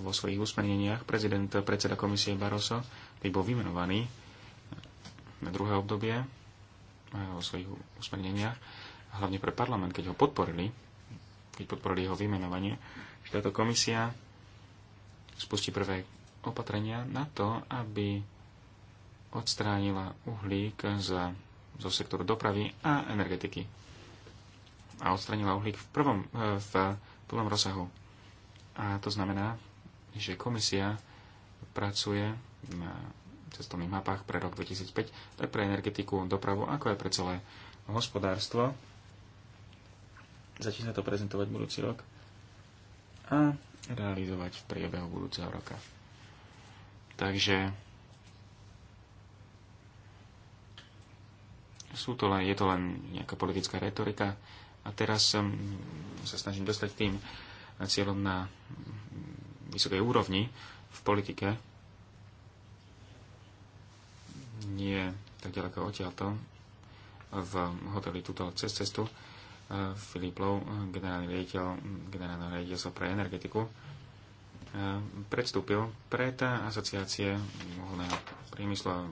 vo svojich usmerneniach prezident, eh, predseda komisie Barroso, ktorý bol vymenovaný eh, na druhé obdobie vo svojich usmerneniach, hlavne pre parlament, keď ho podporili, keď podporili jeho vymenovanie, že táto komisia spustí prvé opatrenia na to, aby odstránila uhlík z, zo sektoru dopravy a energetiky. A odstránila uhlík v, prvom, eh, v plnom rozsahu. A to znamená, že komisia pracuje na cestovných mapách pre rok 2005, tak pre energetiku, dopravu, ako aj pre celé hospodárstvo. Začína to prezentovať budúci rok a realizovať v priebehu budúceho roka. Takže sú to len, je to len nejaká politická retorika. A teraz um, sa snažím dostať tým cieľom na mm, vysokej úrovni v politike. Nie tak ďaleko odtiaľto v hoteli tuto cez cestu. Uh, Filip Lov, generálny riaditeľ generálneho riaditeľstva pre energetiku, uh, predstúpil pred asociácie uholného priemyslu a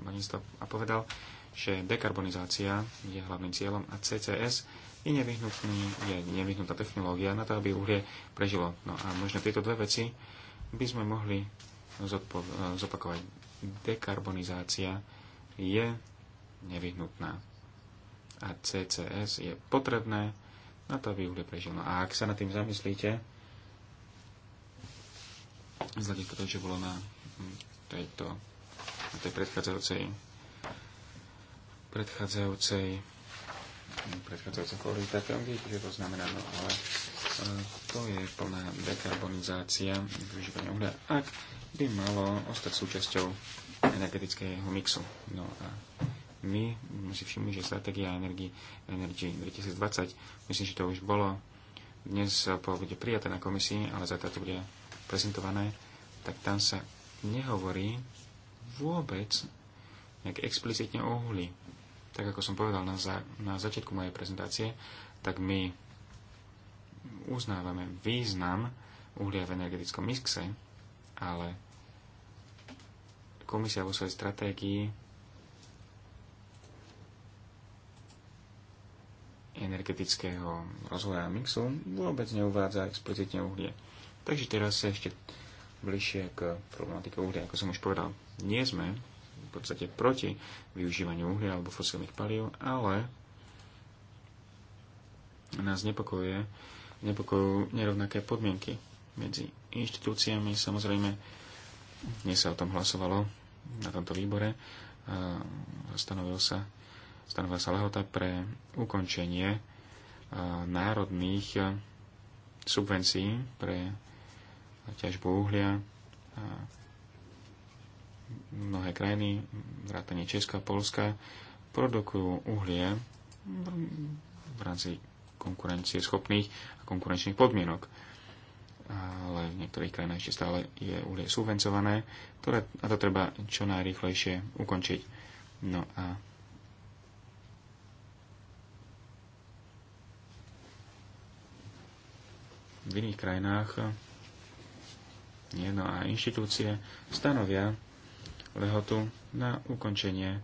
a povedal, že dekarbonizácia je hlavným cieľom a CCS je, nevyhnutný, je nevyhnutá technológia na to, aby uhlie prežilo. No a možno tieto dve veci by sme mohli zopakovať. Dekarbonizácia je nevyhnutná a CCS je potrebné na to, aby uhlie prežilo. No a ak sa nad tým zamyslíte, z hľadiska toho, čo bolo na tejto, na tej predchádzajúcej predchádzajúcej mm, predchádzajúcej kolorita Tongy, že to znamená, no ale e, to je plná dekarbonizácia využívania uhlia, ak by malo ostať súčasťou energetického mixu. No a my si všimli, že stratégia Energy, Energy 2020, myslím, že to už bolo dnes po bude prijaté na komisii, ale za to bude prezentované, tak tam sa nehovorí vôbec nejak explicitne o uhlí tak ako som povedal na, za, na začiatku mojej prezentácie, tak my uznávame význam uhlia v energetickom mixe, ale komisia vo svojej stratégii energetického rozvoja mixu vôbec neuvádza explicitne uhlie. Takže teraz sa ešte bližšie k problematike uhlia, ako som už povedal. Nie sme v podstate proti využívaniu uhlia alebo fosílnych palív, ale nás nepokojuje, nepokojujú nerovnaké podmienky medzi inštitúciami. Samozrejme, dnes sa o tom hlasovalo na tomto výbore. Stanovil sa, stanovila sa lehota pre ukončenie národných subvencií pre ťažbu uhlia a mnohé krajiny, vrátane Česka Polska, produkujú uhlie v rámci konkurencie schopných a konkurenčných podmienok. Ale v niektorých krajinách ešte stále je uhlie subvencované, ktoré, a to treba čo najrýchlejšie ukončiť. No a v iných krajinách no a inštitúcie stanovia lehotu na ukončenie e,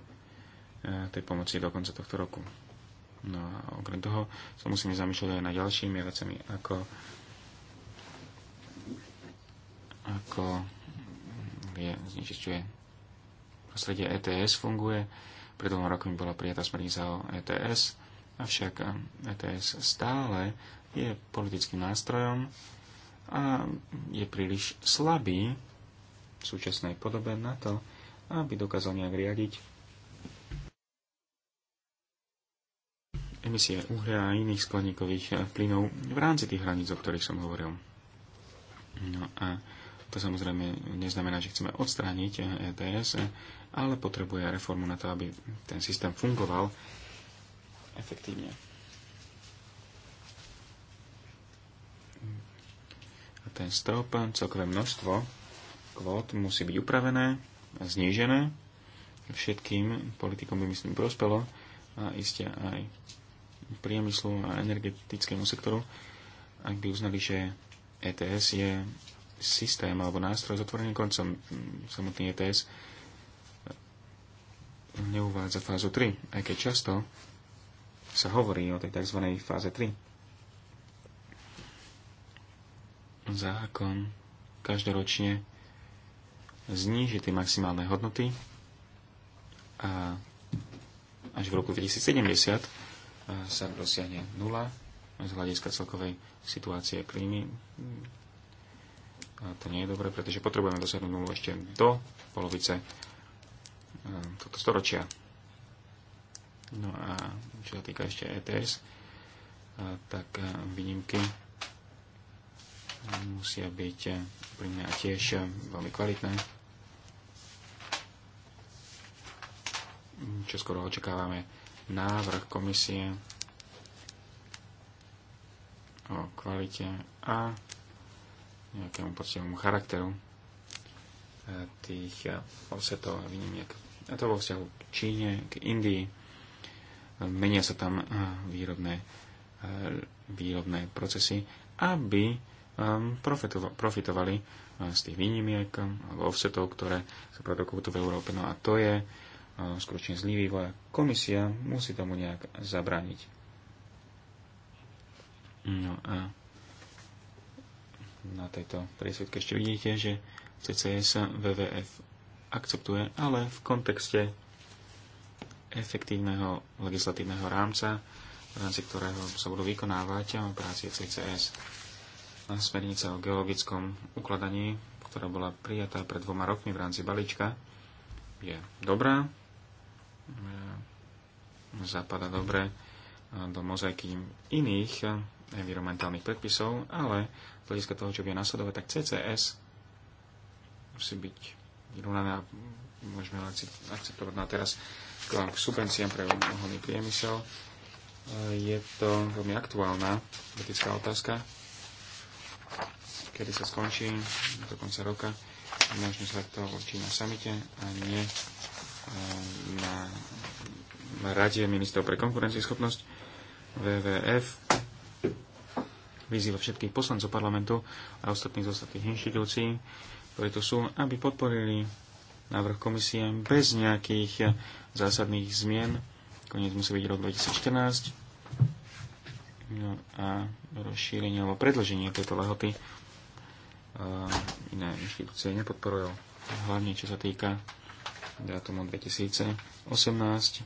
tej pomoci do konca tohto roku. No a okrem toho sa musíme zamýšľať aj na ďalšími vecami, ako, ako je, V prostredie ETS funguje. Pred dvoma rokmi bola prijatá smernica o ETS, avšak ETS e stále je politickým nástrojom a je príliš slabý v súčasnej podobe na to, aby dokázal nejak riadiť emisie uhlia a iných skleníkových eh, plynov v rámci tých hraníc, o ktorých som hovoril. No a to samozrejme neznamená, že chceme odstrániť ETS, eh, e eh, ale potrebuje reformu na to, aby ten systém fungoval efektívne. A ten strop, celkové množstvo kvót musí byť upravené znížené. Všetkým politikom by myslím prospelo a iste aj priemyslu a energetickému sektoru, ak by uznali, že ETS je systém alebo nástroj s otvoreným koncom. Samotný ETS neuvádza fázu 3, aj keď často sa hovorí o tej tzv. fáze 3. Zákon každoročne zníži tie maximálne hodnoty a až v roku 2070 e, sa dosiahne nula z hľadiska celkovej situácie klímy. A to nie je dobré, pretože potrebujeme dosiahnuť nulu ešte do polovice e, tohto storočia. No a čo sa týka ešte ETS, e, tak výnimky musia byť pri mňa tiež veľmi kvalitné čo skoro očakávame návrh komisie o kvalite a nejakému poctivému charakteru e, tých e, offsetov a výnimiek. A to vo vzťahu k Číne, k Indii. Menia sa tam e, výrobné, výrobné procesy, aby profitovali z tých výnimiek alebo offsetov, ktoré sa produkujú tu v Európe. No a to je skutočne zlý vývoj. Komisia musí tomu nejak zabrániť. No a na tejto priesvedke ešte vidíte, že CCS WWF akceptuje, ale v kontexte efektívneho legislatívneho rámca, v rámci ktorého sa budú vykonávať operácie CCS. Smernica o geologickom ukladaní, ktorá bola prijatá pred dvoma rokmi v rámci balíčka, je dobrá, zapada dobre eh, do mozaiky iných eh, environmentálnych predpisov, ale z hľadiska toho, čo bude nasledovať, tak CCS musí byť vyrovnané a môžeme akceptovať na no teraz k subvenciám pre oholný priemysel. Eh, je to veľmi aktuálna politická otázka, kedy sa skončí do konca roka. Možno sa to určí na samite a nie na, Rade ministrov pre konkurencieschopnosť WWF vyzýva všetkých poslancov parlamentu a ostatných z ostatných inštitúcií, ktoré tu sú, aby podporili návrh komisie bez nejakých zásadných zmien. Koniec musí byť rok 2014. No a rozšírenie alebo predlženie tejto lehoty e, iné inštitúcie nepodporujú. Hlavne čo sa týka dátumom 2018.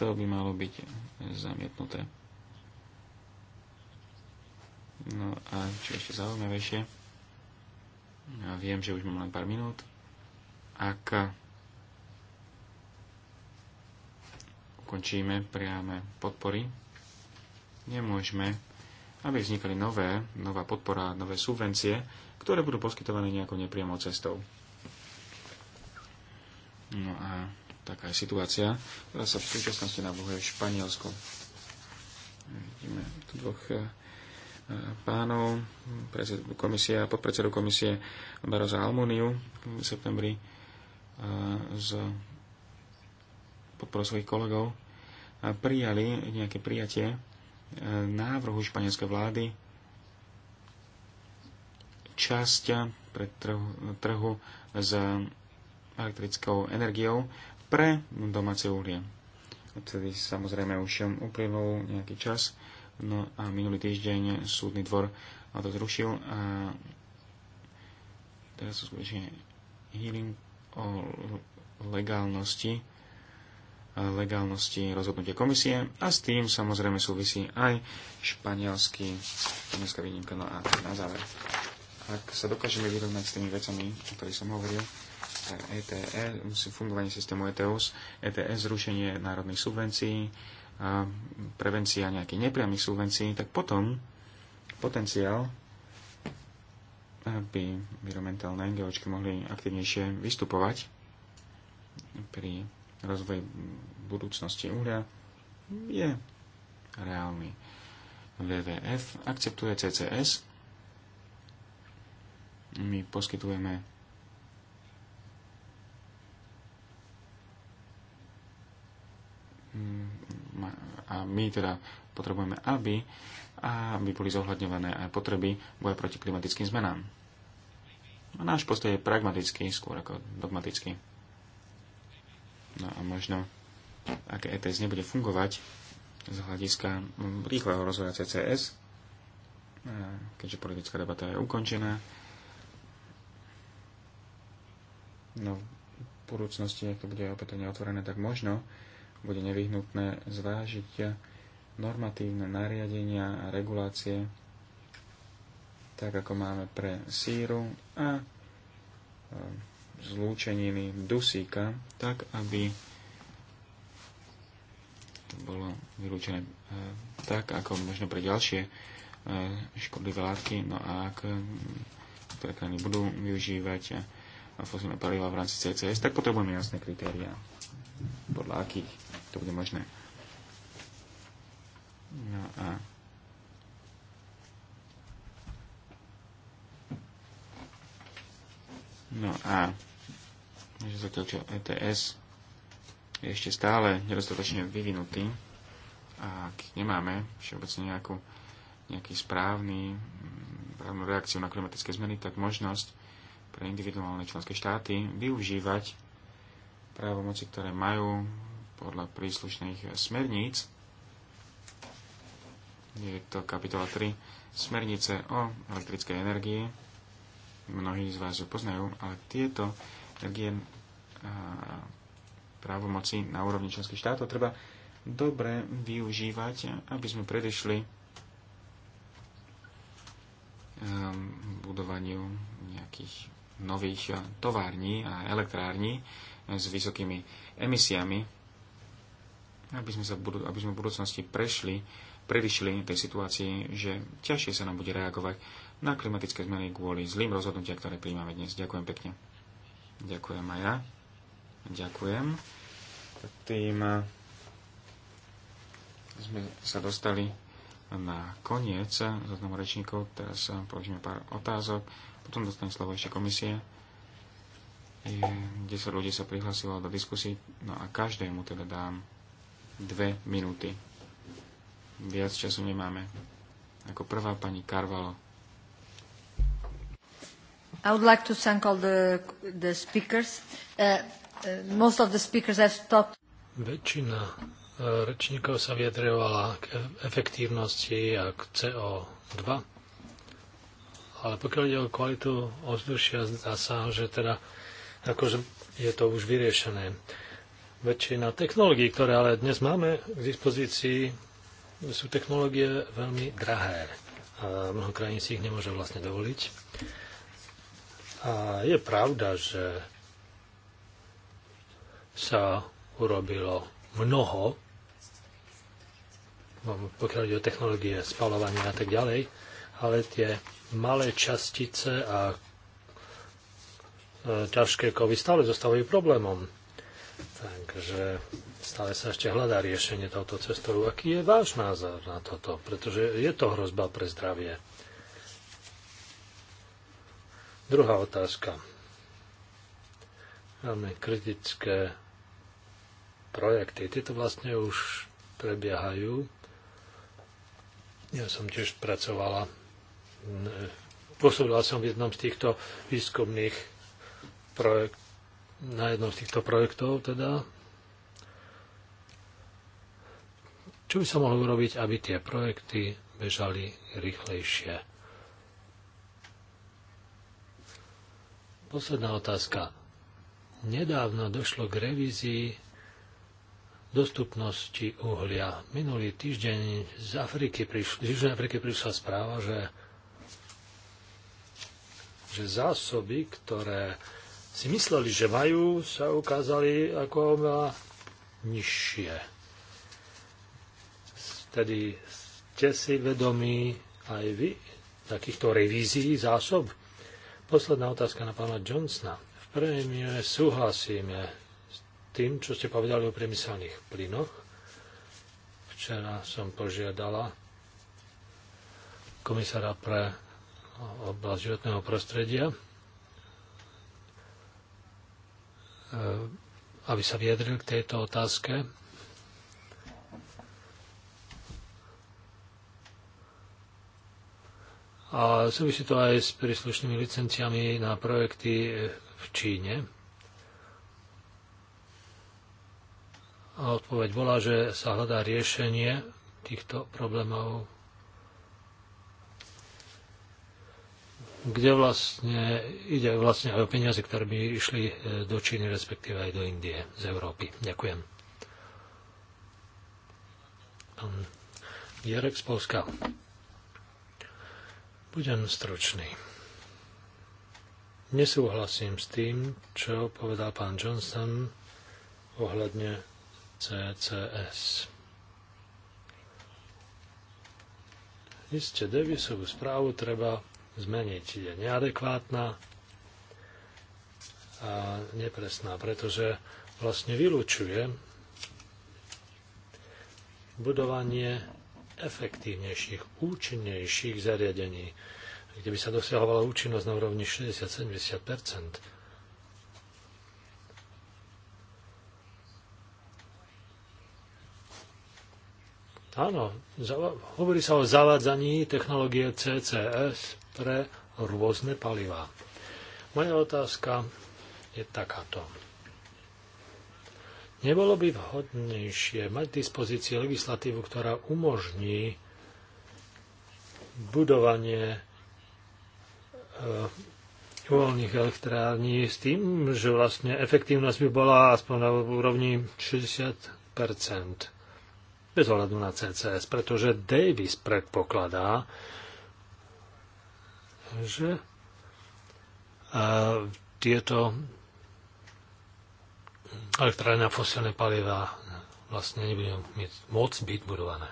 To by malo byť zamietnuté. No a čo ešte zaujímavejšie, ja viem, že už mám len pár minút. Ak ukončíme priame podpory, nemôžeme, aby vznikali nové, nová podpora, nové subvencie, ktoré budú poskytované nejakou nepriamou cestou. No a taká je situácia, Teraz sa v súčasnosti navrhuje v Španielsku. Vidíme tu dvoch eh, pánov, predsedu komisie a podpredsedu komisie Baroza Almoniu v septembri eh, z podporu svojich kolegov prijali nejaké prijatie eh, návrhu španielskej vlády časť pre trhu, trhu za elektrickou energiou pre domáce uhlie. Odtedy samozrejme už uplynul nejaký čas, no a minulý týždeň súdny dvor to zrušil a teraz sú skutočne healing o legálnosti legálnosti rozhodnutia komisie a s tým samozrejme súvisí aj španielský, španielská výnimka. No a na záver, ak sa dokážeme vyrovnať s tými vecami, o ktorých som hovoril, ETS, e, fungovanie systému ETS, e ETS, e zrušenie národných subvencií, a prevencia nejakých nepriamých subvencií, tak potom potenciál aby environmentálne NGOčky mohli aktivnejšie vystupovať pri rozvoji budúcnosti uhlia je reálny. WWF akceptuje CCS, my poskytujeme Mm, a my teda potrebujeme, aby, aby boli zohľadňované aj potreby boja proti klimatickým zmenám. A náš postoj je pragmatický, skôr ako dogmatický. No a možno, ak ETS nebude fungovať z hľadiska mm, rýchleho rozvoja CCS, keďže politická debata je ukončená, no v budúcnosti, ak to bude opätovne otvorené, tak možno bude nevyhnutné zvážiť normatívne nariadenia a regulácie, tak ako máme pre síru a e, zlúčeniny dusíka, tak aby to bolo vylúčené e, tak, ako možno pre ďalšie e, škodlivé látky. No a ak ktoré budú využívať fosílne paliva v rámci CCS, tak potrebujeme jasné kritériá podľa akých to bude možné. No a No a že zatiaľ čo ETS je ešte stále nedostatočne vyvinutý a ak nemáme všeobecne nejakú, nejaký správny mm, právnu reakciu na klimatické zmeny, tak možnosť pre individuálne členské štáty využívať právomoci, ktoré majú podľa príslušných smerníc. Je to kapitola 3 smernice o elektrickej energii. Mnohí z vás ju poznajú, ale tieto energie právomoci na úrovni členských štátov treba dobre využívať, aby sme predešli ehm, budovaniu nejakých nových tovární a elektrární, s vysokými emisiami, aby sme, sa budu, aby sme v budúcnosti prešli, predišli tej situácii, že ťažšie sa nám bude reagovať na klimatické zmeny kvôli zlým rozhodnutia, ktoré príjmame dnes. Ďakujem pekne. Ďakujem aj ja. Ďakujem. Tým eh, sme sa dostali na koniec eh, zoznamu rečníkov. Teraz eh, položíme pár otázok, potom dostane slovo ešte komisie. 10 ľudí sa prihlásilo do diskusie, no a každému teda dám 2 minúty. Viac času nemáme. Ako prvá pani Karvalo. I would like to thank all the, the speakers. Uh, uh, most of the speakers have talked. Väčšina uh, rečníkov sa vyjadrovala k efektívnosti a k CO2. Ale pokiaľ ide o kvalitu ozdušia, zdá sa, že teda uh, akože je to už vyriešené. Väčšina technológií, ktoré ale dnes máme k dispozícii, sú technológie veľmi drahé a mnoho krajín si ich nemôže vlastne dovoliť. A je pravda, že sa urobilo mnoho, no, pokiaľ ide o technológie spalovania a tak ďalej, ale tie malé častice a E, ťažké kovy stále zostávajú problémom. Takže stále sa ešte hľadá riešenie tohto cestou. Aký je váš názor na toto? Pretože je to hrozba pre zdravie. Druhá otázka. Máme kritické projekty. Tieto vlastne už prebiehajú. Ja som tiež pracovala, e, pôsobila som v jednom z týchto výskumných projekt, na jednom z týchto projektov teda. Čo by sa mohlo urobiť, aby tie projekty bežali rýchlejšie? Posledná otázka. Nedávno došlo k revízii dostupnosti uhlia. Minulý týždeň z, Afriky prišla, z Južnej Afriky prišla správa, že, že zásoby, ktoré si mysleli, že majú, sa ukázali ako oveľa nižšie. Tedy ste si vedomí aj vy takýchto revízií zásob? Posledná otázka na pána Johnsona. V prvom súhlasíme s tým, čo ste povedali o priemyselných plynoch. Včera som požiadala komisára pre oblasť životného prostredia, Eh, aby sa vyjadril k tejto otázke. A súvisí to aj s príslušnými licenciami na projekty v Číne. A odpoveď bola, že sa hľadá riešenie týchto problémov kde vlastne ide vlastne aj o peniaze, ktoré by išli e, do Číny, respektíve aj do Indie z Európy. Ďakujem. Pán Jarek z Polska. Budem stručný. Nesúhlasím s tým, čo povedal pán Johnson ohľadne CCS. Isté Davisovú správu treba zmeniť. Je neadekvátna a nepresná, pretože vlastne vylúčuje budovanie efektívnejších, účinnejších zariadení, kde by sa dosiahovala účinnosť na úrovni 60-70 Áno, hovorí sa o zavádzaní technológie CCS pre rôzne palivá. Moja otázka je takáto. Nebolo by vhodnejšie mať v dispozícii legislatívu, ktorá umožní budovanie e, uholných elektrární s tým, že vlastne efektívnosť by bola aspoň na úrovni 60 bez ohľadu na CCS, pretože Davis predpokladá, že tieto elektrárne a fosilné paliva vlastne nebudú môcť byť budované.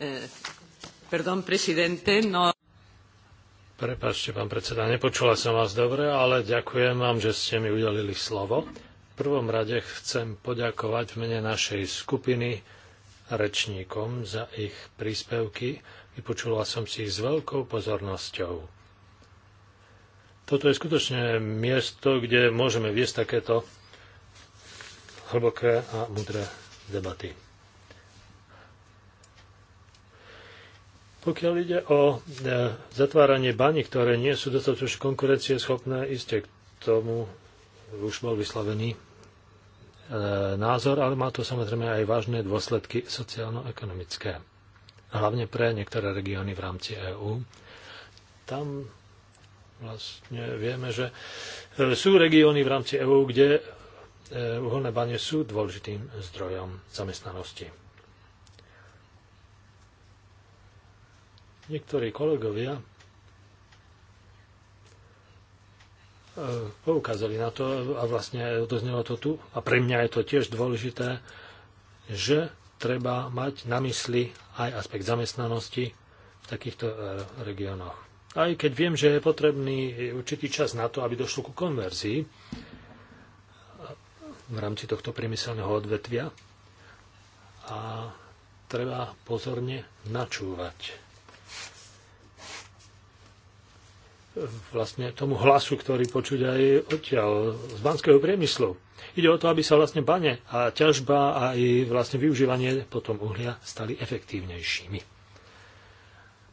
Eh, Pardon, presidente, no... Prepačte, pán predseda, nepočula som vás dobre, ale ďakujem vám, že ste mi udelili slovo prvom rade chcem poďakovať v mene našej skupiny rečníkom za ich príspevky. Vypočula som si ich s veľkou pozornosťou. Toto je skutočne miesto, kde môžeme viesť takéto hlboké a mudré debaty. Pokiaľ ide o e, zatváranie baní, ktoré nie sú dostatočne konkurencieschopné, iste k tomu už bol vyslovený e, názor, ale má to samozrejme aj vážne dôsledky sociálno-ekonomické. Hlavne pre niektoré regióny v rámci EÚ. Tam vlastne vieme, že e, sú regióny v rámci EÚ, kde e, uholné bane sú dôležitým zdrojom zamestnanosti. Niektorí kolegovia E, poukázali na to a vlastne odoznelo to tu a pre mňa je to tiež dôležité, že treba mať na mysli aj aspekt zamestnanosti v takýchto e, regiónoch. Aj keď viem, že je potrebný určitý čas na to, aby došlo ku konverzii e, v rámci tohto priemyselného odvetvia a treba pozorne načúvať vlastne tomu hlasu, ktorý počuť aj odtiaľ z banského priemyslu. Ide o to, aby sa vlastne bane a ťažba a aj vlastne využívanie potom uhlia stali efektívnejšími.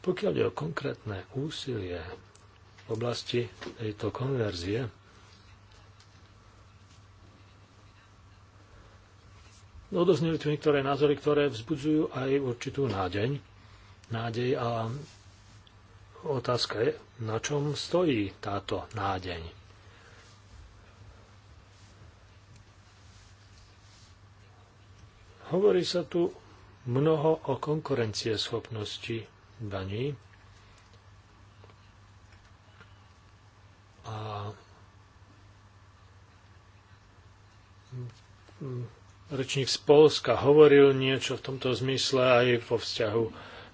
Pokiaľ ide o konkrétne úsilie v oblasti tejto konverzie, no, odozneli tu niektoré názory, ktoré vzbudzujú aj určitú nádeň, nádej a otázka je, na čom stojí táto nádeň. Hovorí sa tu mnoho o konkurencieschopnosti daní a rečník z Polska hovoril niečo v tomto zmysle aj vo vzťahu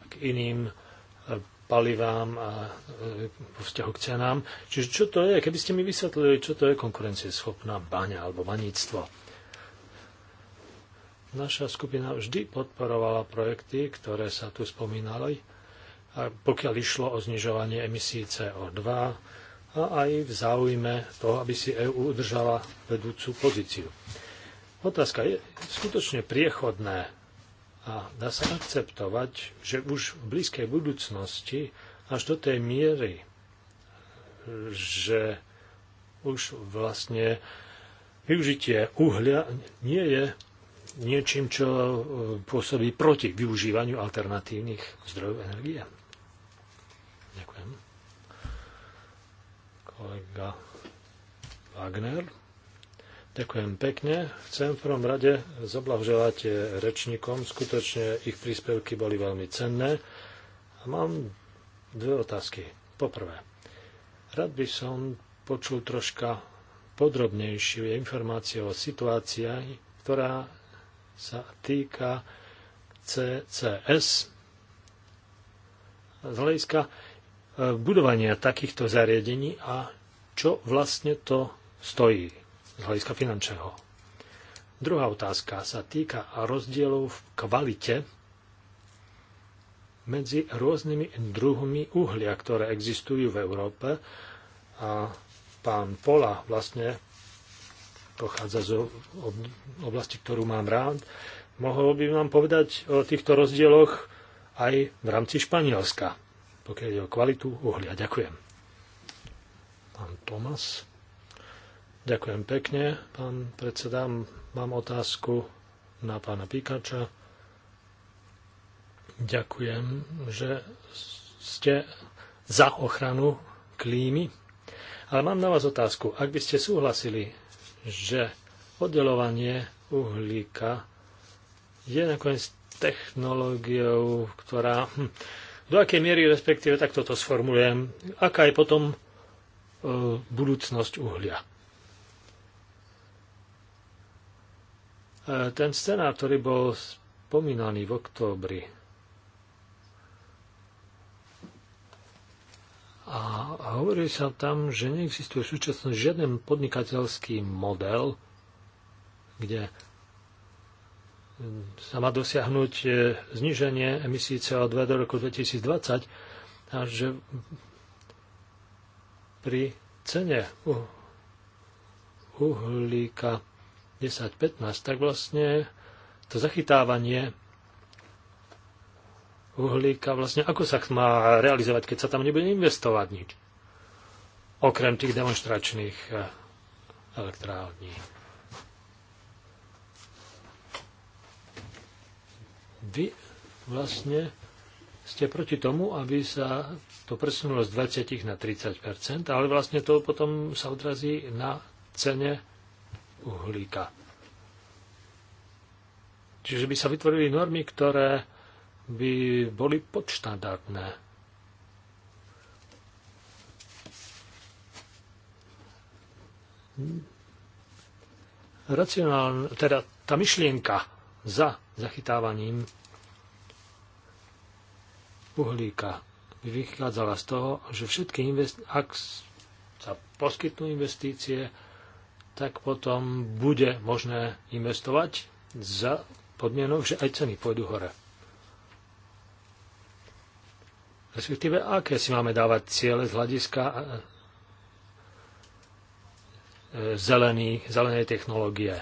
k iným palivám a e, vo vzťahu k cenám. Čiže čo to je? Keby ste mi vysvetlili, čo to je konkurencieschopná baňa alebo baníctvo. Naša skupina vždy podporovala projekty, ktoré sa tu spomínali, a pokiaľ išlo o znižovanie emisí CO2 a aj v záujme toho, aby si EÚ udržala vedúcu pozíciu. Otázka je skutočne priechodné a dá sa akceptovať, že už v blízkej budúcnosti až do tej miery, že už vlastne využitie uhlia nie je niečím, čo e, pôsobí proti využívaniu alternatívnych zdrojov energie. Ďakujem. Kolega Wagner. Ďakujem pekne. Chcem v prvom rade zoblahoželať eh, rečníkom. Skutočne ich príspevky boli veľmi cenné. A mám dve otázky. Poprvé, rád by som počul troška podrobnejšie informácie o situácii, ktorá sa týka CCS z hľadiska eh, budovania takýchto zariadení a čo vlastne to stojí z hľadiska finančného. Druhá otázka sa týka rozdielov v kvalite medzi rôznymi druhmi uhlia, ktoré existujú v Európe. A pán Pola vlastne pochádza z oblasti, ktorú mám rád. Mohol by nám povedať o týchto rozdieloch aj v rámci Španielska, pokiaľ je o kvalitu uhlia. Ďakujem. Pán Tomas. Ďakujem pekne, pán predseda. Mám otázku na pána Pikača. Ďakujem, že ste za ochranu klímy. Ale mám na vás otázku. Ak by ste súhlasili, že oddelovanie uhlíka je nakoniec technológiou, ktorá hm, do akej miery, respektíve takto to sformulujem, aká je potom e, budúcnosť uhlia. Ten scenár, ktorý bol spomínaný v októbri a hovorí sa tam, že neexistuje v súčasnosti žiaden podnikateľský model, kde sa má dosiahnuť e, zniženie emisí CO2 do roku 2020 a že pri cene uhlíka 10-15, tak vlastne to zachytávanie uhlíka, vlastne ako sa má realizovať, keď sa tam nebude investovať nič? Okrem tých demonstračných eh, elektrární. Vy vlastne ste proti tomu, aby sa to presunulo z 20 na 30 ale vlastne to potom sa odrazí na cene uhlíka. Čiže by sa vytvorili normy, ktoré by boli podštandardné. Racionálne, teda tá myšlienka za zachytávaním uhlíka by vychádzala z toho, že všetky invest- ak sa poskytnú investície, tak potom bude možné investovať za podmienok, že aj ceny pôjdu hore. Respektíve, aké si máme dávať ciele z hľadiska e, e, zelený, zelenej technológie.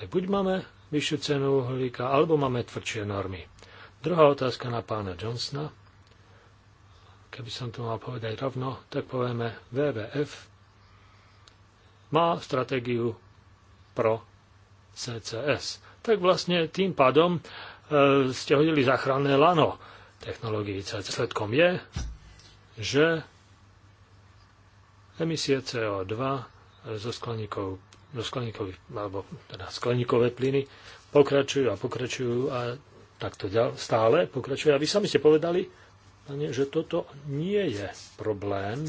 Tak buď máme vyššiu cenu uhlíka, alebo máme tvrdšie normy. Druhá otázka na pána Johnsona. Keby som to mal povedať rovno, tak povieme WWF má stratégiu pro CCS. Tak vlastne tým pádom e, ste hodili záchranné lano technológií CCS. Sledkom je, že emisie CO2 zo skleníkov, zo alebo teda skleníkové plyny pokračujú a pokračujú a takto stále pokračuje. A vy sami ste povedali, že toto nie je problém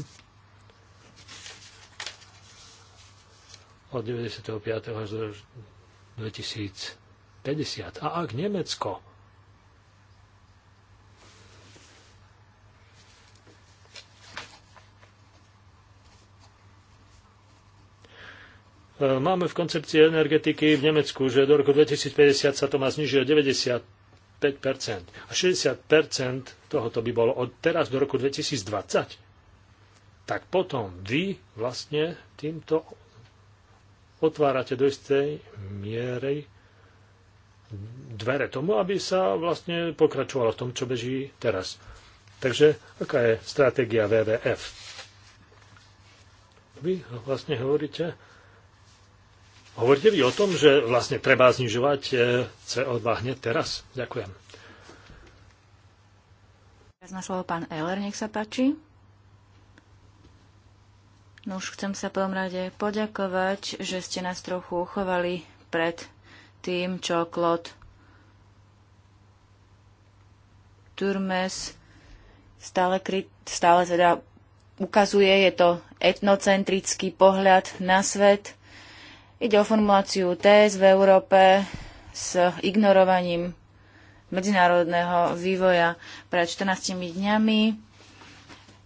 od 95. až do 2050. A ak Nemecko e, Máme v koncepcii energetiky v Nemecku, že do roku 2050 sa to má znižiť o 95 a 60 tohoto by bolo od teraz do roku 2020. Tak potom vy vlastne týmto otvárate do istej miery dvere tomu, aby sa vlastne pokračovalo v tom, čo beží teraz. Takže aká je stratégia WWF? Vy vlastne hovoríte, hovoríte vy o tom, že vlastne treba znižovať e, CO2 hneď teraz? Ďakujem. Teraz na slovo pán Eller, nech sa páči. No už chcem sa prvom rade poďakovať, že ste nás trochu uchovali pred tým, čo Klod Turmes stále, kri- stále teda ukazuje, je to etnocentrický pohľad na svet. Ide o formuláciu TS v Európe s ignorovaním medzinárodného vývoja. Pred 14 dňami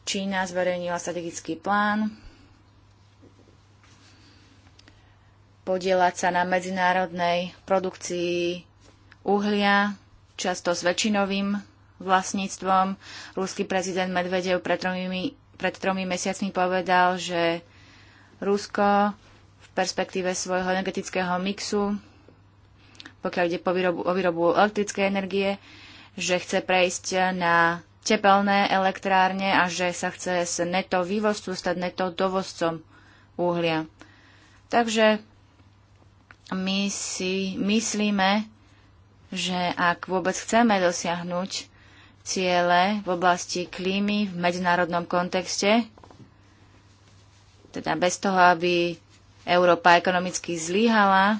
Čína zverejnila strategický plán podielať sa na medzinárodnej produkcii uhlia, často s väčšinovým vlastníctvom. Ruský prezident Medvedev pred tromi, pred tromi mesiacmi povedal, že Rusko v perspektíve svojho energetického mixu, pokiaľ ide po výrobu, o výrobu elektrickej energie, že chce prejsť na tepelné elektrárne a že sa chce s neto vývozcu stať neto dovozcom uhlia. Takže my si myslíme, že ak vôbec chceme dosiahnuť ciele v oblasti klímy v medzinárodnom kontexte, teda bez toho, aby Európa ekonomicky zlyhala,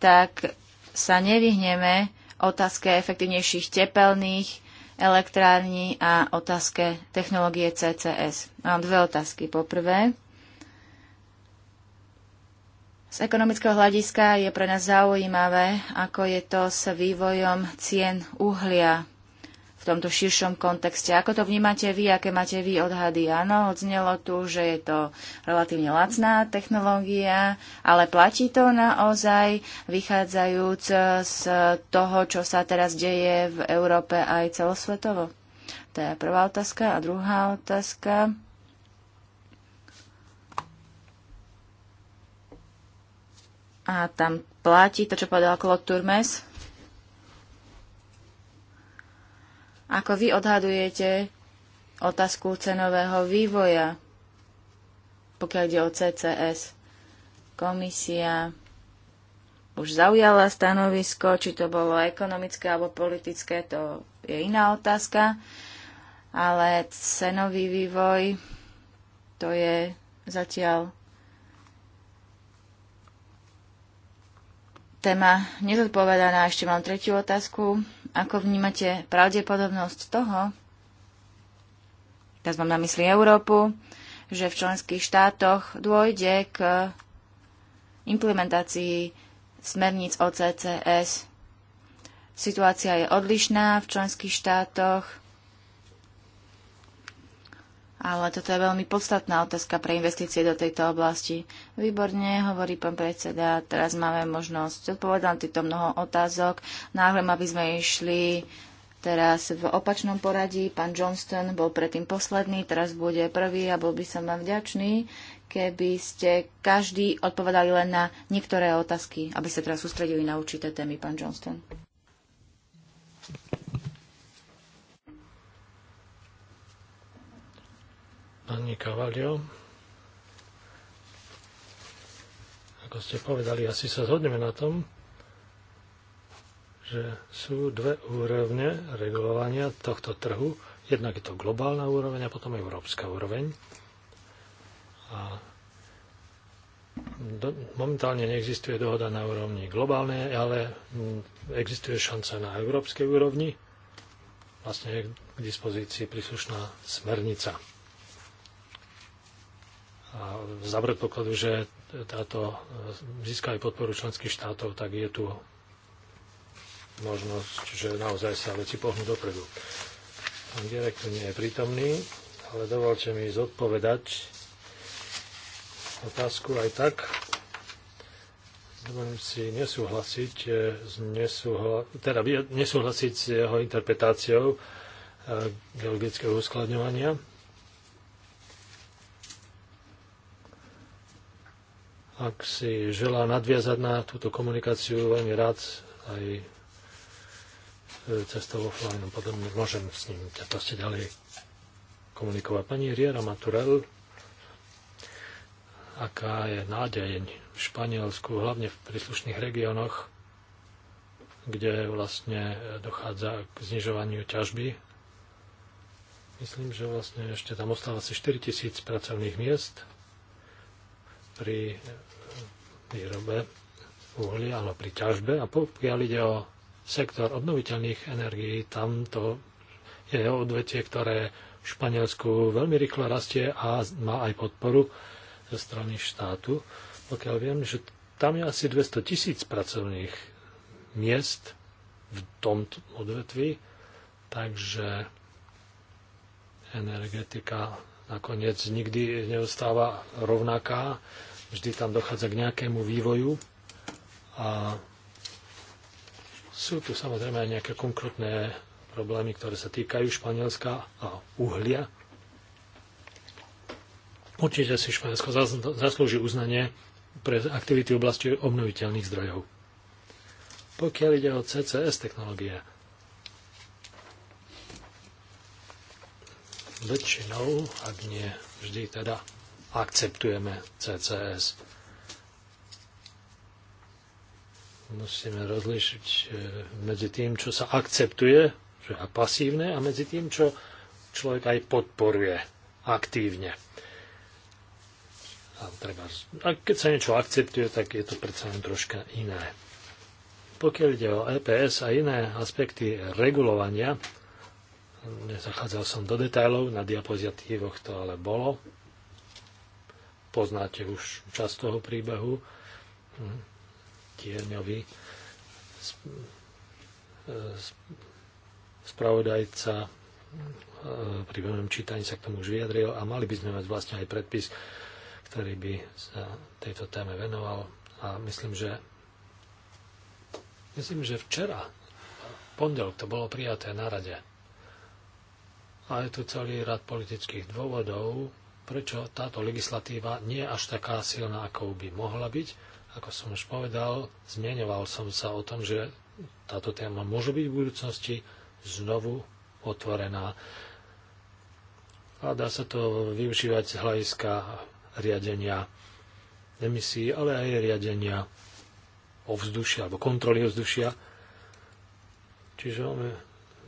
tak sa nevyhneme otázke efektívnejších tepelných elektrární a otázke technológie CCS. Mám dve otázky. Poprvé, z ekonomického hľadiska je pre nás zaujímavé, ako je to s vývojom cien uhlia v tomto širšom kontexte. Ako to vnímate vy, aké máte vy odhady? Áno, odznelo tu, že je to relatívne lacná technológia, ale platí to naozaj, vychádzajúc z toho, čo sa teraz deje v Európe aj celosvetovo? To je prvá otázka. A druhá otázka A tam platí to, čo povedal Claude Turmes. Ako vy odhadujete otázku cenového vývoja, pokiaľ ide o CCS? Komisia už zaujala stanovisko, či to bolo ekonomické alebo politické, to je iná otázka, ale cenový vývoj to je zatiaľ téma nezodpovedaná. Ešte mám tretiu otázku. Ako vnímate pravdepodobnosť toho, teraz mám na mysli Európu, že v členských štátoch dôjde k implementácii smerníc OCCS, Situácia je odlišná v členských štátoch ale toto je veľmi podstatná otázka pre investície do tejto oblasti. Výborne, hovorí pán predseda. Teraz máme možnosť odpovedať na týchto mnoho otázok. Náhle aby sme išli teraz v opačnom poradí. Pán Johnston bol predtým posledný, teraz bude prvý a bol by som vám vďačný, keby ste každý odpovedali len na niektoré otázky, aby ste teraz sústredili na určité témy, pán Johnston. Pani Kavalio. Ako ste povedali, asi sa zhodneme na tom, že sú dve úrovne regulovania tohto trhu. Jednak je to globálna úroveň a potom európska úroveň. A do, momentálne neexistuje dohoda na úrovni globálnej, ale existuje šanca na európskej úrovni. Vlastne je k dispozícii príslušná smernica a za predpokladu, že táto získa aj podporu členských štátov, tak je tu možnosť, že naozaj sa veci pohnú dopredu. Pán direktor nie je prítomný, ale dovolte mi zodpovedať otázku aj tak. Dovolím si nesúhlasiť, eh, nesúhla, teda nesúhlasiť s jeho interpretáciou eh, geologického uskladňovania ak si želá nadviazať na túto komunikáciu, veľmi rád aj e, cestou offline a môžem s ním proste ďalej komunikovať. Pani Riera Maturel, aká je nádej v Španielsku, hlavne v príslušných regiónoch, kde vlastne dochádza k znižovaniu ťažby. Myslím, že vlastne ešte tam ostáva asi 4000 pracovných miest pri výrobe uhlia, ale pri ťažbe. A pokiaľ ide o sektor obnoviteľných energií, tam to je odvetie, ktoré v Španielsku veľmi rýchlo rastie a má aj podporu zo strany štátu. Pokiaľ viem, že tam je asi 200 tisíc pracovných miest v tomto odvetví, takže energetika nakoniec nikdy neostáva rovnaká Vždy tam dochádza k nejakému vývoju a sú tu samozrejme aj nejaké konkrétne problémy, ktoré sa týkajú Španielska a uhlia. Určite si Španielsko zaslúži uznanie pre aktivity v oblasti obnoviteľných zdrojov. Pokiaľ ide o CCS technológie, väčšinou, ak nie vždy teda akceptujeme CCS. Musíme rozlišiť e, medzi tým, čo sa akceptuje, čo je pasívne, a medzi tým, čo človek aj podporuje aktívne. A, treba, a keď sa niečo akceptuje, tak je to predsa len troška iné. Pokiaľ ide o EPS a iné aspekty regulovania, nezachádzal som do detajlov, na diapozitívoch to ale bolo, poznáte už čas toho príbehu, hm. tieňový spravodajca hm, pri veľmi čítaní sa k tomu už vyjadril a mali by sme mať vlastne aj predpis, ktorý by sa tejto téme venoval a myslím, že myslím, že včera pondelok to bolo prijaté na rade a je tu celý rad politických dôvodov, prečo táto legislatíva nie je až taká silná, ako by mohla byť. Ako som už povedal, zmienoval som sa o tom, že táto téma môže byť v budúcnosti znovu otvorená. A dá sa to využívať z hľadiska riadenia emisí, ale aj riadenia ovzdušia alebo kontroly ovzdušia. Čiže máme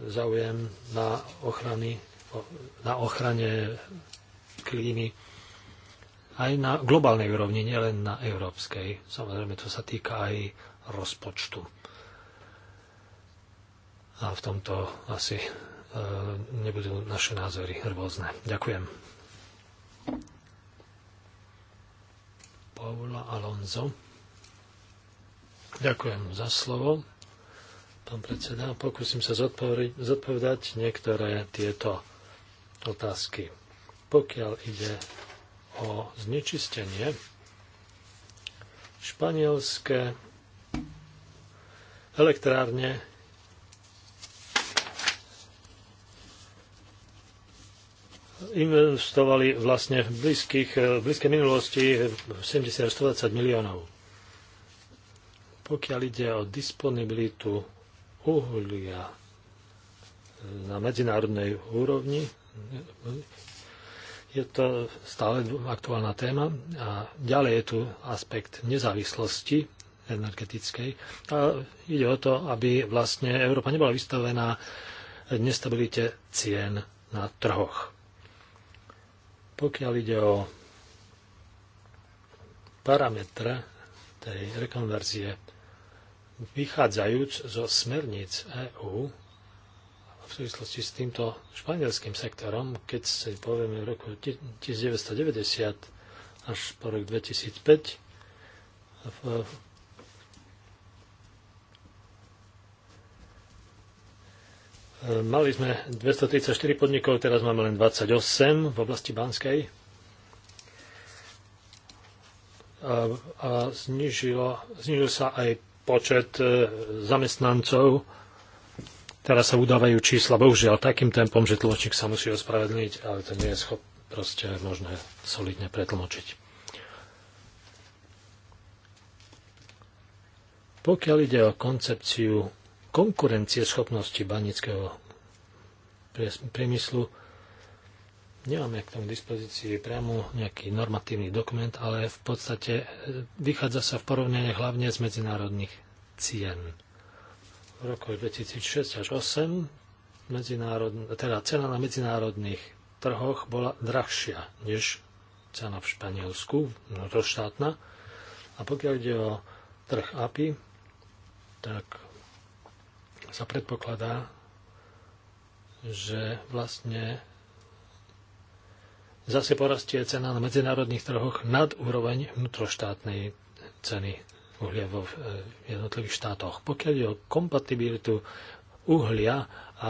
záujem na, ochrany, na ochrane klímy aj na globálnej úrovni, nielen na európskej. Samozrejme, to sa týka aj rozpočtu. A v tomto asi e, nebudú naše názory rôzne. Ďakujem. Paula Alonso. Ďakujem za slovo, pán predseda. Pokúsim sa zodpovedať niektoré tieto otázky. Pokiaľ ide o znečistenie, španielské elektrárne investovali vlastne v, blízkych, v blízkej minulosti 70 120 miliónov. Pokiaľ ide o disponibilitu uhlia na medzinárodnej úrovni, je to stále aktuálna téma. A ďalej je tu aspekt nezávislosti energetickej. A ide o to, aby vlastne Európa nebola vystavená nestabilite cien na trhoch. Pokiaľ ide o parametre tej rekonverzie, vychádzajúc zo smerníc EÚ v súvislosti s týmto španielským sektorom, keď si povieme v roku 1990 až po rok 2005, v, Mali sme 234 podnikov, teraz máme len 28 v oblasti Banskej. A, a znižilo, znižil sa aj počet e, zamestnancov Teraz sa udávajú čísla, bohužiaľ, takým tempom, že tlmočník sa musí ospravedlniť, ale to nie je schop, proste možné solidne pretlmočiť. Pokiaľ ide o koncepciu konkurencie schopnosti banického priemyslu, nemáme k tomu dispozícii priamo nejaký normatívny dokument, ale v podstate e, vychádza sa v porovnaní hlavne z medzinárodných cien v roku 2006 až 2008 teda cena na medzinárodných trhoch bola drahšia než cena v Španielsku, vnútroštátna. A pokiaľ ide o trh API, tak sa predpokladá, že vlastne zase porastie cena na medzinárodných trhoch nad úroveň vnútroštátnej ceny uhlia vo eh, jednotlivých štátoch. Pokiaľ je o kompatibilitu uhlia a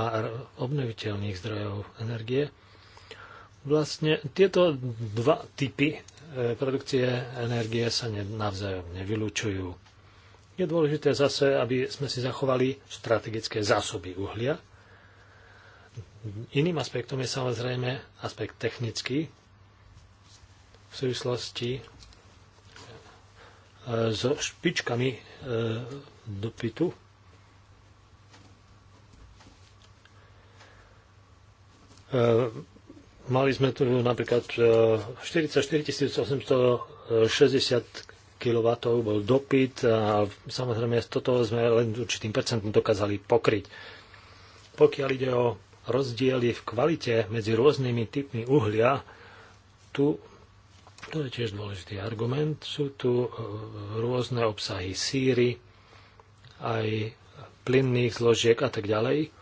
obnoviteľných zdrojov energie, vlastne tieto dva typy eh, produkcie energie sa navzájom nevylučujú. Je dôležité zase, aby sme si zachovali strategické zásoby uhlia. Iným aspektom je samozrejme aspekt technický v súvislosti E, so špičkami e, dopytu. E, mali sme tu napríklad 44 860 kW bol dopyt a samozrejme toto sme len určitým percentom dokázali pokryť. Pokiaľ ide o rozdiely v kvalite medzi rôznymi typmi uhlia, tu to je tiež dôležitý argument. Sú tu e, rôzne obsahy síry, aj plynných zložiek a tak ďalej.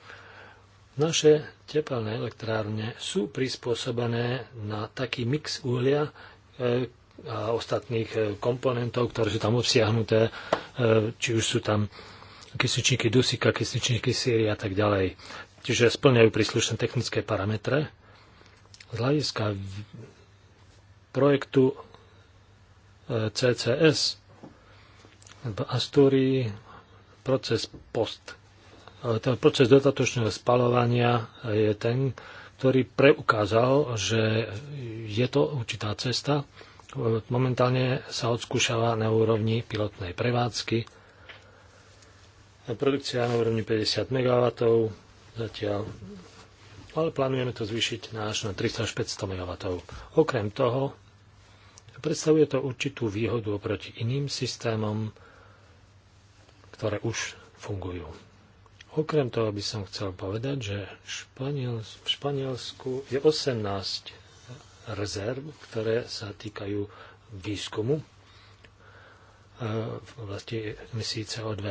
Naše tepelné elektrárne sú prispôsobené na taký mix uhlia e, a ostatných e, komponentov, ktoré sú tam obsiahnuté, či už sú tam kysličníky dusika, kysličníky síry a tak ďalej. Čiže splňajú príslušné technické parametre. Z hľadiska projektu e, CCS v Astúrii proces post. E, ten proces dodatočného spalovania je ten, ktorý preukázal, že je to určitá cesta. E, momentálne sa odskúšava na úrovni pilotnej prevádzky. Produkcia na úrovni 50 MW zatiaľ, ale plánujeme to zvýšiť na až na 300-500 MW. Okrem toho Predstavuje to určitú výhodu oproti iným systémom, ktoré už fungujú. Okrem toho by som chcel povedať, že v Španielsku je 18 rezerv, ktoré sa týkajú výskumu e, v oblasti emisí CO2.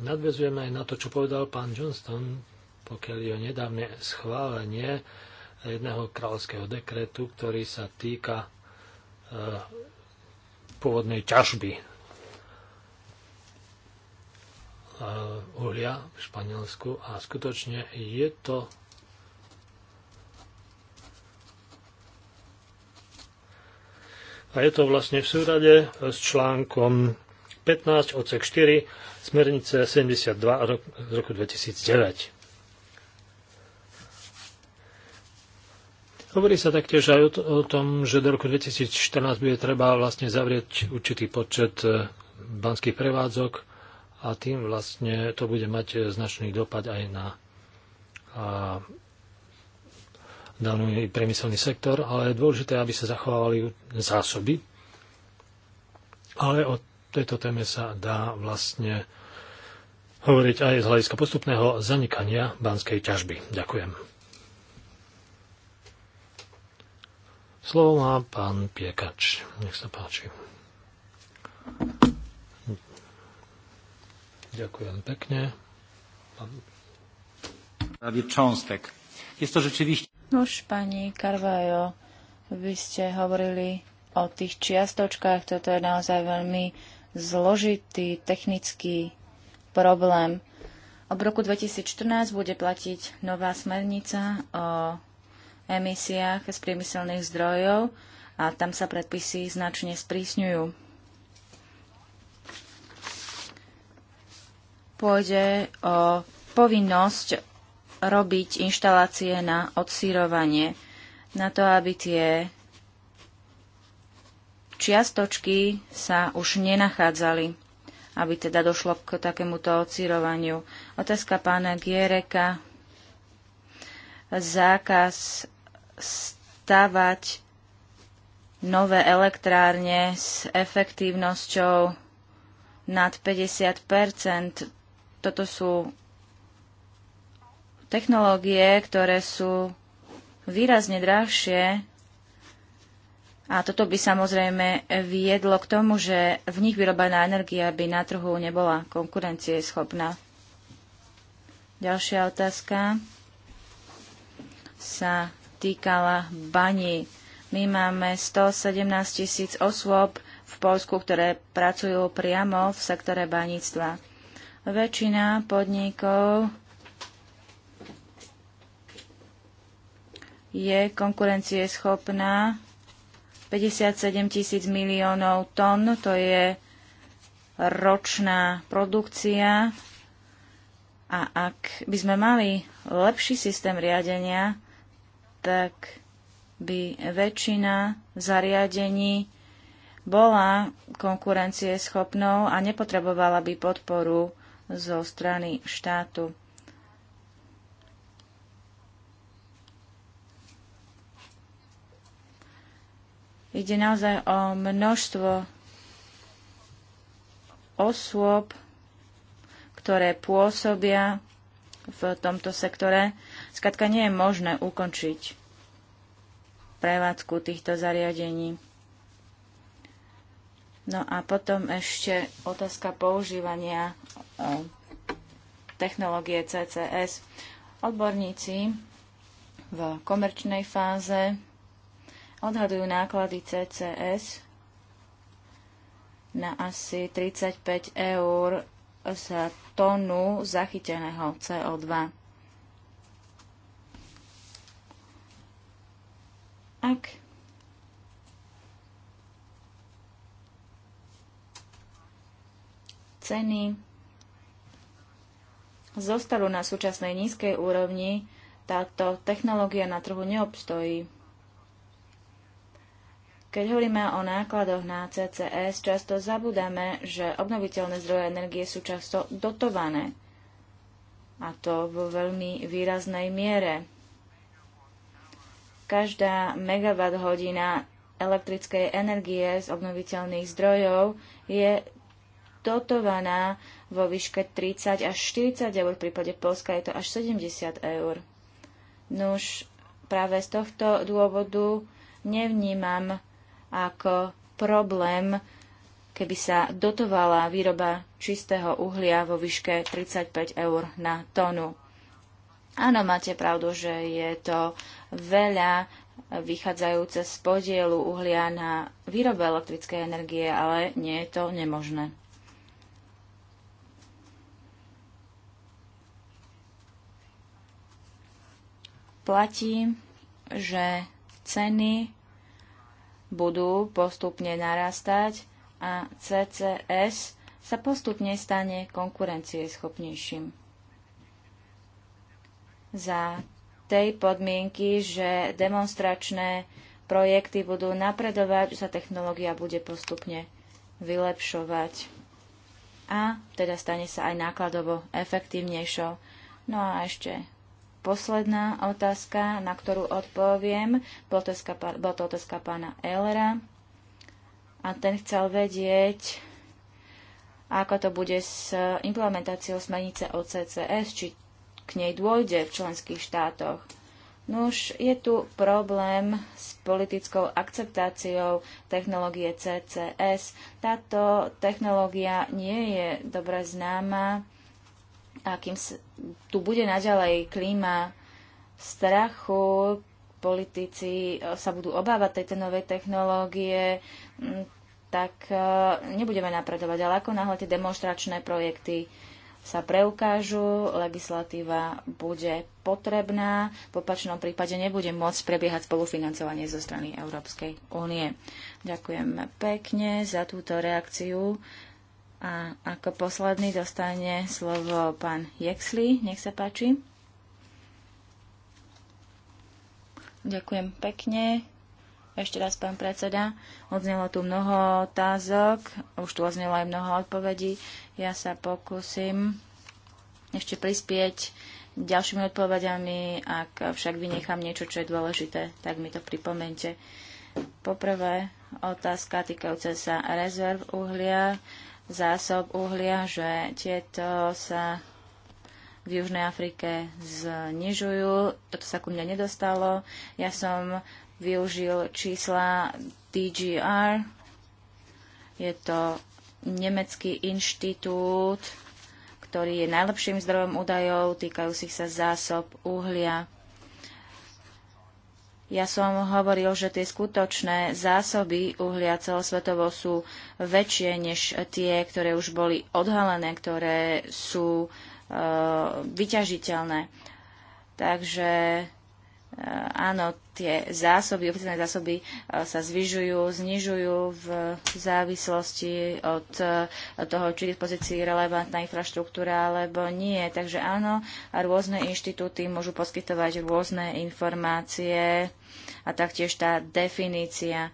Nadvezujeme aj na to, čo povedal pán Johnston, pokiaľ je nedávne schválenie jedného kráľovského dekretu, ktorý sa týka e, pôvodnej ťažby e, uhlia v Španielsku a skutočne je to A je to vlastne v súrade s článkom 15 odsek 4 smernice 72 z roku 2009. Hovorí sa taktiež aj o, tom, že do roku 2014 bude treba vlastne zavrieť určitý počet e, banských prevádzok a tým vlastne to bude mať e, značný dopad aj na daný priemyselný sektor, ale je dôležité, aby sa zachovali zásoby. Ale o tejto téme sa dá vlastne hovoriť aj z hľadiska postupného zanikania banskej ťažby. Ďakujem. Slovo má pán Piekač. Nech sa páči. Ďakujem pekne. Pán... Cząstek. to rzeczywiście... pani Karvajo, vy ste hovorili o tých čiastočkách. Toto je naozaj veľmi zložitý technický problém. Od roku 2014 bude platiť nová smernica o emisiách z priemyselných zdrojov a tam sa predpisy značne sprísňujú. Pôjde o povinnosť robiť inštalácie na odsírovanie, na to, aby tie čiastočky sa už nenachádzali aby teda došlo k takémuto ocirovaniu. Otázka pána Giereka. Zákaz stavať nové elektrárne s efektívnosťou nad 50 Toto sú technológie, ktoré sú výrazne drahšie a toto by samozrejme viedlo k tomu, že v nich vyrobená energia by na trhu nebola konkurencieschopná. Ďalšia otázka sa týkala baní. My máme 117 tisíc osôb v Polsku, ktoré pracujú priamo v sektore baníctva. Väčšina podnikov je konkurencieschopná. 57 tisíc miliónov tón, to je ročná produkcia. A ak by sme mali lepší systém riadenia, tak by väčšina zariadení bola konkurencieschopnou a nepotrebovala by podporu zo strany štátu. Ide naozaj o množstvo osôb, ktoré pôsobia v tomto sektore Skratka, nie je možné ukončiť prevádzku týchto zariadení. No a potom ešte otázka používania e, technológie CCS. Odborníci v komerčnej fáze odhadujú náklady CCS na asi 35 eur za tonu zachyteného CO2. Ak ceny zostanú na súčasnej nízkej úrovni, táto technológia na trhu neobstojí. Keď hovoríme o nákladoch na CCS, často zabudáme, že obnoviteľné zdroje energie sú často dotované. A to vo veľmi výraznej miere. Každá megawatt hodina elektrickej energie z obnoviteľných zdrojov je dotovaná vo výške 30 až 40 eur, v prípade Polska je to až 70 eur. Nuž práve z tohto dôvodu nevnímam ako problém, keby sa dotovala výroba čistého uhlia vo výške 35 eur na tonu. Áno, máte pravdu, že je to veľa vychádzajúce z podielu uhlia na výrobe elektrickej energie, ale nie je to nemožné. Platí, že ceny budú postupne narastať a CCS sa postupne stane konkurencieschopnejším za tej podmienky, že demonstračné projekty budú napredovať, že sa technológia bude postupne vylepšovať a teda stane sa aj nákladovo efektívnejšou. No a ešte posledná otázka, na ktorú odpoviem. Bola to otázka, pána Elera. a ten chcel vedieť, ako to bude s implementáciou smernice OCCS. či k nej dôjde v členských štátoch. Nuž, je tu problém s politickou akceptáciou technológie CCS. Táto technológia nie je dobre známa a kým tu bude naďalej klíma strachu, politici e, sa budú obávať tejto novej technológie, tak e, nebudeme napredovať. Ale ako náhle tie demonstračné projekty sa preukážu, legislatíva bude potrebná, v opačnom prípade nebude môcť prebiehať spolufinancovanie zo strany Európskej únie. Ďakujem pekne za túto reakciu. A ako posledný dostane slovo pán Jexli. Nech sa páči. Ďakujem pekne. Ešte raz, pán predseda, odznelo tu mnoho otázok, už tu odznelo aj mnoho odpovedí. Ja sa pokúsim ešte prispieť ďalšími odpovediami. Ak však vynechám niečo, čo je dôležité, tak mi to pripomente. Poprvé, otázka týkajúca sa rezerv uhlia, zásob uhlia, že tieto sa v Južnej Afrike znižujú. Toto sa ku mne nedostalo. Ja som využil čísla DGR. Je to nemecký inštitút, ktorý je najlepším zdrojom údajov týkajúcich sa zásob uhlia. Ja som hovoril, že tie skutočné zásoby uhlia celosvetovo sú väčšie než tie, ktoré už boli odhalené, ktoré sú e, vyťažiteľné. Takže Eh, áno, tie zásoby, oficiálne zásoby eh, sa zvyžujú, znižujú v závislosti od eh, toho, či je v pozícii relevantná infraštruktúra alebo nie. Takže áno, rôzne inštitúty môžu poskytovať rôzne informácie a taktiež tá definícia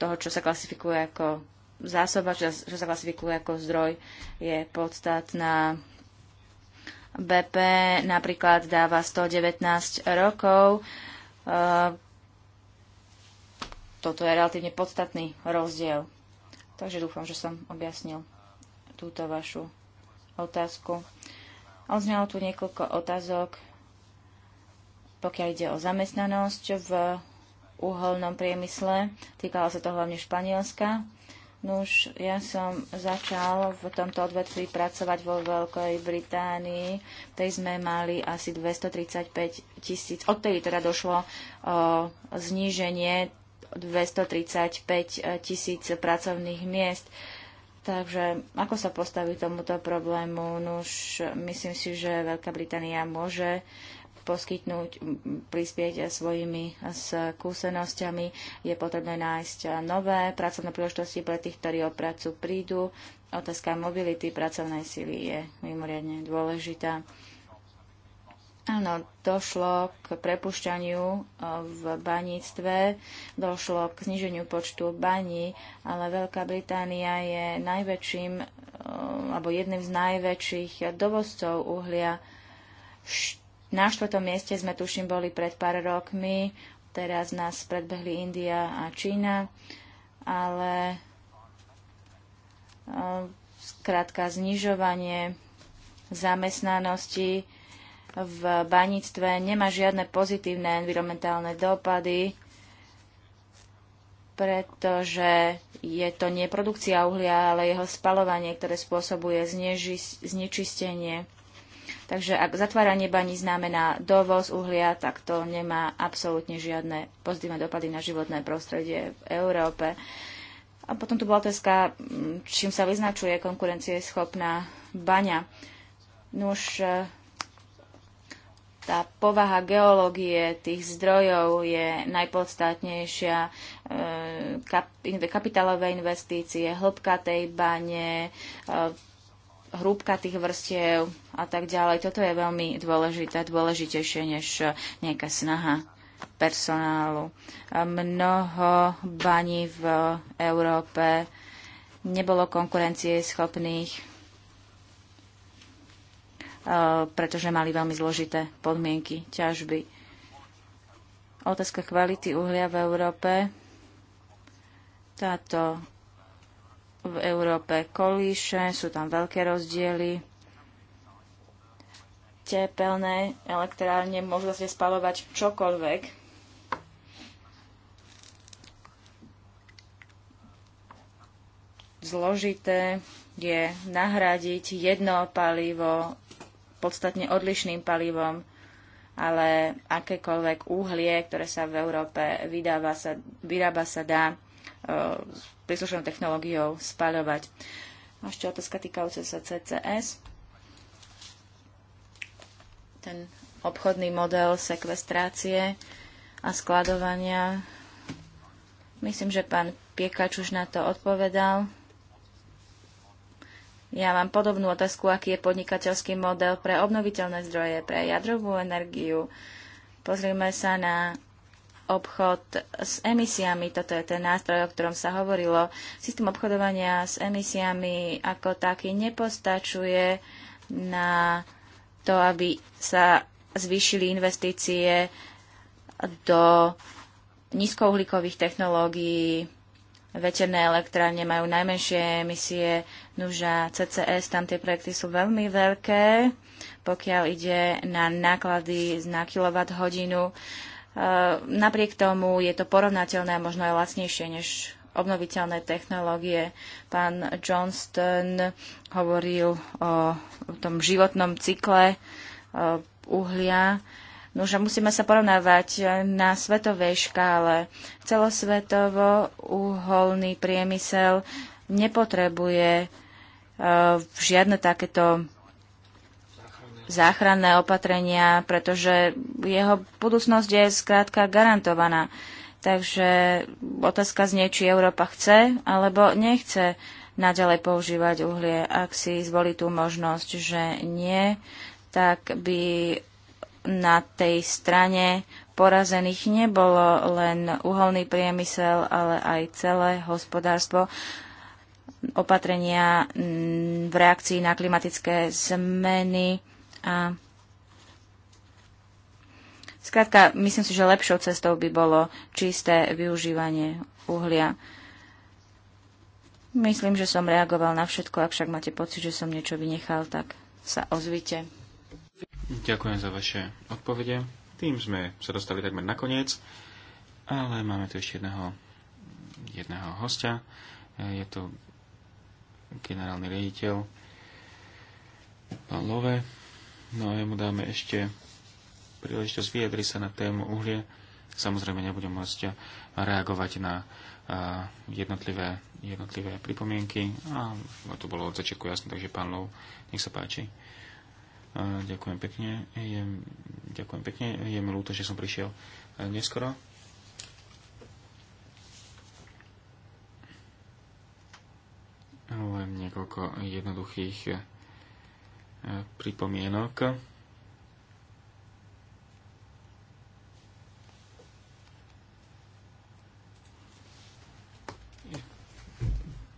toho, čo sa klasifikuje ako zásoba, čo sa klasifikuje ako zdroj, je podstatná. BP napríklad dáva 119 rokov. E, toto je relatívne podstatný rozdiel. Takže dúfam, že som objasnil túto vašu otázku. Odznelo tu niekoľko otázok, pokiaľ ide o zamestnanosť v uholnom priemysle. Týkalo sa to hlavne Španielska. Nuž, ja som začal v tomto odvetví pracovať vo Veľkej Británii. Tej sme mali asi 235 tisíc. Odtedy teda došlo o, zníženie 235 tisíc pracovných miest. Takže ako sa postaví tomuto problému? Nuž, myslím si, že Veľká Británia môže poskytnúť, prispieť svojimi skúsenosťami. Je potrebné nájsť nové pracovné príležitosti pre tých, ktorí o prácu prídu. Otázka mobility pracovnej sily je mimoriadne dôležitá. Áno, došlo k prepušťaniu e, v baníctve, došlo k zniženiu počtu baní, ale Veľká Británia je najväčším, e, alebo jedným z najväčších dovozcov uhlia. Na štvrtom mieste sme tuším boli pred pár rokmi, teraz nás predbehli India a Čína, ale zkrátka e, znižovanie zamestnanosti v baníctve nemá žiadne pozitívne environmentálne dopady, pretože je to nie produkcia uhlia, ale jeho spalovanie, ktoré spôsobuje znečistenie. Takže ak zatváranie baní znamená dovoz uhlia, tak to nemá absolútne žiadne pozitívne dopady na životné prostredie v Európe. A potom tu bola otázka, mm, čím sa vyznačuje konkurencieschopná baňa. Nuž, e, tá povaha geológie tých zdrojov je najpodstatnejšia. E, kapitálové investície, hĺbka tej bane, e, hrúbka tých vrstiev a tak ďalej. Toto je veľmi dôležité, dôležitejšie než eh, nejaká snaha personálu. Eh, mnoho baní v Európe nebolo konkurencie schopných, eh, pretože mali veľmi zložité podmienky ťažby. Otázka kvality uhlia v Európe. Táto v Európe kolíše, sú tam veľké rozdiely. Tepelné elektrárne môžu zase spalovať čokoľvek. Zložité je nahradiť jedno palivo podstatne odlišným palivom, ale akékoľvek uhlie, ktoré sa v Európe vydáva sa, vyrába sa dá E, príslušnou technológiou spaľovať. A ešte otázka týkajúca sa CCS. Ten obchodný model sekvestrácie a skladovania. Myslím, že pán Piekač už na to odpovedal. Ja mám podobnú otázku, aký je podnikateľský model pre obnoviteľné zdroje, pre jadrovú energiu. Pozrieme sa na obchod s emisiami. Toto je ten nástroj, o ktorom sa hovorilo. Systém obchodovania s emisiami ako taký nepostačuje na to, aby sa zvýšili investície do nízkouhlíkových technológií. Veterné elektrárne majú najmenšie emisie, nuža CCS, tam tie projekty sú veľmi veľké, pokiaľ ide na náklady na kilowatt hodinu. Eh, napriek tomu je to porovnateľné a možno aj lacnejšie než obnoviteľné technológie. Pán Johnston hovoril o tom životnom cykle eh, uhlia. No, že musíme sa porovnávať na svetovej škále. Celosvetovo uholný priemysel nepotrebuje eh, žiadne takéto záchranné opatrenia, pretože jeho budúcnosť je skrátka garantovaná. Takže otázka znie, či Európa chce alebo nechce naďalej používať uhlie. Ak si zvolí tú možnosť, že nie, tak by na tej strane porazených nebolo len uholný priemysel, ale aj celé hospodárstvo. Opatrenia v reakcii na klimatické zmeny a Skrátka, myslím si, že lepšou cestou by bolo čisté využívanie uhlia. Myslím, že som reagoval na všetko, ak však máte pocit, že som niečo vynechal, tak sa ozvite. Ďakujem za vaše odpovede. Tým sme sa dostali takmer na koniec, ale máme tu ešte jedného, jedného hostia. Je to generálny riaditeľ pán Love. No a ja mu dáme ešte príležitosť vyjadri sa na tému uhlie. Samozrejme nebudem môcť reagovať na jednotlivé, jednotlivé pripomienky. A to bolo od začiatku jasné, takže pán Lov, nech sa páči. ďakujem pekne. Je, ďakujem pekne. Je mi ľúto, že som prišiel e, neskoro. Len niekoľko jednoduchých pripomienok.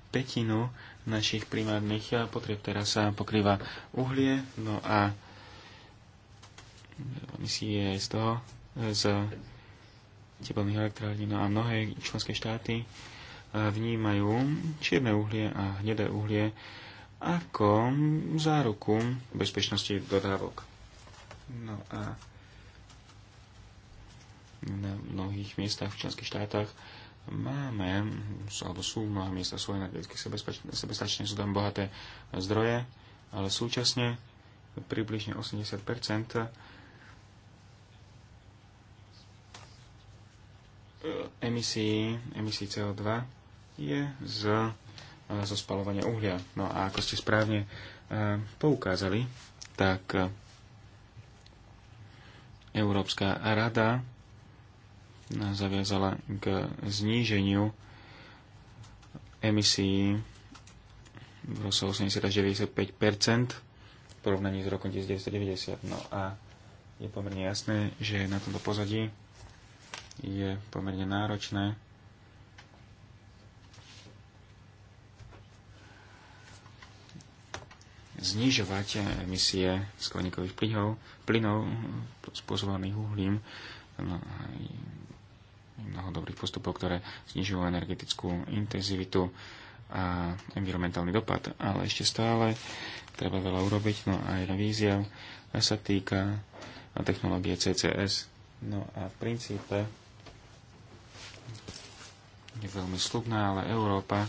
Petinu našich primárnych potrieb teraz sa pokrýva uhlie, no a misie je z toho, z teplných elektrární, no a mnohé členské štáty vnímajú čierne uhlie a hnedé uhlie ako záruku bezpečnosti dodávok. No a na mnohých miestach v členských štátach máme, alebo sú mnohé miesta sú energeticky sebestačné, sú tam bohaté zdroje, ale súčasne približne 80 eh, emisí, emisí CO2 je z zo spalovania uhlia. No a ako ste správne e, poukázali, tak e, Európska rada zaviazala k zníženiu emisí v roce 80 až 95 v porovnaní s rokom 1990. No a je pomerne jasné, že na tomto pozadí je pomerne náročné znižovať emisie skleníkových plynov, plynov spôsobených uhlím. No, mnoho dobrých postupov, ktoré znižujú energetickú intenzivitu a environmentálny dopad, ale ešte stále treba veľa urobiť, no a aj revízia sa týka technológie CCS. No a v princípe je veľmi slubná, ale Európa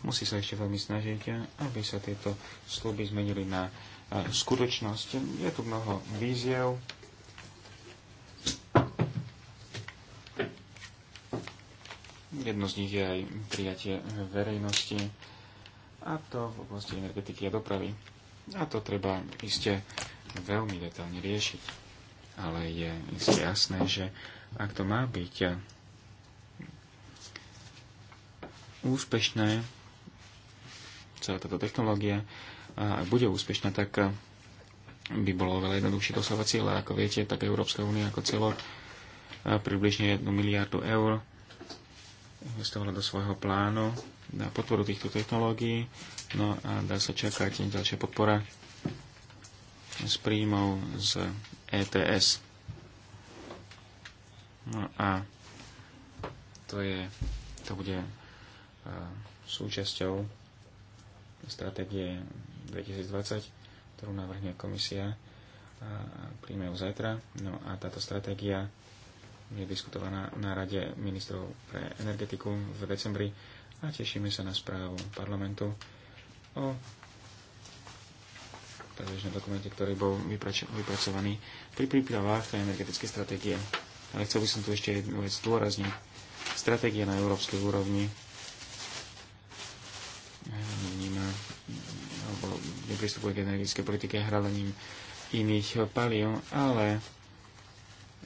Musí sa ešte veľmi snažiť, aby sa tieto sluby zmenili na skutočnosť. Je tu mnoho víziev. Jedno z nich je aj prijatie verejnosti, a to v oblasti energetiky a dopravy. A to treba iste veľmi detálne riešiť. Ale je iste jasné, že ak to má byť úspešné, celá táto technológia a bude úspešná, tak eh, by bolo oveľa jednoduchšie dosávať cieľa. Ako viete, tak Európska únia ako celok eh, približne 1 miliardu eur investovala do svojho plánu na podporu týchto technológií. No a dá sa čakať ďalšia podpora z príjmov z ETS. No a to, je, to bude eh, súčasťou stratégie 2020, ktorú navrhne komisia a príjme ju zajtra. No a táto stratégia je diskutovaná na Rade ministrov pre energetiku v decembri a tešíme sa na správu parlamentu o predbežnom dokumente, ktorý bol vypracovaný pri prípravách tej energetickej stratégie. Ale chcel by som tu ešte jednu vec zdôrazniť. Stratégia na európskej úrovni pristupuje k energetickej politike hralením iných palív, ale,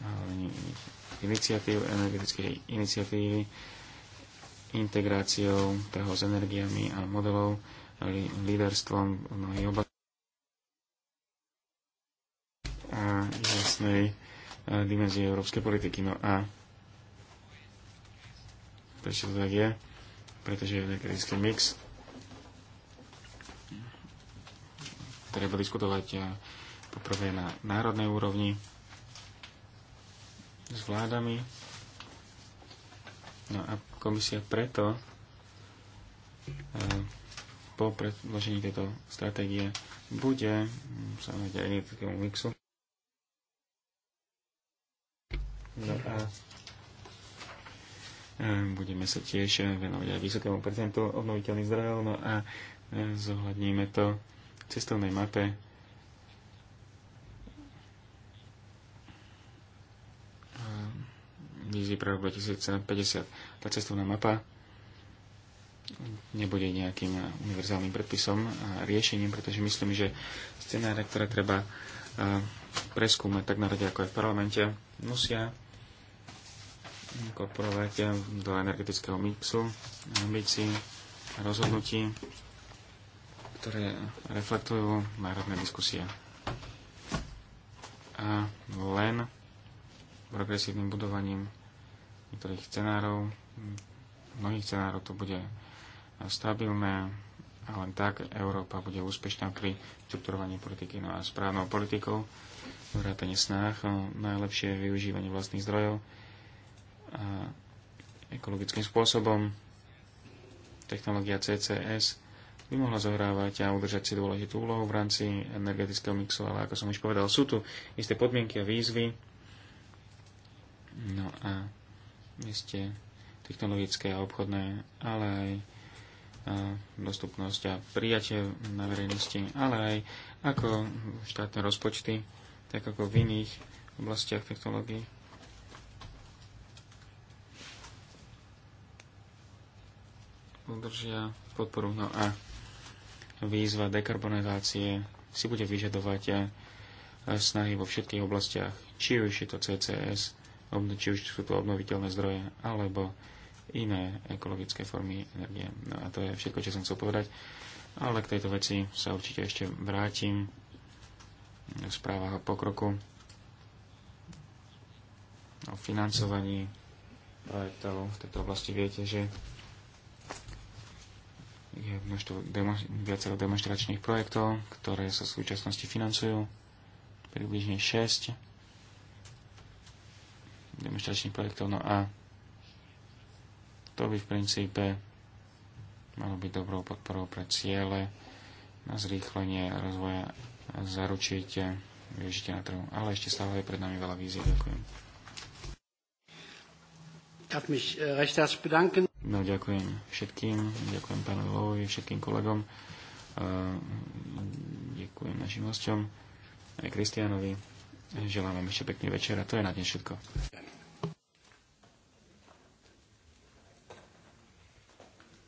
hralením iných iniciatív, energetickej iniciatívy, integráciou trhu s energiami a modelov, líderstvom v mnohých oblastiach a jasnej e, dimenzie európskej politiky. No a prečo to tak je? Pretože je energetický mix treba diskutovať eh, poprvé na národnej úrovni s vládami. No a komisia preto eh, po predložení tejto stratégie bude hm, sa mať aj energetickému mixu. No a eh, budeme sa tiež venovať aj vysokému percentu obnoviteľných zdrojov, no a zohľadníme to cestovnej mape vízie pre rok 2050. Tá cestovná mapa nebude nejakým univerzálnym predpisom a riešením, pretože myslím, že scenáre, ktoré treba preskúmať tak na rade ako aj v parlamente, musia inkorporovať do energetického mixu ambícií, rozhodnutí ktoré reflektujú národné diskusie. A len progresívnym budovaním niektorých scenárov, mnohých scenárov to bude stabilné a len tak Európa bude úspešná pri štruktúrovaní politiky. No a správnou politikou, vrátanie snách, najlepšie využívanie vlastných zdrojov a ekologickým spôsobom, technológia CCS, by mohla zohrávať a udržať si dôležitú úlohu v rámci energetického mixu, ale ako som už povedal, sú tu isté podmienky a výzvy. No a isté technologické a obchodné, ale aj dostupnosť a prijatie na verejnosti, ale aj ako štátne rozpočty, tak ako v iných oblastiach technológií. udržia podporu. No a výzva dekarbonizácie si bude vyžadovať eh, snahy vo všetkých oblastiach, či už je to CCS, či už sú to obnoviteľné zdroje, alebo iné ekologické formy energie. No a to je všetko, čo som chcel povedať. Ale k tejto veci sa určite ešte vrátim v správach o pokroku, o financovaní projektov v tejto oblasti. Viete, že je množstvo demo, viacero demonstračných projektov, ktoré sa v súčasnosti financujú, približne 6 demonstračných projektov. No a to by v princípe malo byť dobrou podporou pre ciele na zrýchlenie rozvoja zaručiť eh, využitie na trhu. Ale ešte stále je pred nami veľa vízie. Ďakujem. E, no, ďakujem všetkým, ďakujem pánu Lovovi, všetkým kolegom, e, ďakujem našim hostom, aj Kristianovi. Želám vám ešte pekný večer a to je na dnes všetko.